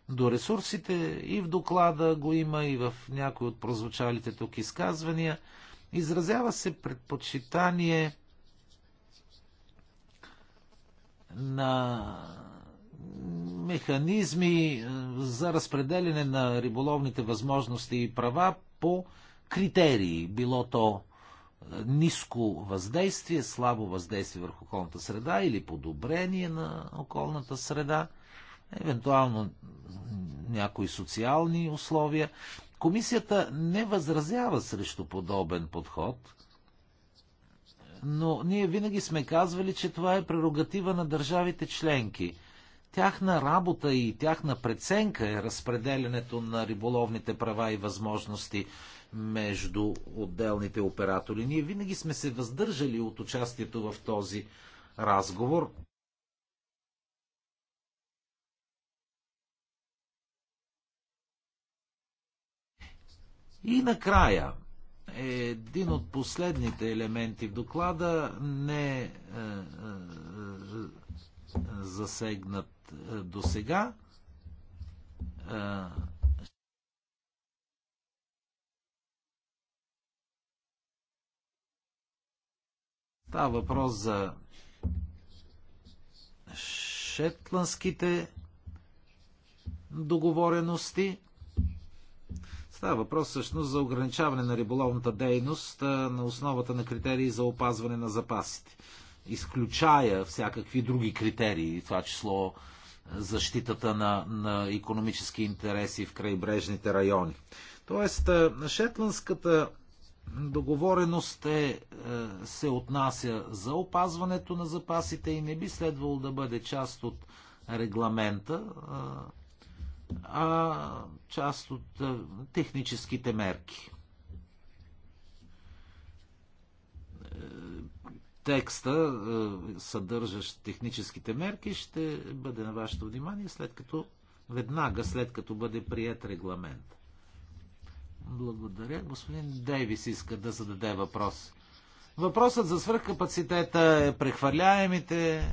до ресурсите. И в доклада го има, и в някои от прозвучалите тук изказвания. Изразява се предпочитание на механизми е, за разпределяне на риболовните възможности и права по критерии, било то е, ниско въздействие, слабо въздействие върху околната среда или подобрение на околната среда – евентуално някои социални условия. Комисията не възразява срещу подобен подход, но ние винаги сме казвали, че това е прерогатива на държавите членки. Тяхна работа и тяхна преценка е разпределянето на риболовните права и възможности между отделните оператори. Ние винаги сме се въздържали от участието в този разговор, И накрая, един от последните елементи в доклада не е, е, е засегнат е, до сега. Е, Става въпрос за шетландските договорености. Става въпрос всъщност за ограничаване на риболовната дейност на основата на критерии за опазване на запасите. Изключая всякакви други критерии, това число защитата на, на економически интереси в крайбрежните райони. Тоест, шетландската договореност е, се отнася за опазването на запасите и не би следвало да бъде част от регламента а част от техническите мерки. Е, текста, е, съдържащ техническите мерки, ще бъде на вашето внимание след като веднага след като бъде прият регламент. Благодаря. Господин Дейвис иска да зададе въпрос. Въпросът за свръхкапацитета е прехвърляемите е,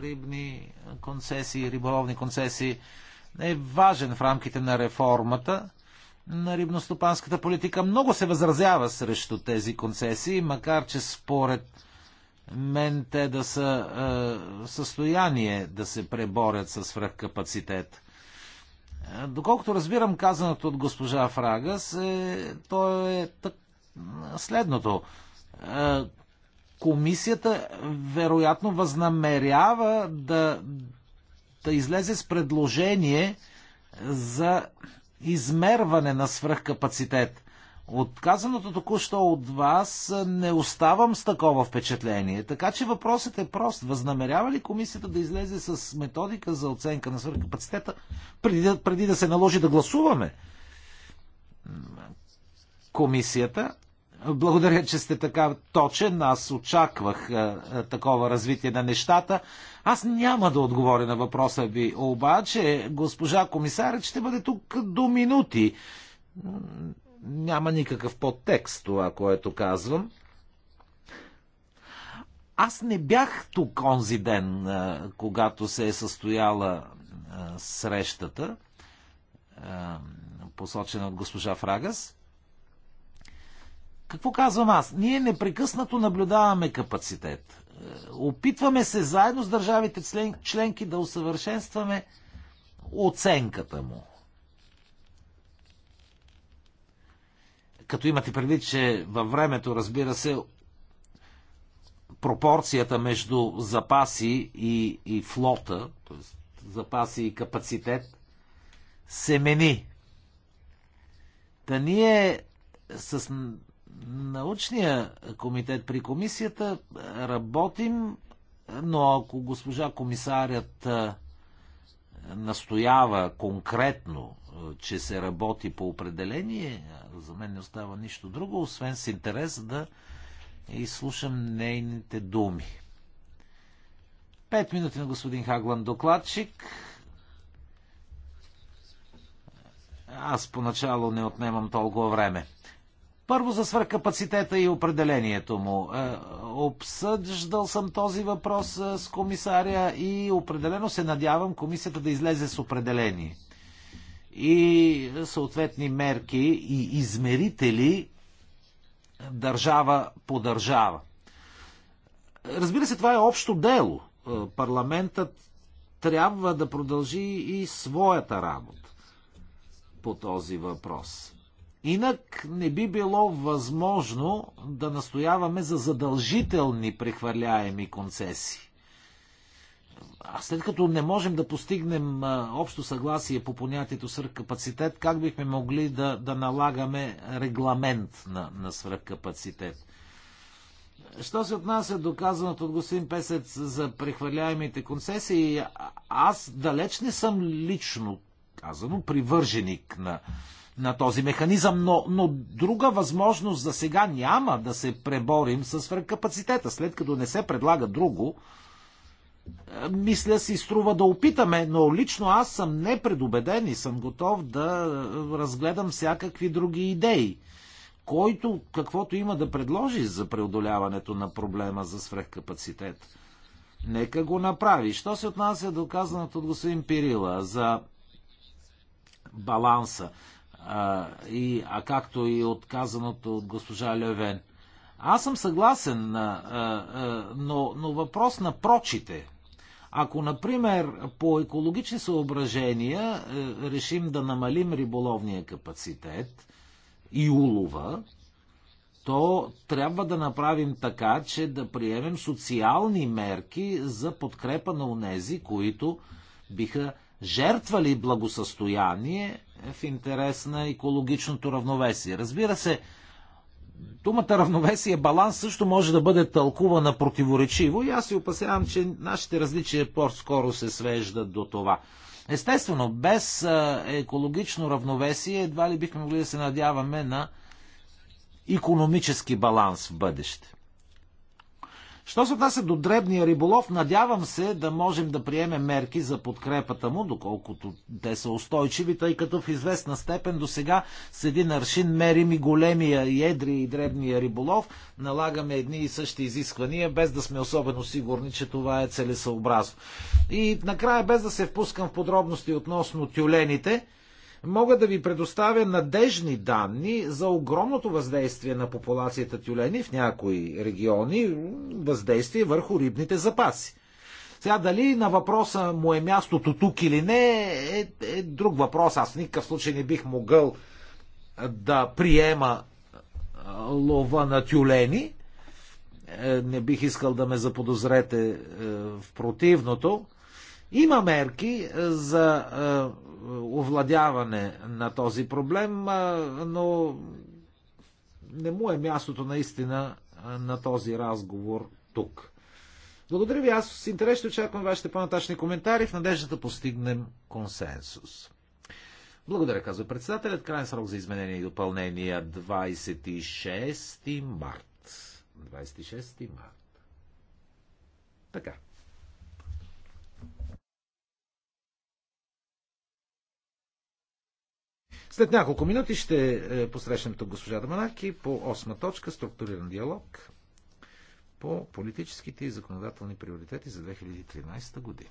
рибни концесии, риболовни концесии е важен в рамките на реформата на рибностопанската политика. Много се възразява срещу тези концесии, макар че според мен те да са е, в състояние да се преборят с свръхкапацитет. Е, доколкото разбирам казаното от госпожа Фрагас, е, то е так, следното. Е, комисията вероятно възнамерява да, да излезе с предложение за измерване на свръхкапацитет. Отказаното току-що от вас не оставам с такова впечатление. Така че въпросът е прост. Възнамерява ли комисията да излезе с методика за оценка на свръхкапацитета преди да, преди да се наложи да гласуваме? Комисията. Благодаря, че сте така точен. Аз очаквах а, е, а, е, такова развитие на нещата. Аз няма да отговоря на въпроса ви, обаче госпожа комисарът ще бъде тук до минути. Няма никакъв подтекст това, което казвам. Аз не бях тук онзи ден, когато се е състояла срещата, посочена от госпожа Фрагас. Какво казвам аз? Ние непрекъснато наблюдаваме капацитет. Опитваме се заедно с държавите член, членки да усъвършенстваме оценката му. Като имате предвид, че във времето, разбира се, пропорцията между запаси и, и флота, т.е. запаси и капацитет, се мени. Та ние с научния комитет при комисията работим, но ако госпожа комисарят настоява конкретно, че се работи по определение, за мен не остава нищо друго, освен с интерес да изслушам нейните думи. Пет минути на господин Хаглан докладчик. Аз поначало не отнемам толкова време. Първо за свръхкапацитета и определението му. Е, обсъждал съм този въпрос е, с комисаря и определено се надявам комисията да излезе с определение и е, съответни мерки и измерители държава по държава. Разбира се, това е общо дело. Парламентът трябва да продължи и своята работа по този въпрос. Инак не би било възможно да настояваме за задължителни прехвърляеми концесии. А след като не можем да постигнем общо съгласие по понятието свръхкапацитет, как бихме могли да, да налагаме регламент на, на свръхкапацитет? Що се отнася до казаното от господин Песец за прехвърляемите концесии, аз далеч не съм лично казано привърженик на, на този механизъм, но, но друга възможност за сега няма да се преборим с свръхкапацитета. След като не се предлага друго, е, мисля си струва да опитаме, но лично аз съм непредубеден и съм готов да разгледам всякакви други идеи. Който каквото има да предложи за преодоляването на проблема за свръхкапацитет, нека го направи. Що се отнася до казаното от господин Пирила за баланса? а, и, а както и отказаното от госпожа Левен. Аз съм съгласен, а, а, но, но въпрос на прочите. Ако, например, по екологични съображения е, решим да намалим риболовния капацитет и улова, то трябва да направим така, че да приемем социални мерки за подкрепа на унези, които биха жертвали благосъстояние в интерес на екологичното равновесие. Разбира се, думата равновесие, баланс също може да бъде тълкувана противоречиво и аз се опасявам, че нашите различия по-скоро се свеждат до това. Естествено, без екологично равновесие едва ли бихме могли да се надяваме на економически баланс в бъдеще. Що се отнася до дребния риболов, надявам се да можем да приемем мерки за подкрепата му, доколкото те са устойчиви, тъй като в известна степен до сега с един аршин мерим и големия, и едри, и дребния риболов, налагаме едни и същи изисквания, без да сме особено сигурни, че това е целесъобразно. И накрая, без да се впускам в подробности относно тюлените, мога да ви предоставя надежни данни за огромното въздействие на популацията тюлени в някои региони, въздействие върху рибните запаси. Сега дали на въпроса му е мястото тук или не е, е друг въпрос. Аз в никакъв случай не бих могъл да приема лова на тюлени. Е, не бих искал да ме заподозрете е, в противното. Има мерки е, за овладяване на този проблем, но не му е мястото наистина на този разговор тук. Благодаря ви, аз с интерес ще очаквам вашите по натачни коментари в надежда да постигнем консенсус. Благодаря, казва председателят. Крайен срок за изменение и допълнение 26 е март. 26 март. Така. След няколко минути ще е, посрещнем тук госпожа Даманаки по осма точка структуриран диалог по политическите и законодателни приоритети за 2013 година.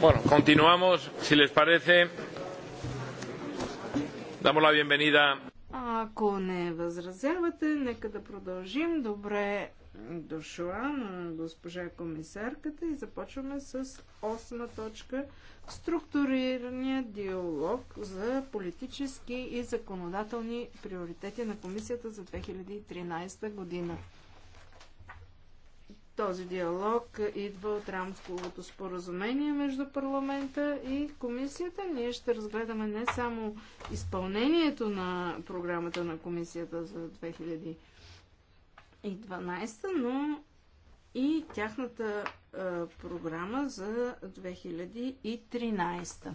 Bueno, continuamos. Si les parece, damos la bienvenida. Ако не възразявате, нека да продължим. Добре дошла на госпожа комисарката и започваме с осма точка структурирания диалог за политически и законодателни приоритети на комисията за 2013 година. Този диалог идва от рамковото споразумение между парламента и комисията. Ние ще разгледаме не само изпълнението на програмата на комисията за 2012, но и тяхната програма за 2013.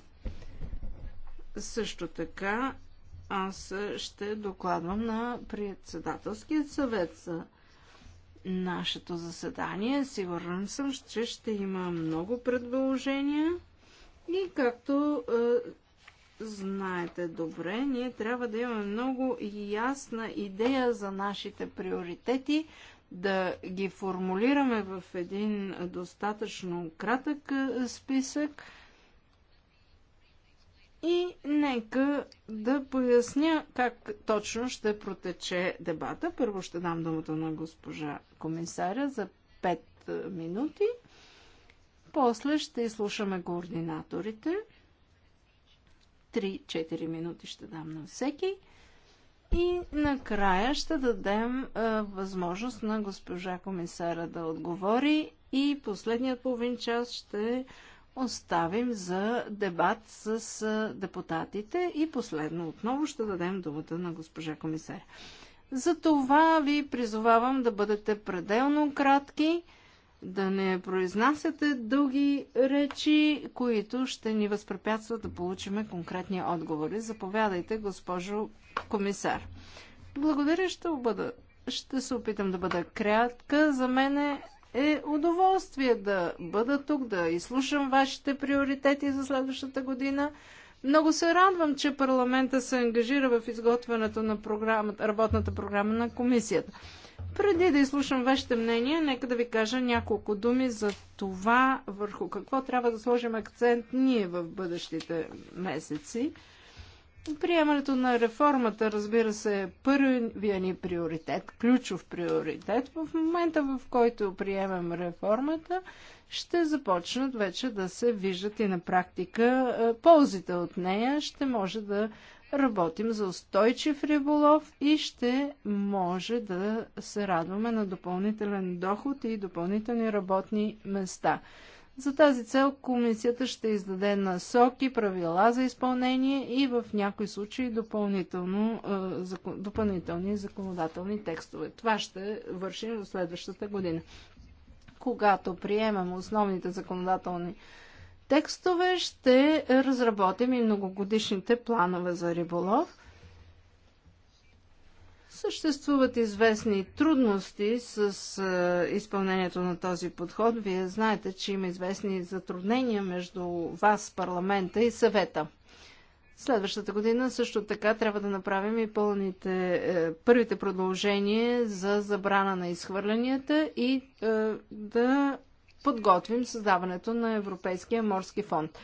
Също така аз ще докладвам на председателския съвет за нашето заседание. Сигурен съм, че ще има много предложения и както е, знаете добре, ние трябва да имаме много ясна идея за нашите приоритети, да ги формулираме в един достатъчно кратък е, списък – и нека да поясня как точно ще протече дебата. Първо ще дам думата на госпожа комисаря за 5 минути. После ще изслушаме координаторите. 3-4 минути ще дам на всеки. И накрая ще дадем а, възможност на госпожа комисара да отговори. И последният половин час ще оставим за дебат с депутатите и последно отново ще дадем думата на госпожа комисар. За това ви призовавам да бъдете пределно кратки, да не произнасяте дълги речи, които ще ни възпрепятстват да получиме конкретни отговори. Заповядайте, госпожо комисар. Благодаря, ще бъда ще се опитам да бъда кратка. За мен е е удоволствие да бъда тук, да изслушам вашите приоритети за следващата година. Много се радвам, че парламента се ангажира в изготвянето на програмата, работната програма на комисията. Преди да изслушам вашите мнения, нека да ви кажа няколко думи за това върху какво трябва да сложим акцент ние в бъдещите месеци. Приемането на реформата, разбира се, е първия ни приоритет, ключов приоритет. В момента, в който приемем реформата, ще започнат вече да се виждат и на практика е, ползите от нея. Ще може да работим за устойчив риболов и ще може да се радваме на допълнителен доход и допълнителни работни места. За тази цел комисията ще издаде насоки, правила за изпълнение и в някои случаи допълнително, е, допълнителни законодателни текстове. Това ще вършим в следващата година. Когато приемем основните законодателни текстове, ще разработим и многогодишните планове за риболов – Съществуват известни трудности с а, е, изпълнението на този подход. Вие знаете, че има известни затруднения между вас, парламента и съвета. Следващата година също така трябва да направим и пълните, е, първите продължения за забрана на изхвърлянията и е, да подготвим създаването на Европейския морски фонд.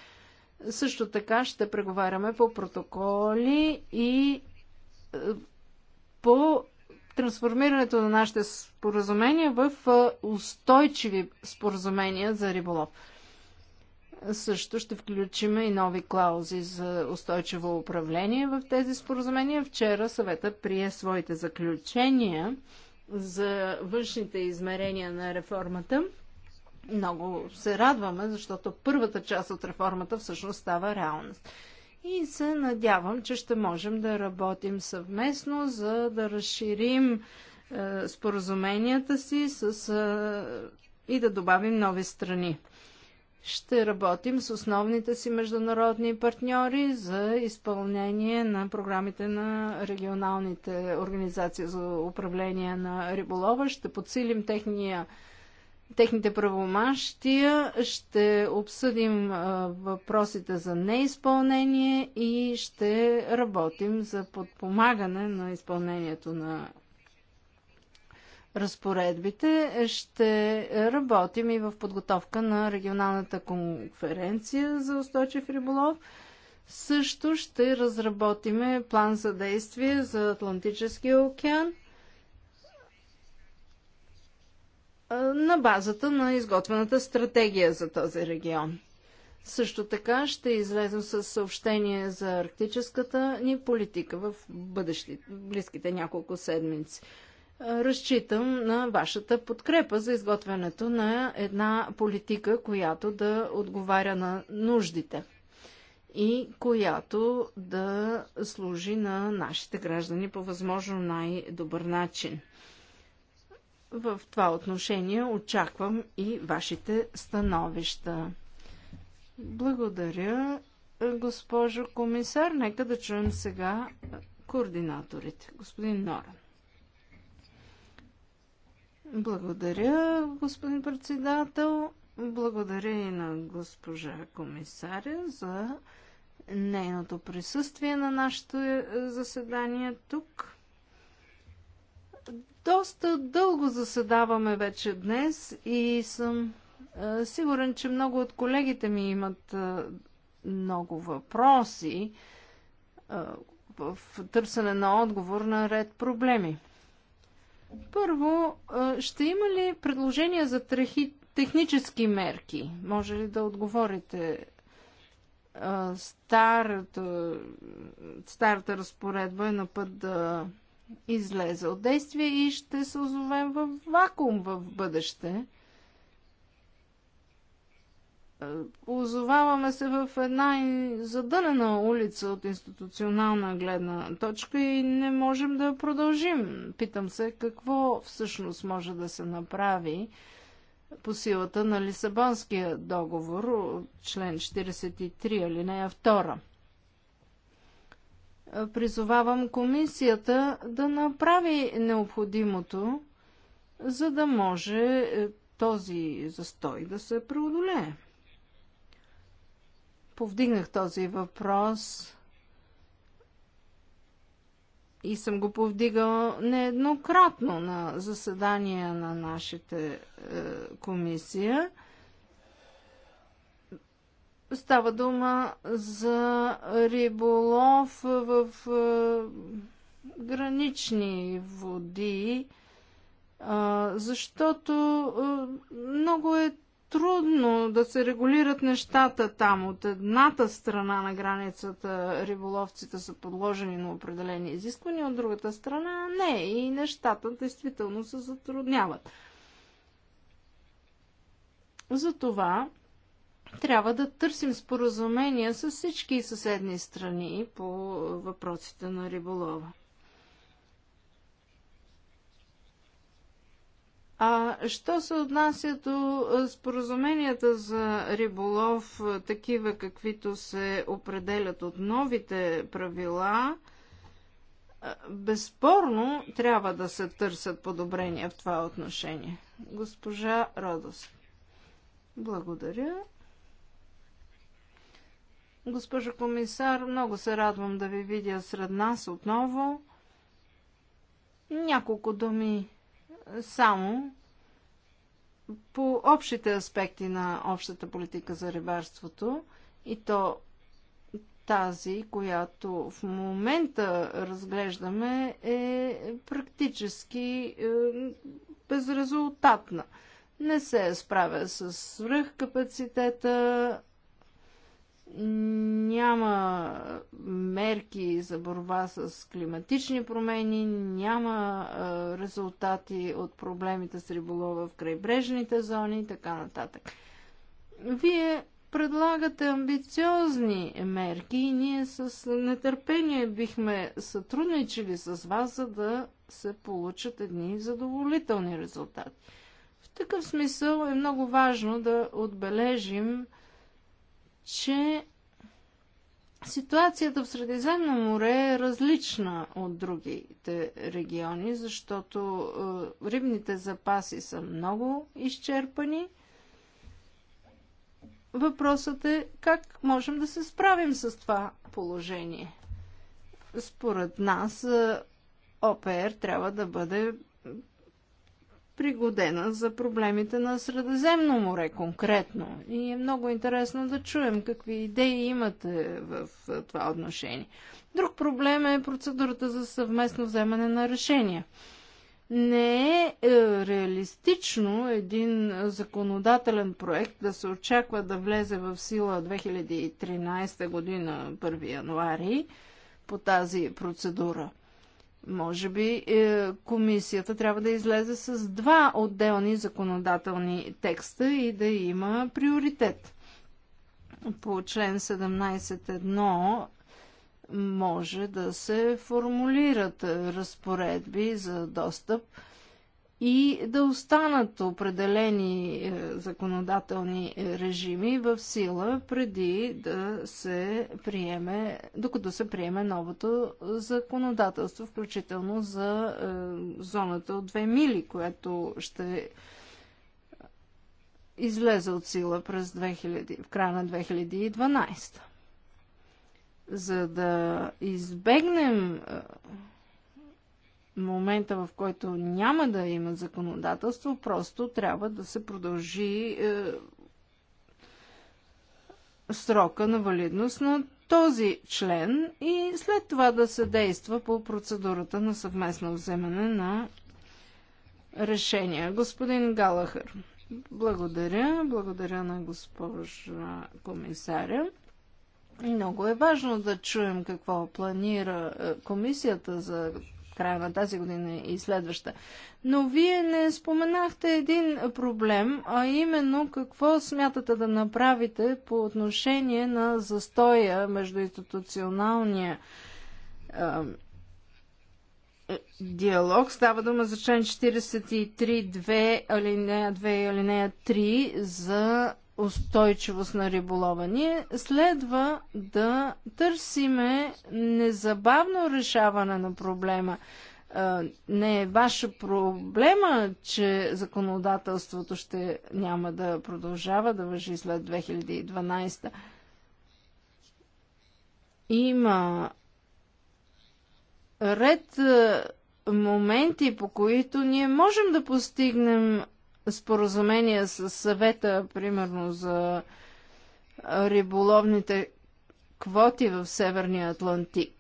Също така ще преговаряме по протоколи и е, по трансформирането на нашите споразумения в устойчиви споразумения за риболов. Също ще включим и нови клаузи за устойчиво управление в тези споразумения. Вчера съвета прие своите заключения за външните измерения на реформата. Много се радваме, защото първата част от реформата всъщност става реалност и се надявам, че ще можем да работим съвместно, за да разширим е, споразуменията си с, е, и да добавим нови страни. Ще работим с основните си международни партньори за изпълнение на програмите на регионалните организации за управление на риболова. Ще подсилим техния техните правомащия, ще обсъдим въпросите за неизпълнение и ще работим за подпомагане на изпълнението на разпоредбите. Ще работим и в подготовка на регионалната конференция за устойчив риболов. Също ще разработиме план за действие за Атлантическия океан – на базата на изготвената стратегия за този регион. Също така ще излезем с съобщение за арктическата ни политика в бъдещи, близките няколко седмици. Разчитам на вашата подкрепа за изготвянето на една политика, която да отговаря на нуждите и която да служи на нашите граждани по възможно най-добър начин. В това отношение очаквам и вашите становища. Благодаря, госпожо комисар. Нека да чуем сега координаторите. Господин Норан. Благодаря, господин председател. Благодаря и на госпожа комисаря за нейното присъствие на нашето заседание тук. Доста дълго заседаваме вече днес и съм е, сигурен, че много от колегите ми имат е, много въпроси е, в търсене на отговор на ред проблеми. Първо, ще има ли предложения за технически мерки? Може ли да отговорите? Старата, старата разпоредба е на път да излезе от действие и ще се озовем в вакуум в бъдеще. Е, озоваваме се в една задънена улица от институционална гледна точка и не можем да продължим. Питам се какво всъщност може да се направи по силата на Лисабонския договор, член 43, алинея 2 призовавам комисията да направи необходимото, за да може е, този застой да се преодолее. Повдигнах този въпрос и съм го повдигал нееднократно на заседания на нашите е, комисия. комисия Става дума за риболов в гранични води, защото много е трудно да се регулират нещата там. От едната страна на границата риболовците са подложени на определени изисквания, от другата страна не. И нещата действително се затрудняват. Затова трябва да търсим споразумения с всички съседни страни по въпросите на риболова. А що се отнася до споразуменията за риболов, такива каквито се определят от новите правила, безспорно трябва да се търсят подобрения в това отношение. Госпожа Родос. Благодаря. Госпожо комисар, много се радвам да ви видя сред нас отново. Няколко думи само по общите аспекти на общата политика за рибарството и то тази, която в момента разглеждаме, е практически е, безрезултатна. Не се справя с капацитета, няма мерки за борба с климатични промени, няма резултати от проблемите с риболова в крайбрежните зони и така нататък. Вие предлагате амбициозни мерки и ние с нетърпение бихме сътрудничили с вас, за да се получат едни задоволителни резултати. В такъв смисъл е много важно да отбележим че ситуацията в Средиземно море е различна от другите региони, защото е, рибните запаси са много изчерпани. Въпросът е как можем да се справим с това положение. Според нас е, ОПР трябва да бъде пригодена за проблемите на Средиземно море конкретно. И е много интересно да чуем какви идеи имате в това отношение. Друг проблем е процедурата за съвместно вземане на решения. Не е, е реалистично един законодателен проект да се очаква да влезе в сила 2013 година 1 януари по тази процедура – може би е, комисията трябва да излезе с два отделни законодателни текста и да има приоритет. По член 17.1 може да се формулират разпоредби за достъп и да останат определени е, законодателни е, режими в сила преди да се приеме, докато се приеме новото законодателство, включително за е, зоната от 2 мили, което ще излезе от сила през 2000, в края на 2012. За да избегнем момента, в който няма да има законодателство, просто трябва да се продължи е, срока на валидност на този член и след това да се действа по процедурата на съвместно вземане на решения. Господин Галахър, благодаря. Благодаря на госпожа комисаря. Много е важно да чуем какво планира е, комисията за края на тази година и следваща. Но вие не споменахте един проблем, а именно какво смятате да направите по отношение на застоя между институционалния диалог. Става дума за член 43.2, алинея 2 и алинея 3 за устойчивост на риболова. Ние следва да търсиме незабавно решаване на проблема. Не е ваша проблема, че законодателството ще няма да продължава да въжи след 2012. Има ред моменти, по които ние можем да постигнем споразумения с съвета, примерно за риболовните квоти в Северния Атлантик.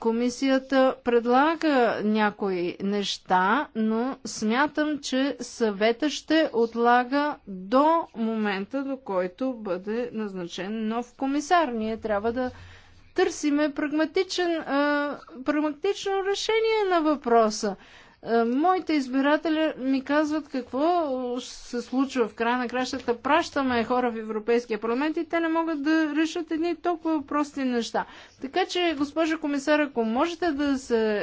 Комисията предлага някои неща, но смятам, че съвета ще отлага до момента, до който бъде назначен нов комисар. Ние трябва да търсиме прагматичен, а, прагматично решение на въпроса. Е, моите избиратели ми казват какво се случва в края на кращата. Пращаме хора в Европейския парламент и те не могат да решат едни толкова прости неща. Така че, госпожа комисар, ако можете да се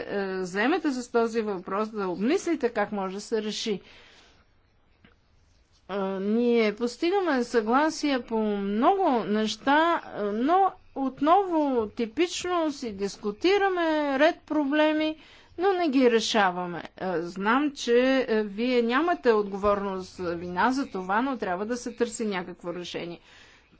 е, с този въпрос, да обмислите как може да се реши. Е, ние постигаме съгласие по много неща, е, но отново типично си дискутираме ред проблеми но не ги решаваме. Е, знам, че е, вие нямате отговорност вина за това, но трябва да се търси някакво решение.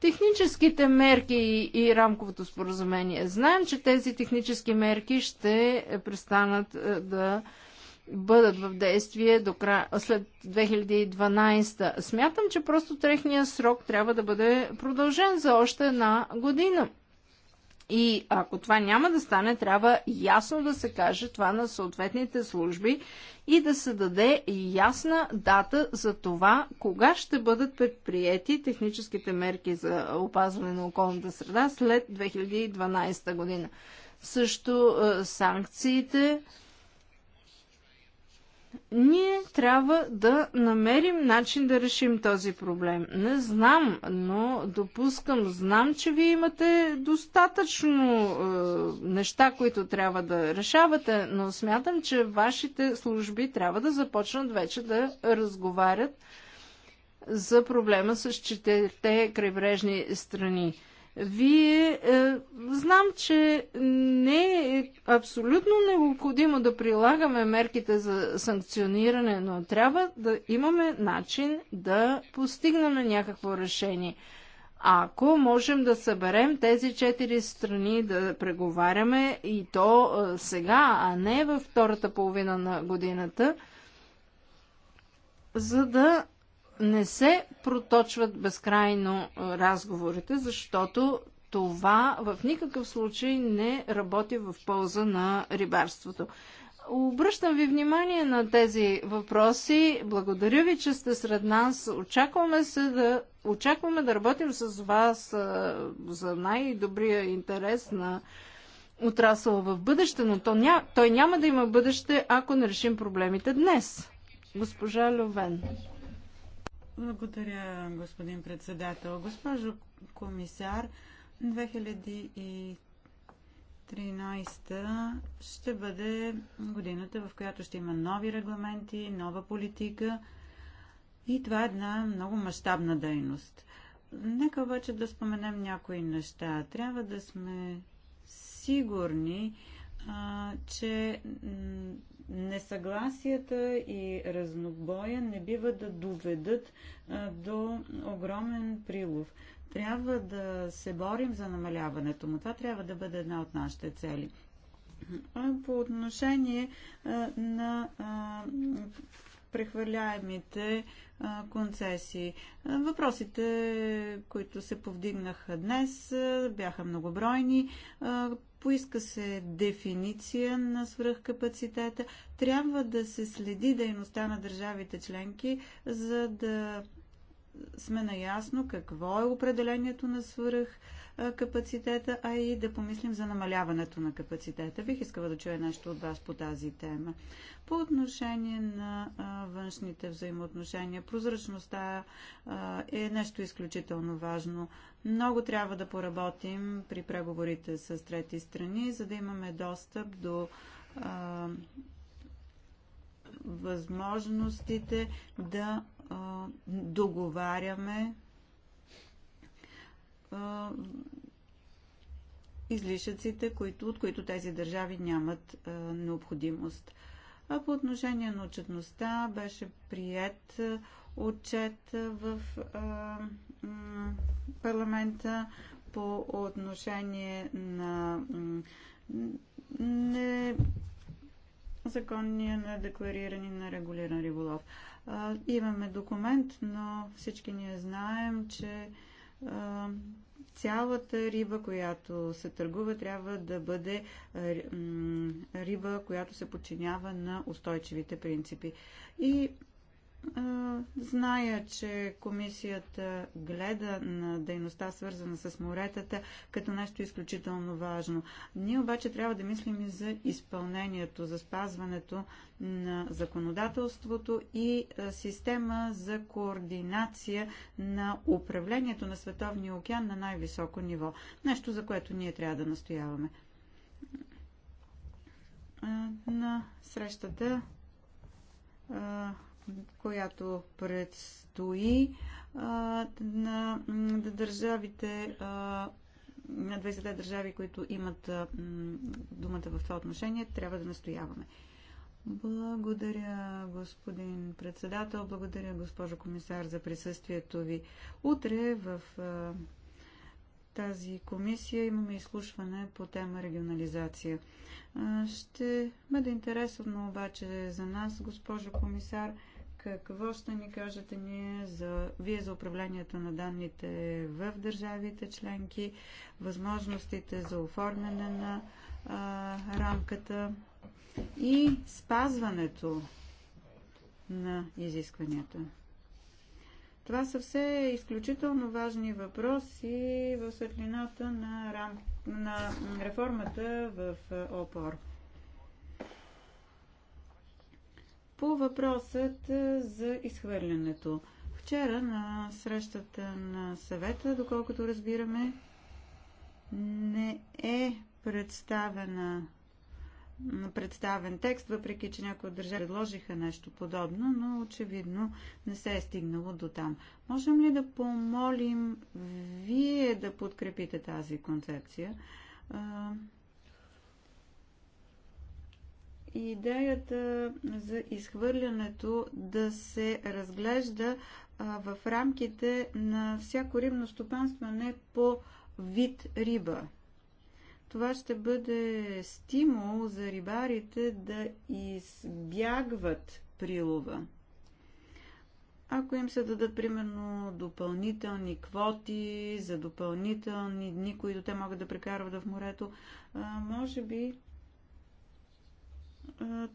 Техническите мерки и рамковото споразумение. Знаем, че тези технически мерки ще престанат е, да бъдат в действие до кра... след 2012. Смятам, че просто техния срок трябва да бъде продължен за още една година. И ако това няма да стане, трябва ясно да се каже това на съответните служби и да се даде ясна дата за това кога ще бъдат предприяти техническите мерки за опазване на околната среда след 2012 година. Също е, санкциите ние трябва да намерим начин да решим този проблем. Не знам, но допускам, знам, че вие имате достатъчно е, неща, които трябва да решавате, но смятам, че вашите служби трябва да започнат вече да разговарят за проблема с четирите крайбрежни страни. Вие е, знам, че не е абсолютно необходимо да прилагаме мерките за санкциониране, но трябва да имаме начин да постигнем някакво решение. Ако можем да съберем тези четири страни да преговаряме и то е, сега, а не във втората половина на годината, за да не се проточват безкрайно разговорите, защото това в никакъв случай не работи в полза на рибарството. Обръщам ви внимание на тези въпроси. Благодаря ви, че сте сред нас. Очакваме, се да, очакваме да работим с вас а, за най-добрия интерес на отрасъла в бъдеще, но то ня... той няма да има бъдеще, ако не решим проблемите днес. Госпожа Льовен. Благодаря, господин председател. Госпожо комисар, 2013 ще бъде годината, в която ще има нови регламенти, нова политика и това е една много мащабна дейност. Нека обаче да споменем някои неща. Трябва да сме сигурни, а, че несъгласията и разнобоя не бива да доведат а, до огромен прилов. Трябва да се борим за намаляването му. Това трябва да бъде една от нашите цели. По отношение а, на а, прехвърляемите а, концесии. Въпросите, които се повдигнаха днес, бяха многобройни. Поиска се дефиниция на свръхкапацитета. Трябва да се следи дейността на държавите членки, за да сме наясно какво е определението на свръх капацитета, а и да помислим за намаляването на капацитета. Бих искала да чуя нещо от вас по тази тема. По отношение на външните взаимоотношения, прозрачността е нещо изключително важно. Много трябва да поработим при преговорите с трети страни, за да имаме достъп до възможностите да договаряме излишъците, които, от които тези държави нямат а, необходимост. А по отношение на отчетността беше прият отчет в а, парламента по отношение на незаконния на декларирани на регулиран риболов. А, имаме документ, но всички ние знаем, че а, цялата риба, която се търгува, трябва да бъде риба, която се подчинява на устойчивите принципи. И Зная, че комисията гледа на дейността, свързана с моретата, като нещо изключително важно. Ние обаче трябва да мислим и за изпълнението, за спазването на законодателството и система за координация на управлението на Световния океан на най-високо ниво. Нещо, за което ние трябва да настояваме. На срещата която предстои а, на, на държавите, а, на 20 държави, които имат а, думата в това отношение, трябва да настояваме. Благодаря, господин председател, благодаря, госпожо комисар, за присъствието ви. Утре в а, тази комисия имаме изслушване по тема регионализация. Ще бъде интересно обаче за нас, госпожо комисар, какво ще ни кажете ние за, вие за управлението на данните в държавите членки, възможностите за оформяне на а, рамката и спазването на изискванията? Това са все изключително важни въпроси в светлината на, рам... на реформата в ОПОР. По въпросът за изхвърлянето. Вчера на срещата на съвета, доколкото разбираме, не е представена представен текст, въпреки че някои от държави предложиха нещо подобно, но очевидно не се е стигнало до там. Можем ли да помолим вие да подкрепите тази концепция? идеята за изхвърлянето да се разглежда в рамките на всяко рибно стопанство, не по вид риба. Това ще бъде стимул за рибарите да избягват прилова. Ако им се дадат, примерно, допълнителни квоти за допълнителни дни, които те могат да прекарват в морето, може би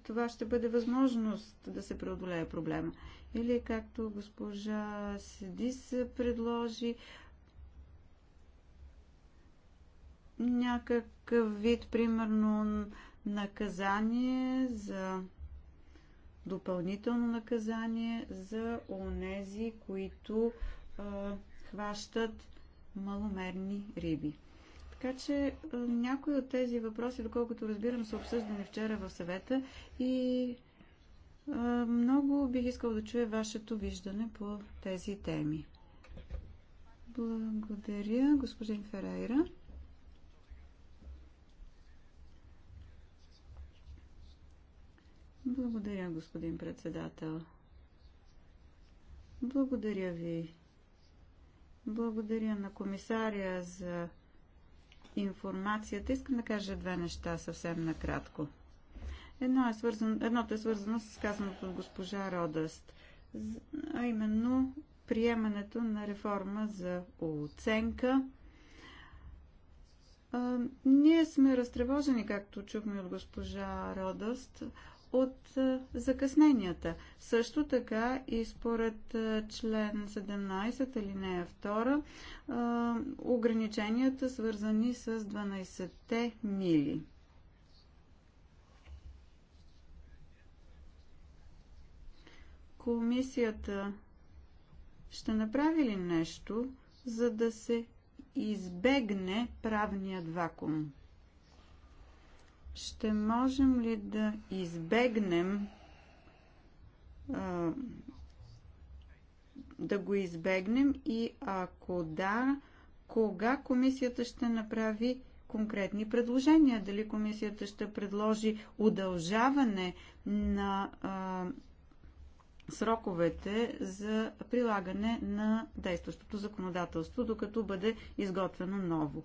това ще бъде възможност да се преодолее проблема. Или както госпожа Седис предложи, някакъв вид, примерно, наказание за допълнително наказание за онези, които а, хващат маломерни риби. Така че е, някои от тези въпроси, доколкото разбирам, са обсъждани вчера в съвета и е, много бих искал да чуя вашето виждане по тези теми. Благодаря, господин Ферейра. Благодаря, господин председател. Благодаря ви. Благодаря на комисаря за информацията, искам да кажа две неща съвсем накратко. Едно е свързано, едното е свързано с казаното от госпожа Родъст, а именно приемането на реформа за оценка. А, ние сме разтревожени, както чухме от госпожа Родъст, от е, закъсненията. Също така и според е, член 17 алинея 2 е, ограниченията свързани с 12-те мили. Комисията ще направи ли нещо, за да се избегне правният вакуум? ще можем ли да избегнем а, да го избегнем и ако да, кога комисията ще направи конкретни предложения? Дали комисията ще предложи удължаване на а, сроковете за прилагане на действащото законодателство, докато бъде изготвено ново?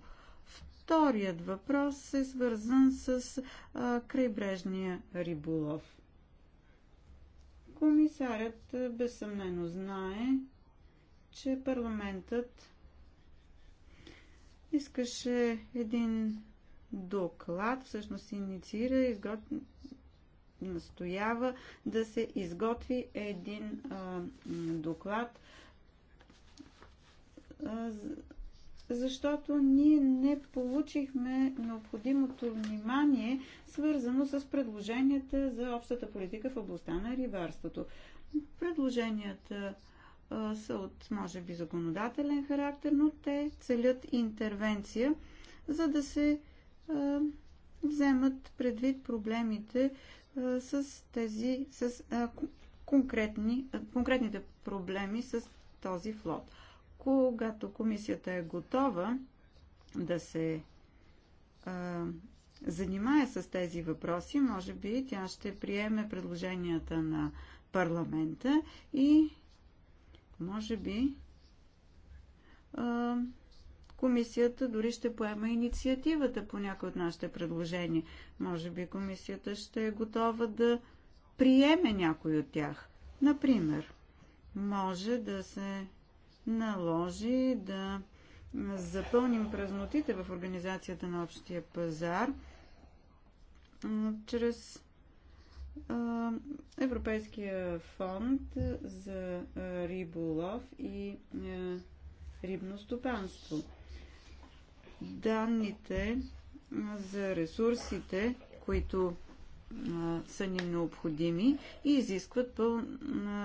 Вторият въпрос е свързан с а, крайбрежния риболов. Комисарят безсъмнено знае, че парламентът искаше един доклад, всъщност инициира, изгот... настоява да се изготви един а, доклад а, защото ние не получихме необходимото внимание, свързано с предложенията за общата политика в областта на рибарството. Предложенията са от, може би, законодателен характер, но те целят интервенция, за да се вземат предвид проблемите с тези, с конкретни, конкретните проблеми с този флот. Когато комисията е готова да се а, занимае с тези въпроси, може би тя ще приеме предложенията на парламента и може би а, комисията дори ще поема инициативата по някои от нашите предложения. Може би комисията ще е готова да приеме някой от тях. Например, може да се наложи да запълним празнотите в организацията на общия пазар чрез Европейския фонд за риболов и рибно стопанство. Данните за ресурсите, които са ни необходими и изискват пъл...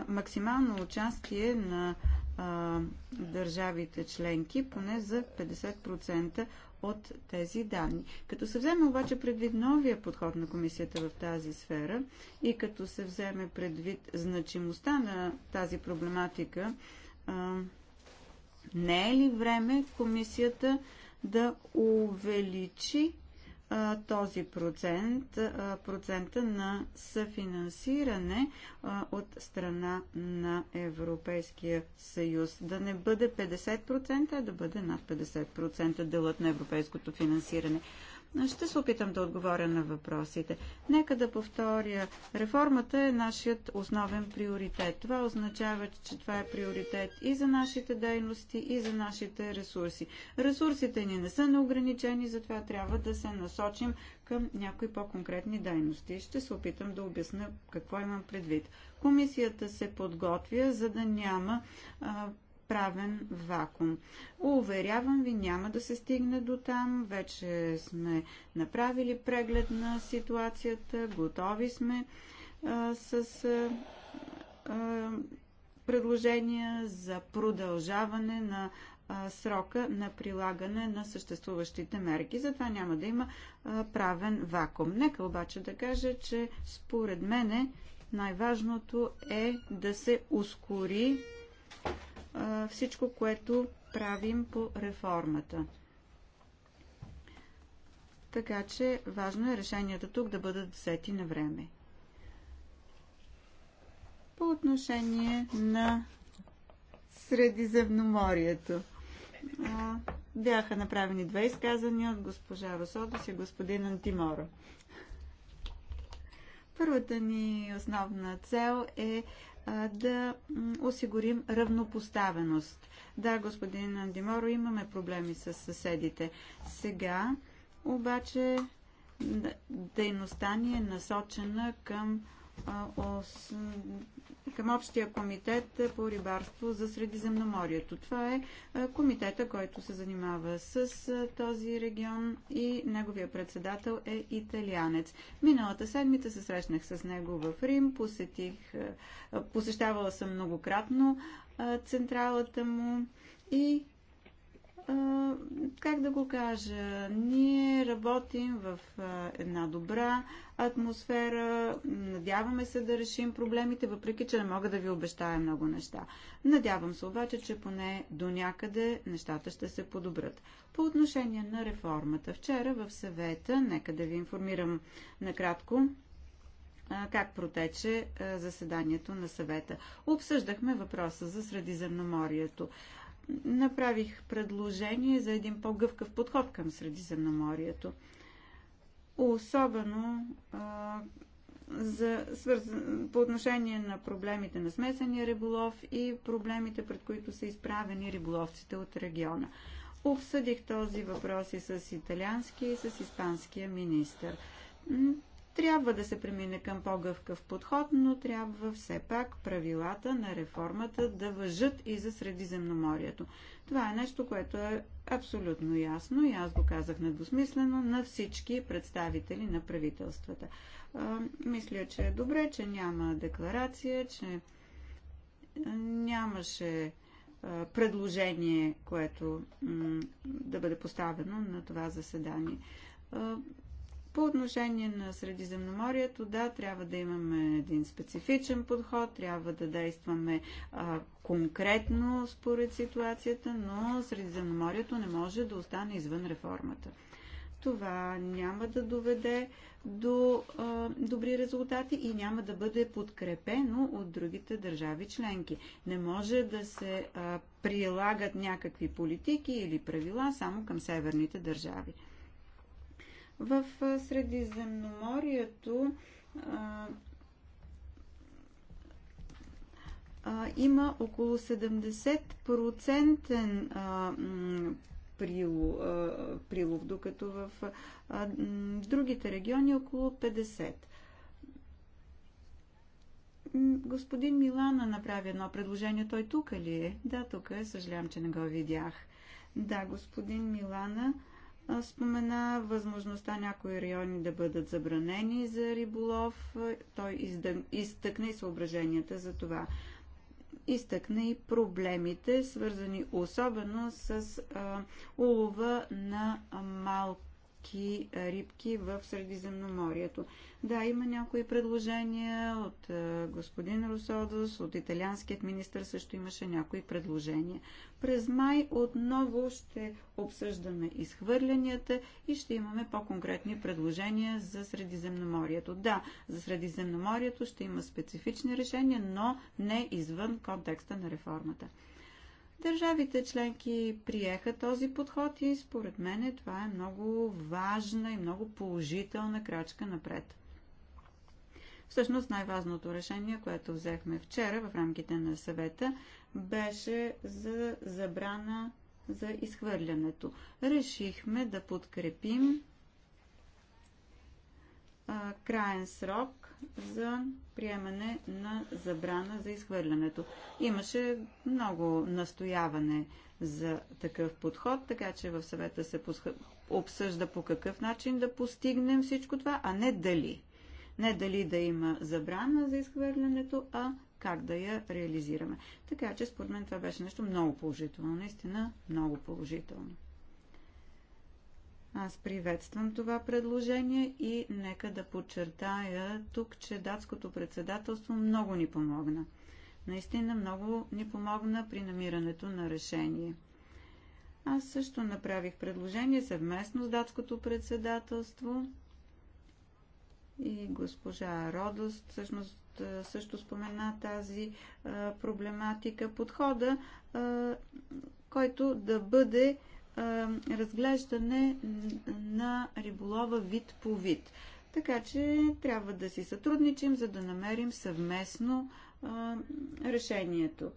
максимално участие на а, държавите членки поне за 50% от тези данни. Като се вземе обаче предвид новия подход на комисията в тази сфера и като се вземе предвид значимостта на тази проблематика, а, не е ли време комисията да увеличи този процент, процента на съфинансиране от страна на Европейския съюз. Да не бъде 50%, а да бъде над 50% делът на европейското финансиране. Ще се опитам да отговоря на въпросите. Нека да повторя. Реформата е нашият основен приоритет. Това означава, че това е приоритет и за нашите дейности, и за нашите ресурси. Ресурсите ни не са неограничени, затова трябва да се насочим към някои по-конкретни дейности. Ще се опитам да обясня какво имам предвид. Комисията се подготвя, за да няма а, правен вакуум. Уверявам ви, няма да се стигне до там. Вече сме направили преглед на ситуацията, готови сме а, с а, а, предложения за продължаване на а, срока на прилагане на съществуващите мерки. Затова няма да има а, правен вакуум. Нека обаче да кажа, че според мене най-важното е да се ускори всичко, което правим по реформата. Така че важно е решенията тук да бъдат взети на време. По отношение на Средиземноморието. Бяха направени две изказания от госпожа Росодос и господин Антиморо. Първата ни основна цел е да осигурим равнопоставеност. Да, господин Андиморо, имаме проблеми с съседите. Сега обаче дейността ни е насочена към към Общия комитет по рибарство за Средиземноморието. Това е комитета, който се занимава с този регион и неговия председател е италианец. Миналата седмица се срещнах с него в Рим, посетих, посещавала съм многократно централата му и как да го кажа, ние работим в една добра атмосфера, надяваме се да решим проблемите, въпреки че не мога да ви обещая много неща. Надявам се обаче, че поне до някъде нещата ще се подобрят. По отношение на реформата, вчера в съвета, нека да ви информирам накратко, как протече заседанието на съвета. Обсъждахме въпроса за Средиземноморието направих предложение за един по-гъвкав подход към Средиземноморието. Особено а, за, свързан, по отношение на проблемите на смесения риболов и проблемите, пред които са изправени риболовците от региона. Обсъдих този въпрос и с италиански и с испанския министр. Трябва да се премине към по-гъвкав подход, но трябва все пак правилата на реформата да въжат и за Средиземноморието. Това е нещо, което е абсолютно ясно и аз го казах недосмислено на всички представители на правителствата. А, мисля, че е добре, че няма декларация, че нямаше предложение, което да бъде поставено на това заседание. По отношение на Средиземноморието, да, трябва да имаме един специфичен подход, трябва да действаме а, конкретно според ситуацията, но Средиземноморието не може да остане извън реформата. Това няма да доведе до а, добри резултати и няма да бъде подкрепено от другите държави членки. Не може да се а, прилагат някакви политики или правила само към северните държави. В Средиземноморието а, а, има около 70% прилов, прилов, докато в другите региони около 50%. Господин Милана направи едно предложение. Той тук ли е? Да, тук е. Съжалявам, че не го видях. Да, господин Милана спомена възможността някои райони да бъдат забранени за риболов. Той изтъкна и съображенията за това. Изтъкна и проблемите, свързани особено с а, улова на малко морски рибки в Средиземноморието. Да, има някои предложения от господин Русодос, от италианският министр също имаше някои предложения. През май отново ще обсъждаме изхвърлянията и ще имаме по-конкретни предложения за Средиземноморието. Да, за Средиземноморието ще има специфични решения, но не извън контекста на реформата. Държавите членки приеха този подход и според мен това е много важна и много положителна крачка напред. Всъщност най-важното решение, което взехме вчера в рамките на съвета, беше за забрана за изхвърлянето. Решихме да подкрепим а, краен срок за приемане на забрана за изхвърлянето. Имаше много настояване за такъв подход, така че в съвета се обсъжда по какъв начин да постигнем всичко това, а не дали. Не дали да има забрана за изхвърлянето, а как да я реализираме. Така че според мен това беше нещо много положително, наистина много положително. Аз приветствам това предложение и нека да подчертая тук, че датското председателство много ни помогна. Наистина много ни помогна при намирането на решение. Аз също направих предложение съвместно с датското председателство и госпожа Родост всъщност също спомена тази проблематика. Подхода, който да бъде разглеждане на риболова вид по вид. Така че трябва да си сътрудничим, за да намерим съвместно решението.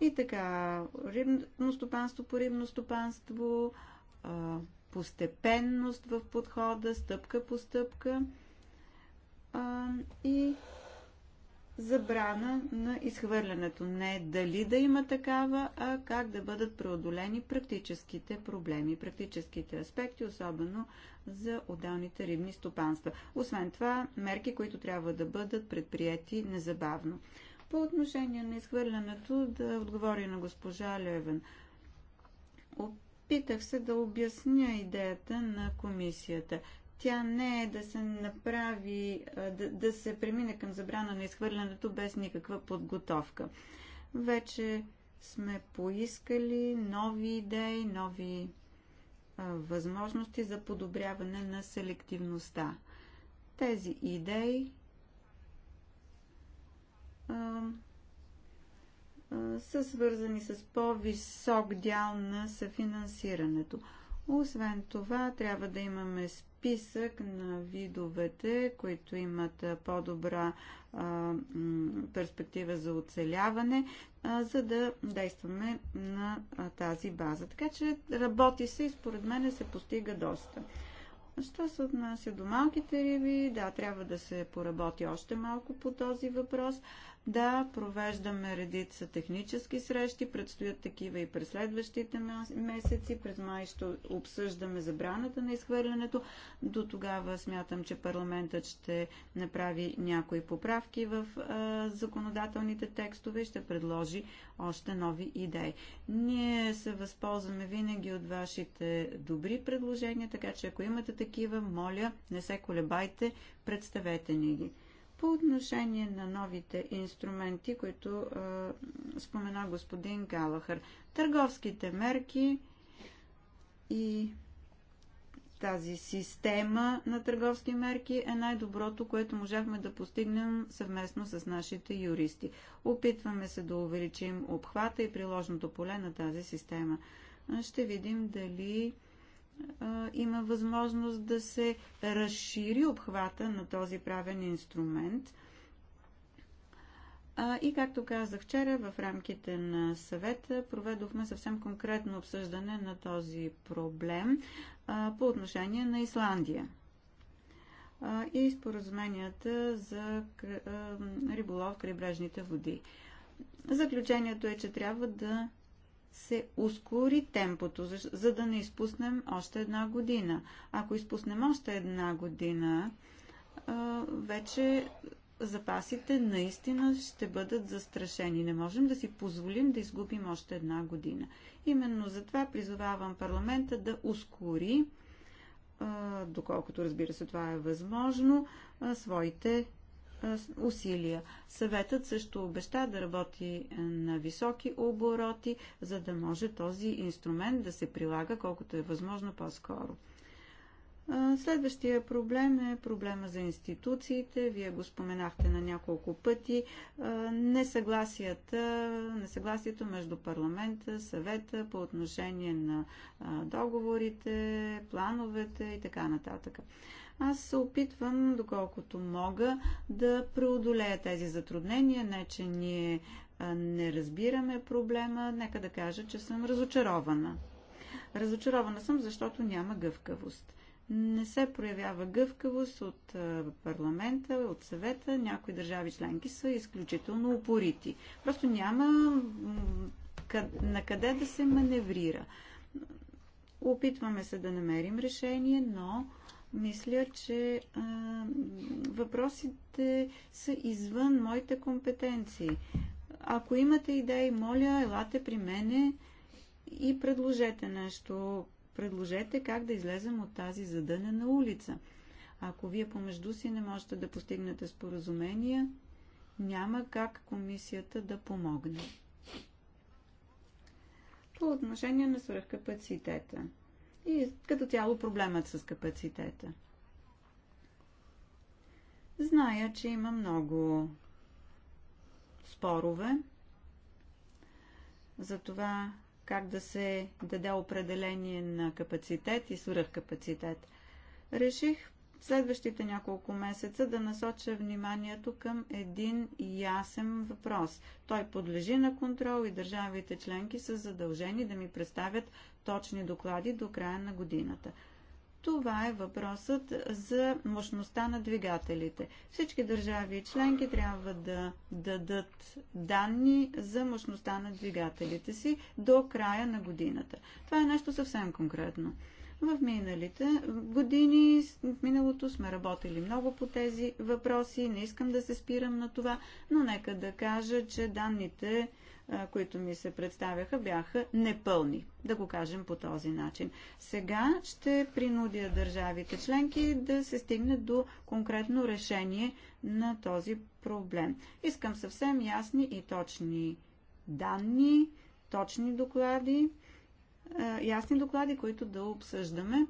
И така, рибно стопанство по рибно стопанство, постепенност в подхода, стъпка по стъпка. и забрана на изхвърлянето. Не дали да има такава, а как да бъдат преодолени практическите проблеми, практическите аспекти, особено за отделните рибни стопанства. Освен това, мерки, които трябва да бъдат предприяти незабавно. По отношение на изхвърлянето, да отговори на госпожа Левен. Опитах се да обясня идеята на комисията. Тя не е да се направи, да, да се премине към забрана на изхвърлянето без никаква подготовка. Вече сме поискали нови идеи, нови а, възможности за подобряване на селективността. Тези идеи а, а, са свързани с по-висок дял на съфинансирането. Освен това, трябва да имаме специалност списък на видовете, които имат по-добра перспектива за оцеляване, а, за да действаме на а, тази база. Така че работи се и според мен се постига доста. Що се отнася до малките риби, да, трябва да се поработи още малко по този въпрос. Да, провеждаме редица технически срещи, предстоят такива и през следващите месеци. През май ще обсъждаме забраната на изхвърлянето. До тогава смятам, че парламентът ще направи някои поправки в а, законодателните текстове и ще предложи още нови идеи. Ние се възползваме винаги от вашите добри предложения, така че ако имате такива, моля, не се колебайте, представете ни ги. По отношение на новите инструменти, които а, спомена господин Галахър, търговските мерки и тази система на търговски мерки е най-доброто, което можахме да постигнем съвместно с нашите юристи. Опитваме се да увеличим обхвата и приложното поле на тази система. Ще видим дали има възможност да се разшири обхвата на този правен инструмент. И както казах вчера, в рамките на съвета проведохме съвсем конкретно обсъждане на този проблем по отношение на Исландия и споразуменията за риболов в крайбрежните води. Заключението е, че трябва да се ускори темпото, за, за да не изпуснем още една година. Ако изпуснем още една година, а, вече запасите наистина ще бъдат застрашени. Не можем да си позволим да изгубим още една година. Именно затова призовавам парламента да ускори, доколкото разбира се това е възможно, своите усилия. Съветът също обеща да работи на високи обороти, за да може този инструмент да се прилага колкото е възможно по-скоро. Следващия проблем е проблема за институциите. Вие го споменахте на няколко пъти. Несъгласията, несъгласието между парламента, съвета по отношение на договорите, плановете и така нататък. Аз се опитвам, доколкото мога, да преодолея тези затруднения. Не, че ние не разбираме проблема, нека да кажа, че съм разочарована. Разочарована съм, защото няма гъвкавост. Не се проявява гъвкавост от парламента, от съвета. Някои държави членки са изключително упорити. Просто няма на къде да се маневрира. Опитваме се да намерим решение, но мисля, че а, въпросите са извън моите компетенции. Ако имате идеи, моля, елате при мене и предложете нещо. Предложете как да излезем от тази задънена улица. Ако вие помежду си не можете да постигнете споразумения, няма как комисията да помогне. По отношение на свръхкапацитета и като цяло проблемът с капацитета. Зная, че има много спорове за това как да се даде определение на капацитет и свръхкапацитет. Реших следващите няколко месеца да насоча вниманието към един ясен въпрос. Той подлежи на контрол и държавите членки са задължени да ми представят точни доклади до края на годината. Това е въпросът за мощността на двигателите. Всички държави и членки трябва да дадат данни за мощността на двигателите си до края на годината. Това е нещо съвсем конкретно. В миналите години, в миналото сме работили много по тези въпроси. Не искам да се спирам на това, но нека да кажа, че данните които ми се представяха, бяха непълни, да го кажем по този начин. Сега ще принудя държавите членки да се стигне до конкретно решение на този проблем. Искам съвсем ясни и точни данни, точни доклади, ясни доклади, които да обсъждаме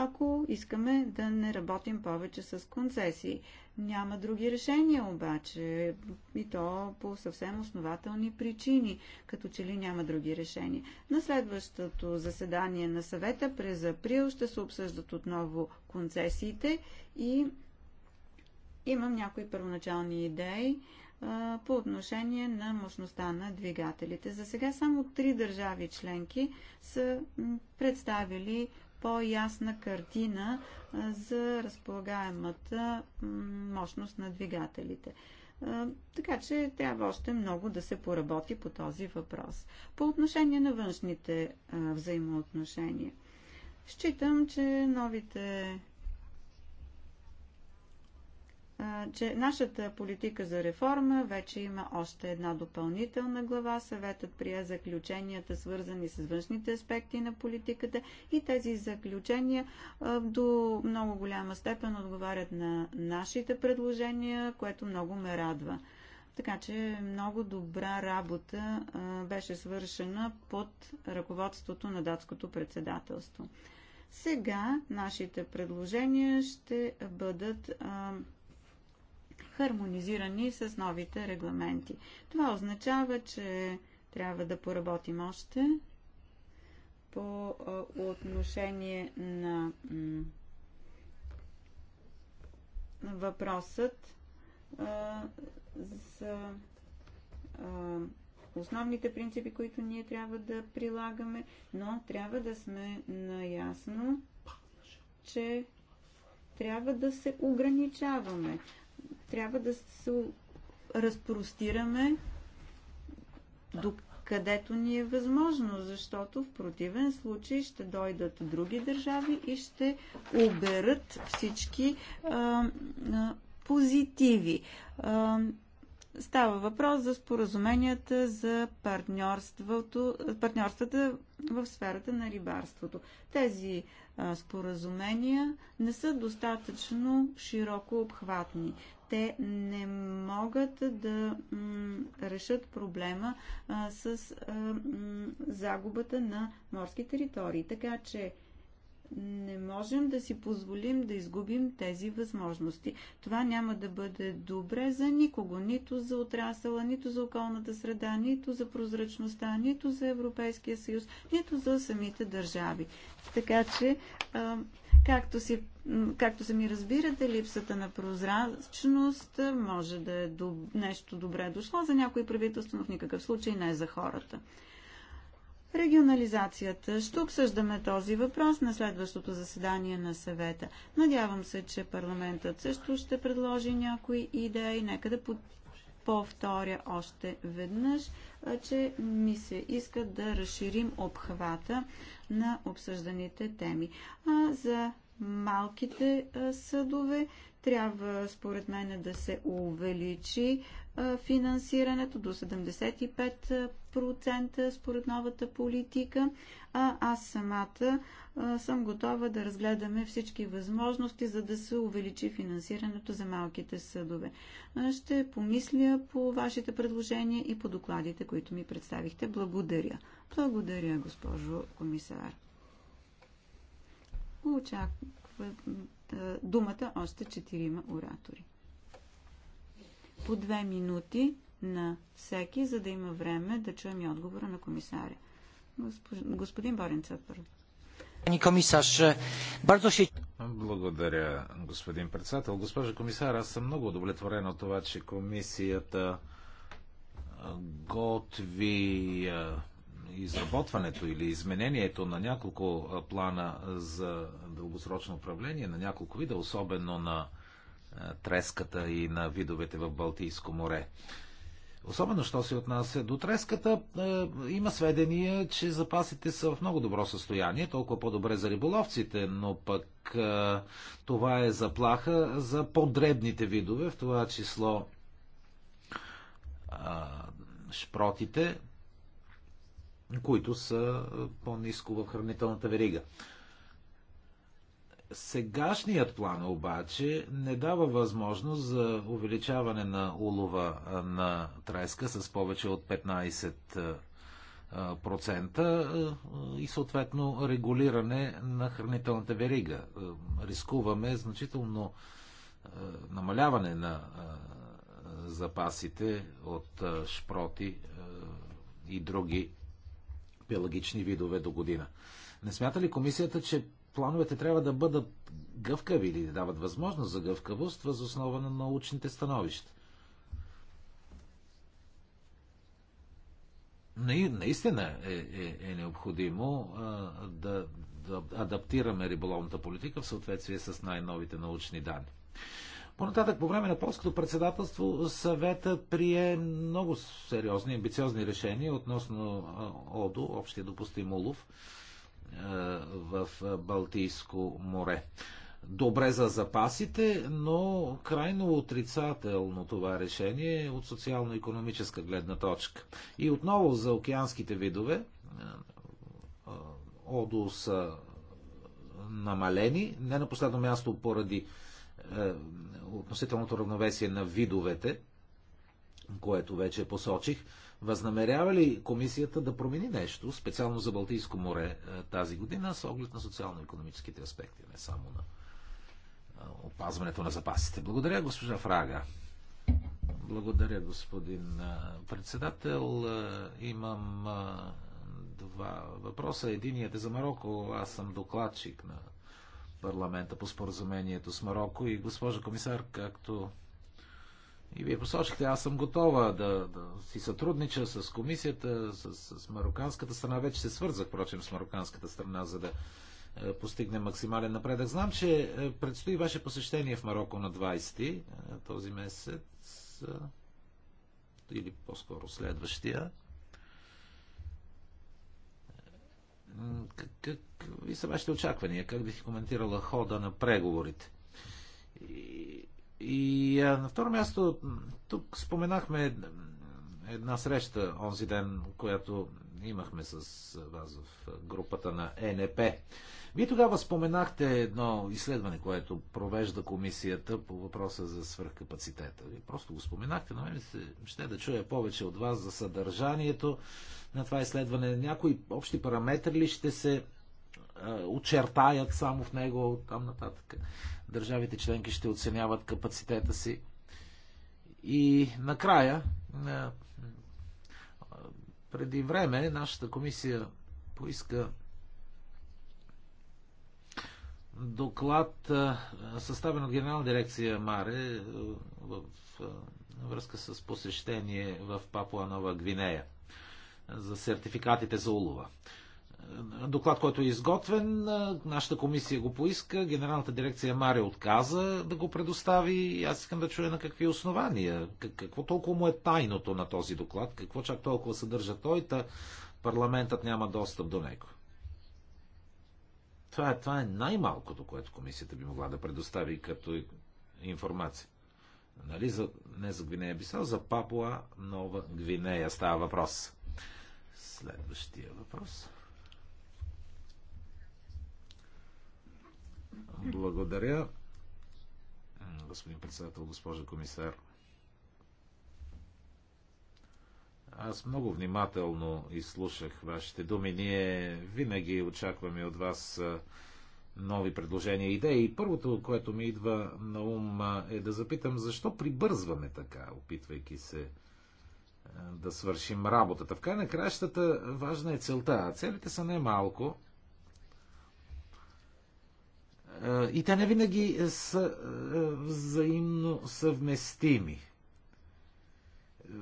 ако искаме да не работим повече с концесии. Няма други решения обаче и то по съвсем основателни причини, като че ли няма други решения. На следващото заседание на съвета през април ще се обсъждат отново концесиите и имам някои първоначални идеи по отношение на мощността на двигателите. За сега само три държави членки са представили по-ясна картина за разполагаемата мощност на двигателите. Така че трябва още много да се поработи по този въпрос. По отношение на външните взаимоотношения. Считам, че новите че нашата политика за реформа вече има още една допълнителна глава. Съветът прие заключенията, свързани с външните аспекти на политиката и тези заключения до много голяма степен отговарят на нашите предложения, което много ме радва. Така че много добра работа беше свършена под ръководството на датското председателство. Сега нашите предложения ще бъдат хармонизирани с новите регламенти. Това означава, че трябва да поработим още по отношение на въпросът за основните принципи, които ние трябва да прилагаме, но трябва да сме наясно, че трябва да се ограничаваме трябва да се разпростираме до където ни е възможно, защото в противен случай ще дойдат други държави и ще оберат всички а, а, позитиви. А, Става въпрос за споразуменията за партньорствата в сферата на рибарството. Тези а, споразумения не са достатъчно широко обхватни. Те не могат да решат проблема а, с а, загубата на морски територии. Така че не можем да си позволим да изгубим тези възможности. Това няма да бъде добре за никого, нито за отрасъла, нито за околната среда, нито за прозрачността, нито за Европейския съюз, нито за самите държави. Така че, както, си, както сами разбирате, липсата на прозрачност може да е нещо добре дошло за някои правителства, но в никакъв случай не е за хората. Регионализацията. Ще обсъждаме този въпрос на следващото заседание на съвета. Надявам се, че парламентът също ще предложи някои идеи. Нека да повторя още веднъж, че ми се иска да разширим обхвата на обсъжданите теми. А за малките съдове трябва, според мен, да се увеличи финансирането до 75% според новата политика. А аз самата съм готова да разгледаме всички възможности, за да се увеличи финансирането за малките съдове. Ще помисля по вашите предложения и по докладите, които ми представихте. Благодаря. Благодаря, госпожо комисар. Очаквам думата още четирима оратори. По две минути на всеки, за да има време да чуем и отговора на комисаря. Господин Боренца, първо. Благодаря, господин председател. Госпожа комисар, аз съм много удовлетворен от това, че комисията готви изработването или изменението на няколко плана за дългосрочно управление на няколко вида, особено на е, треската и на видовете в Балтийско море. Особено, що се отнася до треската, е, има сведения, че запасите са в много добро състояние, толкова по-добре за риболовците, но пък е, това е заплаха за по-дребните видове, в това число шпротите, които са по-низко в хранителната верига. Сегашният план обаче не дава възможност за увеличаване на улова на треска с повече от 15% и съответно регулиране на хранителната верига. Рискуваме значително намаляване на запасите от шпроти и други биологични видове до година. Не смята ли комисията, че плановете трябва да бъдат гъвкави или да дават възможност за гъвкавост въз основа на научните становища. Наистина е, е, е необходимо а, да, да адаптираме риболовната политика в съответствие с най-новите научни данни. Понататък, по време на полското председателство, съвета прие много сериозни, амбициозни решения относно ОДО, общия допустим улов, е, в Балтийско море. Добре за запасите, но крайно отрицателно това решение е от социално-економическа гледна точка. И отново за океанските видове, е, ОДО са намалени, не на последно място поради относителното равновесие на видовете, което вече посочих. Възнамерява ли комисията да промени нещо, специално за Балтийско море е, тази година, с оглед на социално-економическите аспекти, не само на е, опазването на запасите? Благодаря, госпожа Фрага. Благодаря, господин е, председател. Имам два въпроса. Единият е за Марокко. Аз съм докладчик на парламента по споразумението с Марокко и госпожа комисар, както и вие посочихте, аз съм готова да, да си сътруднича с комисията, с, с мароканската страна. Вече се свързах, впрочем, с мароканската страна, за да е, постигне максимален напредък. Знам, че е, предстои ваше посещение в Марокко на 20 ти е, този месец или по-скоро следващия. Какви са вашите очаквания? Как бих коментирала хода на преговорите? И а, на второ място, тук споменахме една среща онзи ден, която имахме с вас в групата на ЕНП. Вие тогава споменахте едно изследване, което провежда комисията по въпроса за свръхкапацитета. Вие просто го споменахте, но мен се ще да чуя повече от вас за съдържанието на това изследване. Някои общи параметри ли ще се очертаят само в него там нататък? Държавите членки ще оценяват капацитета си. И накрая, е, преди време, нашата комисия поиска доклад, е, съставен от Генерална дирекция Маре е, в връзка с посещение в Папуа Нова Гвинея за сертификатите за улова доклад, който е изготвен. Нашата комисия го поиска. Генералната дирекция Мария отказа да го предостави. Аз искам да чуя на какви основания. Какво толкова му е тайното на този доклад? Какво чак толкова съдържа той? Та парламентът няма достъп до него. Това е, това е най-малкото, което комисията би могла да предостави като информация. Нали, за, не за Гвинея Бисал, за Папуа Нова Гвинея става въпрос. Следващия въпрос. Благодаря. Господин председател, госпожа комисар. Аз много внимателно изслушах вашите думи. Ние винаги очакваме от вас нови предложения и идеи. Първото, което ми идва на ум е да запитам защо прибързваме така, опитвайки се да свършим работата. В край на кращата важна е целта, целите са немалко. малко. Е, и те не винаги са е, взаимно съвместими. Е,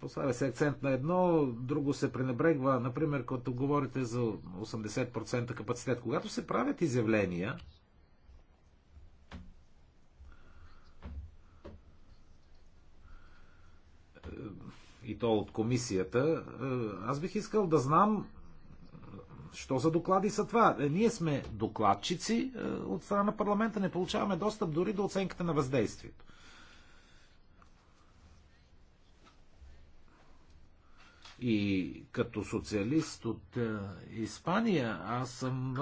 поставя се акцент на едно, друго се пренебрегва. Например, като говорите за 80% капацитет, когато се правят изявления, и то от комисията, аз бих искал да знам Що за доклади са това? Е, ние сме докладчици е, от страна на парламента, не получаваме достъп дори до оценката на въздействието. И като социалист от е, Испания, аз съм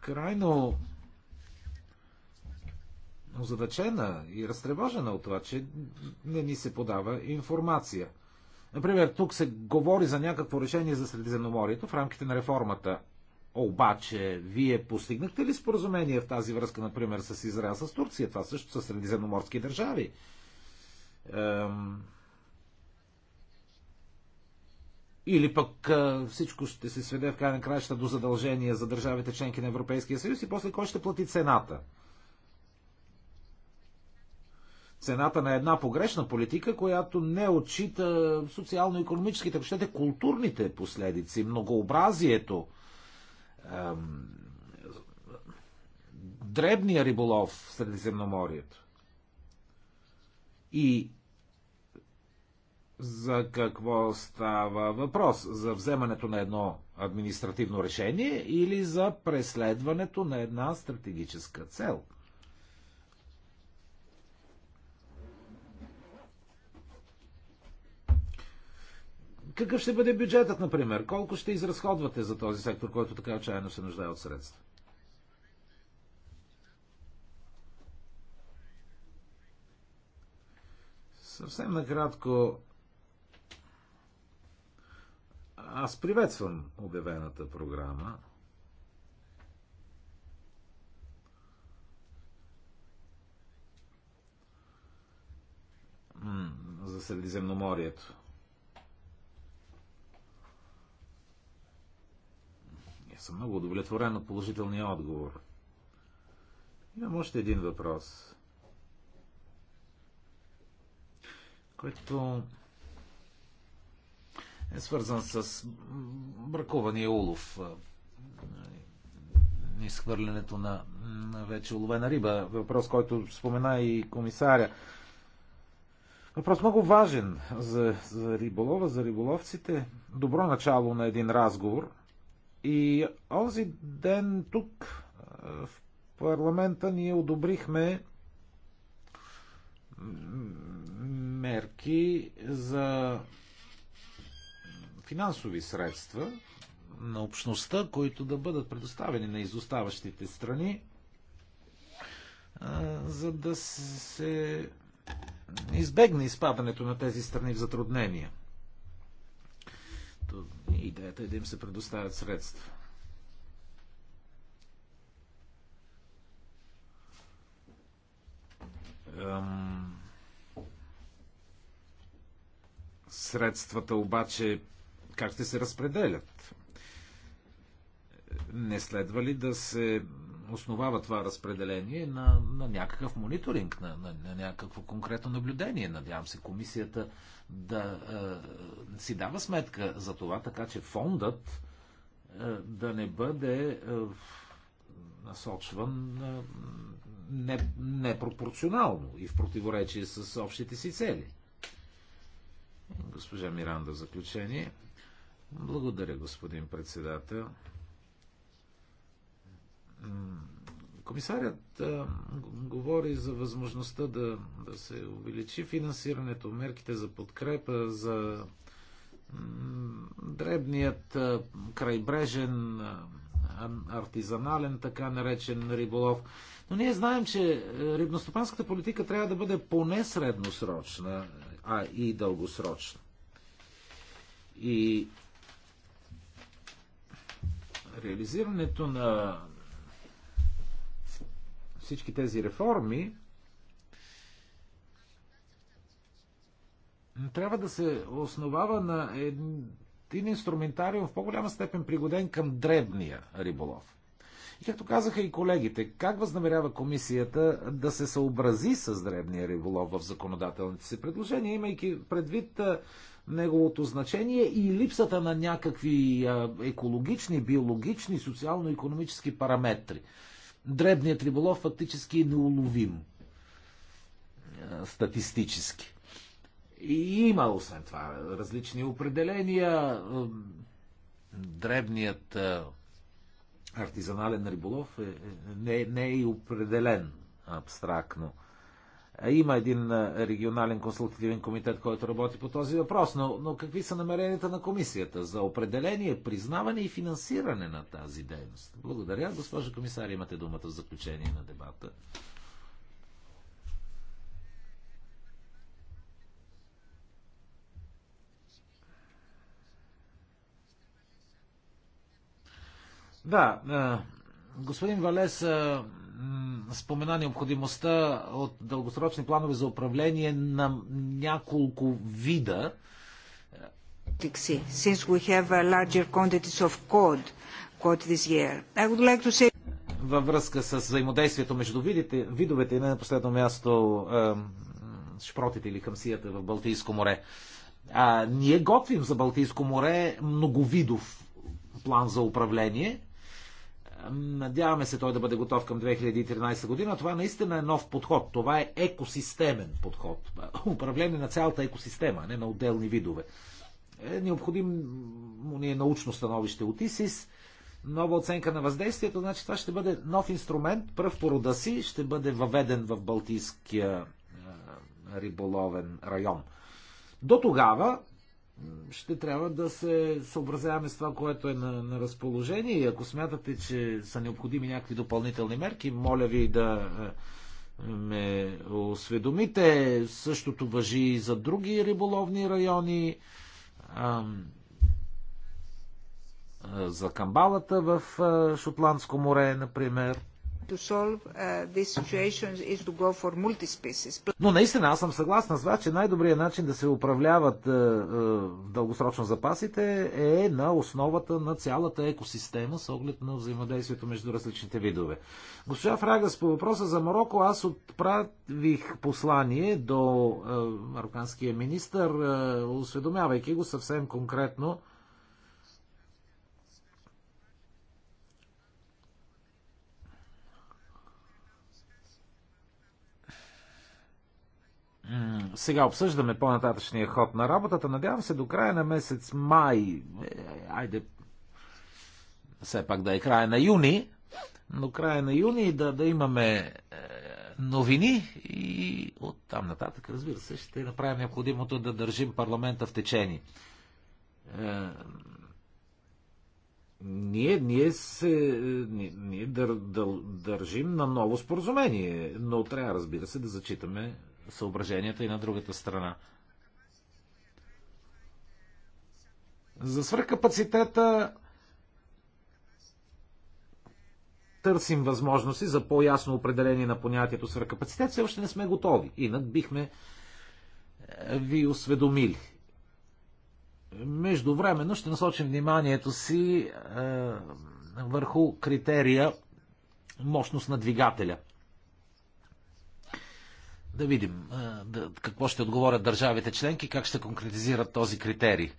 крайно озадачена и разтревожена от това, че не ни се подава информация – Например, тук се говори за някакво решение за Средиземноморието в рамките на реформата. Обаче, вие постигнахте ли споразумение в тази връзка, например, с Израел, с Турция? Това също са средиземноморски държави. Ем... Или пък е, всичко ще се сведе в край на краища до задължения за държавите членки на Европейския съюз и после кой ще плати цената? цената на една погрешна политика, която не отчита социално-економическите, въобще културните последици, многообразието, ем, дребния риболов в Средиземноморието. И за какво става въпрос? За вземането на едно административно решение или за преследването на една стратегическа цел – Какъв ще бъде бюджетът, например? Колко ще изразходвате за този сектор, който така отчаяно се нуждае от средства? Съвсем накратко, аз приветствам обявената програма. За Средиземноморието. Я съм много удовлетворен от положителния отговор. Имам още един въпрос, който е свързан с бракувания улов изхвърлянето на, на вече уловена риба. Въпрос, който спомена и комисаря. Въпрос много важен за, за риболова, за риболовците. Добро начало на един разговор. И онзи ден тук в парламента ние одобрихме мерки за финансови средства на общността, които да бъдат предоставени на изоставащите страни, за да се избегне изпадането на тези страни в затруднения. Идеята е да им се предоставят средства. Средствата обаче как ще се разпределят? Не следва ли да се основава това разпределение на, на някакъв мониторинг, на, на, на някакво конкретно наблюдение. Надявам се комисията да е, си дава сметка за това, така че фондът е, да не бъде е, насочван е, не, непропорционално и в противоречие с общите си цели. Госпожа Миранда в заключение. Благодаря, господин председател. Комисарят а, говори за възможността да, да се увеличи финансирането, мерките за подкрепа, за дребният а, крайбрежен а, артизанален, така наречен риболов. Но ние знаем, че е, рибностопанската политика трябва да бъде поне средносрочна, а и дългосрочна. И реализирането на всички тези реформи, трябва да се основава на един инструментариум в по-голяма степен пригоден към дребния риболов. И както казаха и колегите, как възнамерява комисията да се съобрази с дребния риболов в законодателните си предложения, имайки предвид неговото значение и липсата на някакви екологични, биологични, социално-економически параметри – дребният риболов фактически е неуловим статистически. И има, освен това, различни определения. Дребният артизанален риболов е, е, не, не е и определен абстрактно. Има един регионален консултативен комитет, който работи по този въпрос, но, но какви са намеренията на комисията за определение, признаване и финансиране на тази дейност? Благодаря. Госпожа комисар, имате думата в заключение на дебата. Да, господин Валес спомена необходимостта от дългосрочни планове за управление на няколко вида. Since we have larger quantities of code, code this year, I would like to say във връзка с взаимодействието между видите, видовете и не на последно място е, шпротите или хамсията в Балтийско море. А, ние готвим за Балтийско море многовидов план за управление – Надяваме се той да бъде готов към 2013 година. Това наистина е нов подход. Това е екосистемен подход. Управление на цялата екосистема, а не на отделни видове. Е необходимо ни е научно становище от ИСИС, нова оценка на въздействието, значи това ще бъде нов инструмент, пръв по рода си, ще бъде въведен в Балтийския е, риболовен район. До тогава ще трябва да се съобразяваме с това, което е на, на разположение и ако смятате, че са необходими някакви допълнителни мерки, моля ви да е, ме осведомите. Същото въжи и за други риболовни райони, е, за камбалата в е, Шотландско море, например. Uh, Но наистина аз съм съгласна с вас, че най-добрият начин да се управляват е, е, дългосрочно запасите е на основата на цялата екосистема с оглед на взаимодействието между различните видове. Госпожа Фрагас, по въпроса за Марокко, аз отправих послание до е, марокканския министр, е, осведомявайки го съвсем конкретно Сега обсъждаме по-нататъчния ход на работата. Надявам се до края на месец май, е, айде, все пак да е края на юни, но края на юни да, да имаме е, новини и от там нататък, разбира се, ще направим необходимото да държим парламента в течение. Е, ние, ние, се, ние, ние дър, дър, държим на ново споразумение, но трябва, разбира се, да зачитаме съображенията и на другата страна. За свръхкапацитета търсим възможности за по-ясно определение на понятието свръхкапацитет. Все още не сме готови. Инак бихме е, ви осведомили. Междувременно ще насочим вниманието си е, върху критерия мощност на двигателя – да видим да, какво ще отговорят държавите членки, как ще конкретизират този критерий.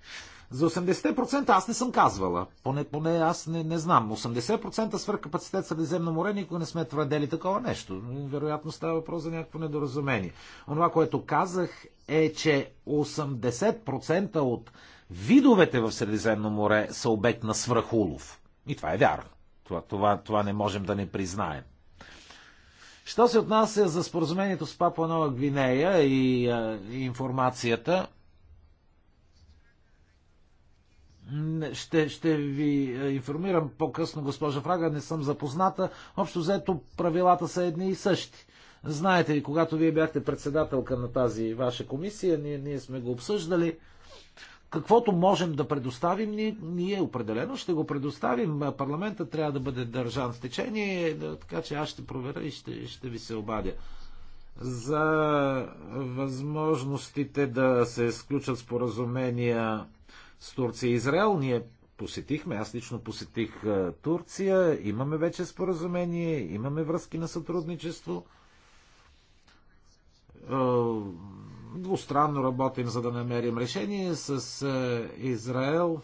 За 80% аз не съм казвала. Поне, поне аз не, не знам. 80% свърхкапацитет Средиземно море, никой не сме твърдели такова нещо. Вероятно става въпрос за някакво недоразумение. Онова, което казах е, че 80% от видовете в Средиземно море са обект на свръхулов. И това е вярно. Това, това, това не можем да не признаем. Що се отнася за споразумението с Папа Нова Гвинея и а, информацията, ще, ще ви информирам по-късно, госпожа Фрага, не съм запозната. Общо взето правилата са едни и същи. Знаете ли, когато вие бяхте председателка на тази ваша комисия, ние, ние сме го обсъждали. Каквото можем да предоставим, ние определено ще го предоставим. Парламента трябва да бъде държан в течение, е, така че аз ще проверя и ще, ще ви се обадя за възможностите да се сключат споразумения с Турция и Израел. Ние посетихме, аз лично посетих е, Турция, имаме вече споразумение, имаме връзки на сътрудничество. Е, Двустранно работим, за да намерим решение с е, Израел.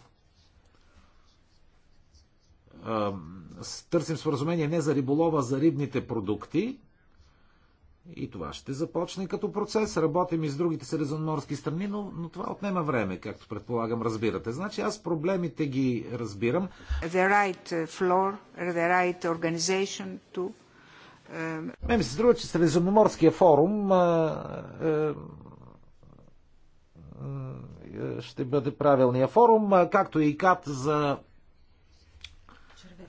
Търсим споразумение не за риболова, а за рибните продукти. И това ще започне като процес. Работим и с другите средиземноморски страни, но, но това отнема време, както предполагам, разбирате. Значи аз проблемите ги разбирам. The right uh, floor, uh, the right organization to... Uh, Ме ми се струва, че Средиземноморския форум а, е, ще бъде правилния форум, както и КАТ за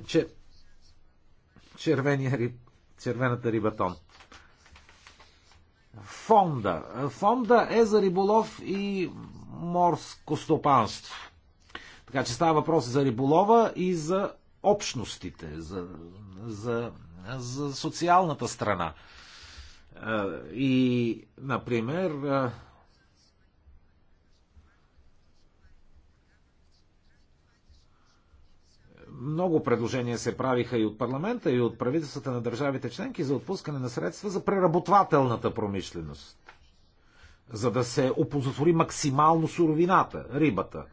Червен. червения риб, червената рибатон. Фонда. Фонда е за риболов и морско стопанство. Така че става въпрос за риболова и за общностите, за, за, за социалната страна. Е, и, например, е, много предложения се правиха и от парламента, и от правителствата на държавите членки за отпускане на средства за преработвателната промишленост. За да се опозотвори максимално суровината, рибата.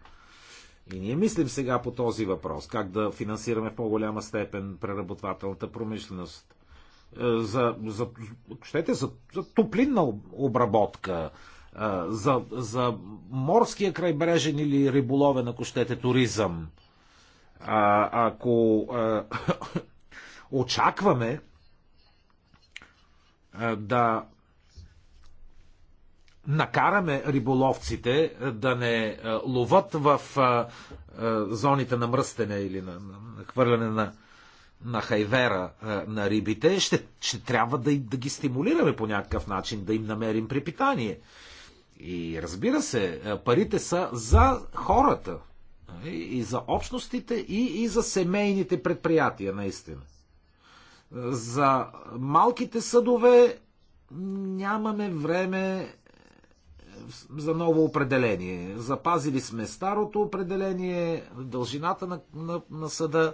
И ние мислим сега по този въпрос, как да финансираме в по-голяма степен преработвателната промишленост. Е, за, за, щете, за, за топлинна обработка, е, за, за морския крайбрежен или риболовен, ако щете, туризъм а, ако а, очакваме а, да накараме риболовците да не ловат в зоните на мръстене или на, на хвърляне на, на хайвера на рибите, ще, ще трябва да, да ги стимулираме по някакъв начин, да им намерим препитание. И разбира се, парите са за хората, е, и за общностите, и, и за семейните предприятия, наистина. За малките съдове нямаме време е, за ново определение. Запазили сме старото определение, дължината на, на, на съда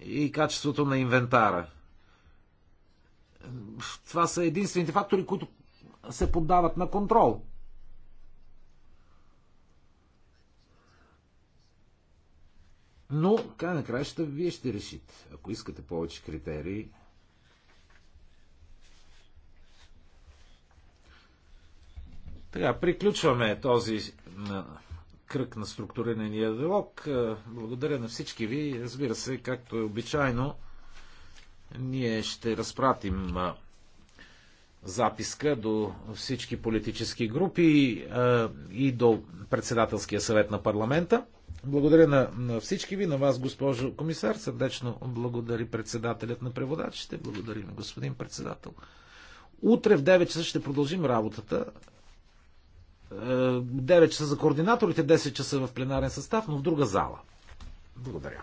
и качеството на инвентара. Това са единствените фактори, които се поддават на контрол. Но, край на краища, вие ще решите. Ако искате повече критерии, Така, приключваме този кръг на структурирания диалог. Благодаря на всички ви. Разбира се, както е обичайно, ние ще разпратим записка до всички политически групи и до председателския съвет на парламента. Благодаря на, на всички ви, на вас, госпожо комисар. Сърдечно благодари председателят на преводачите. Благодарим, господин председател. Утре в 9 часа ще продължим работата. 9 е, часа за координаторите, 10 часа в пленарен състав, но в друга зала. Благодаря.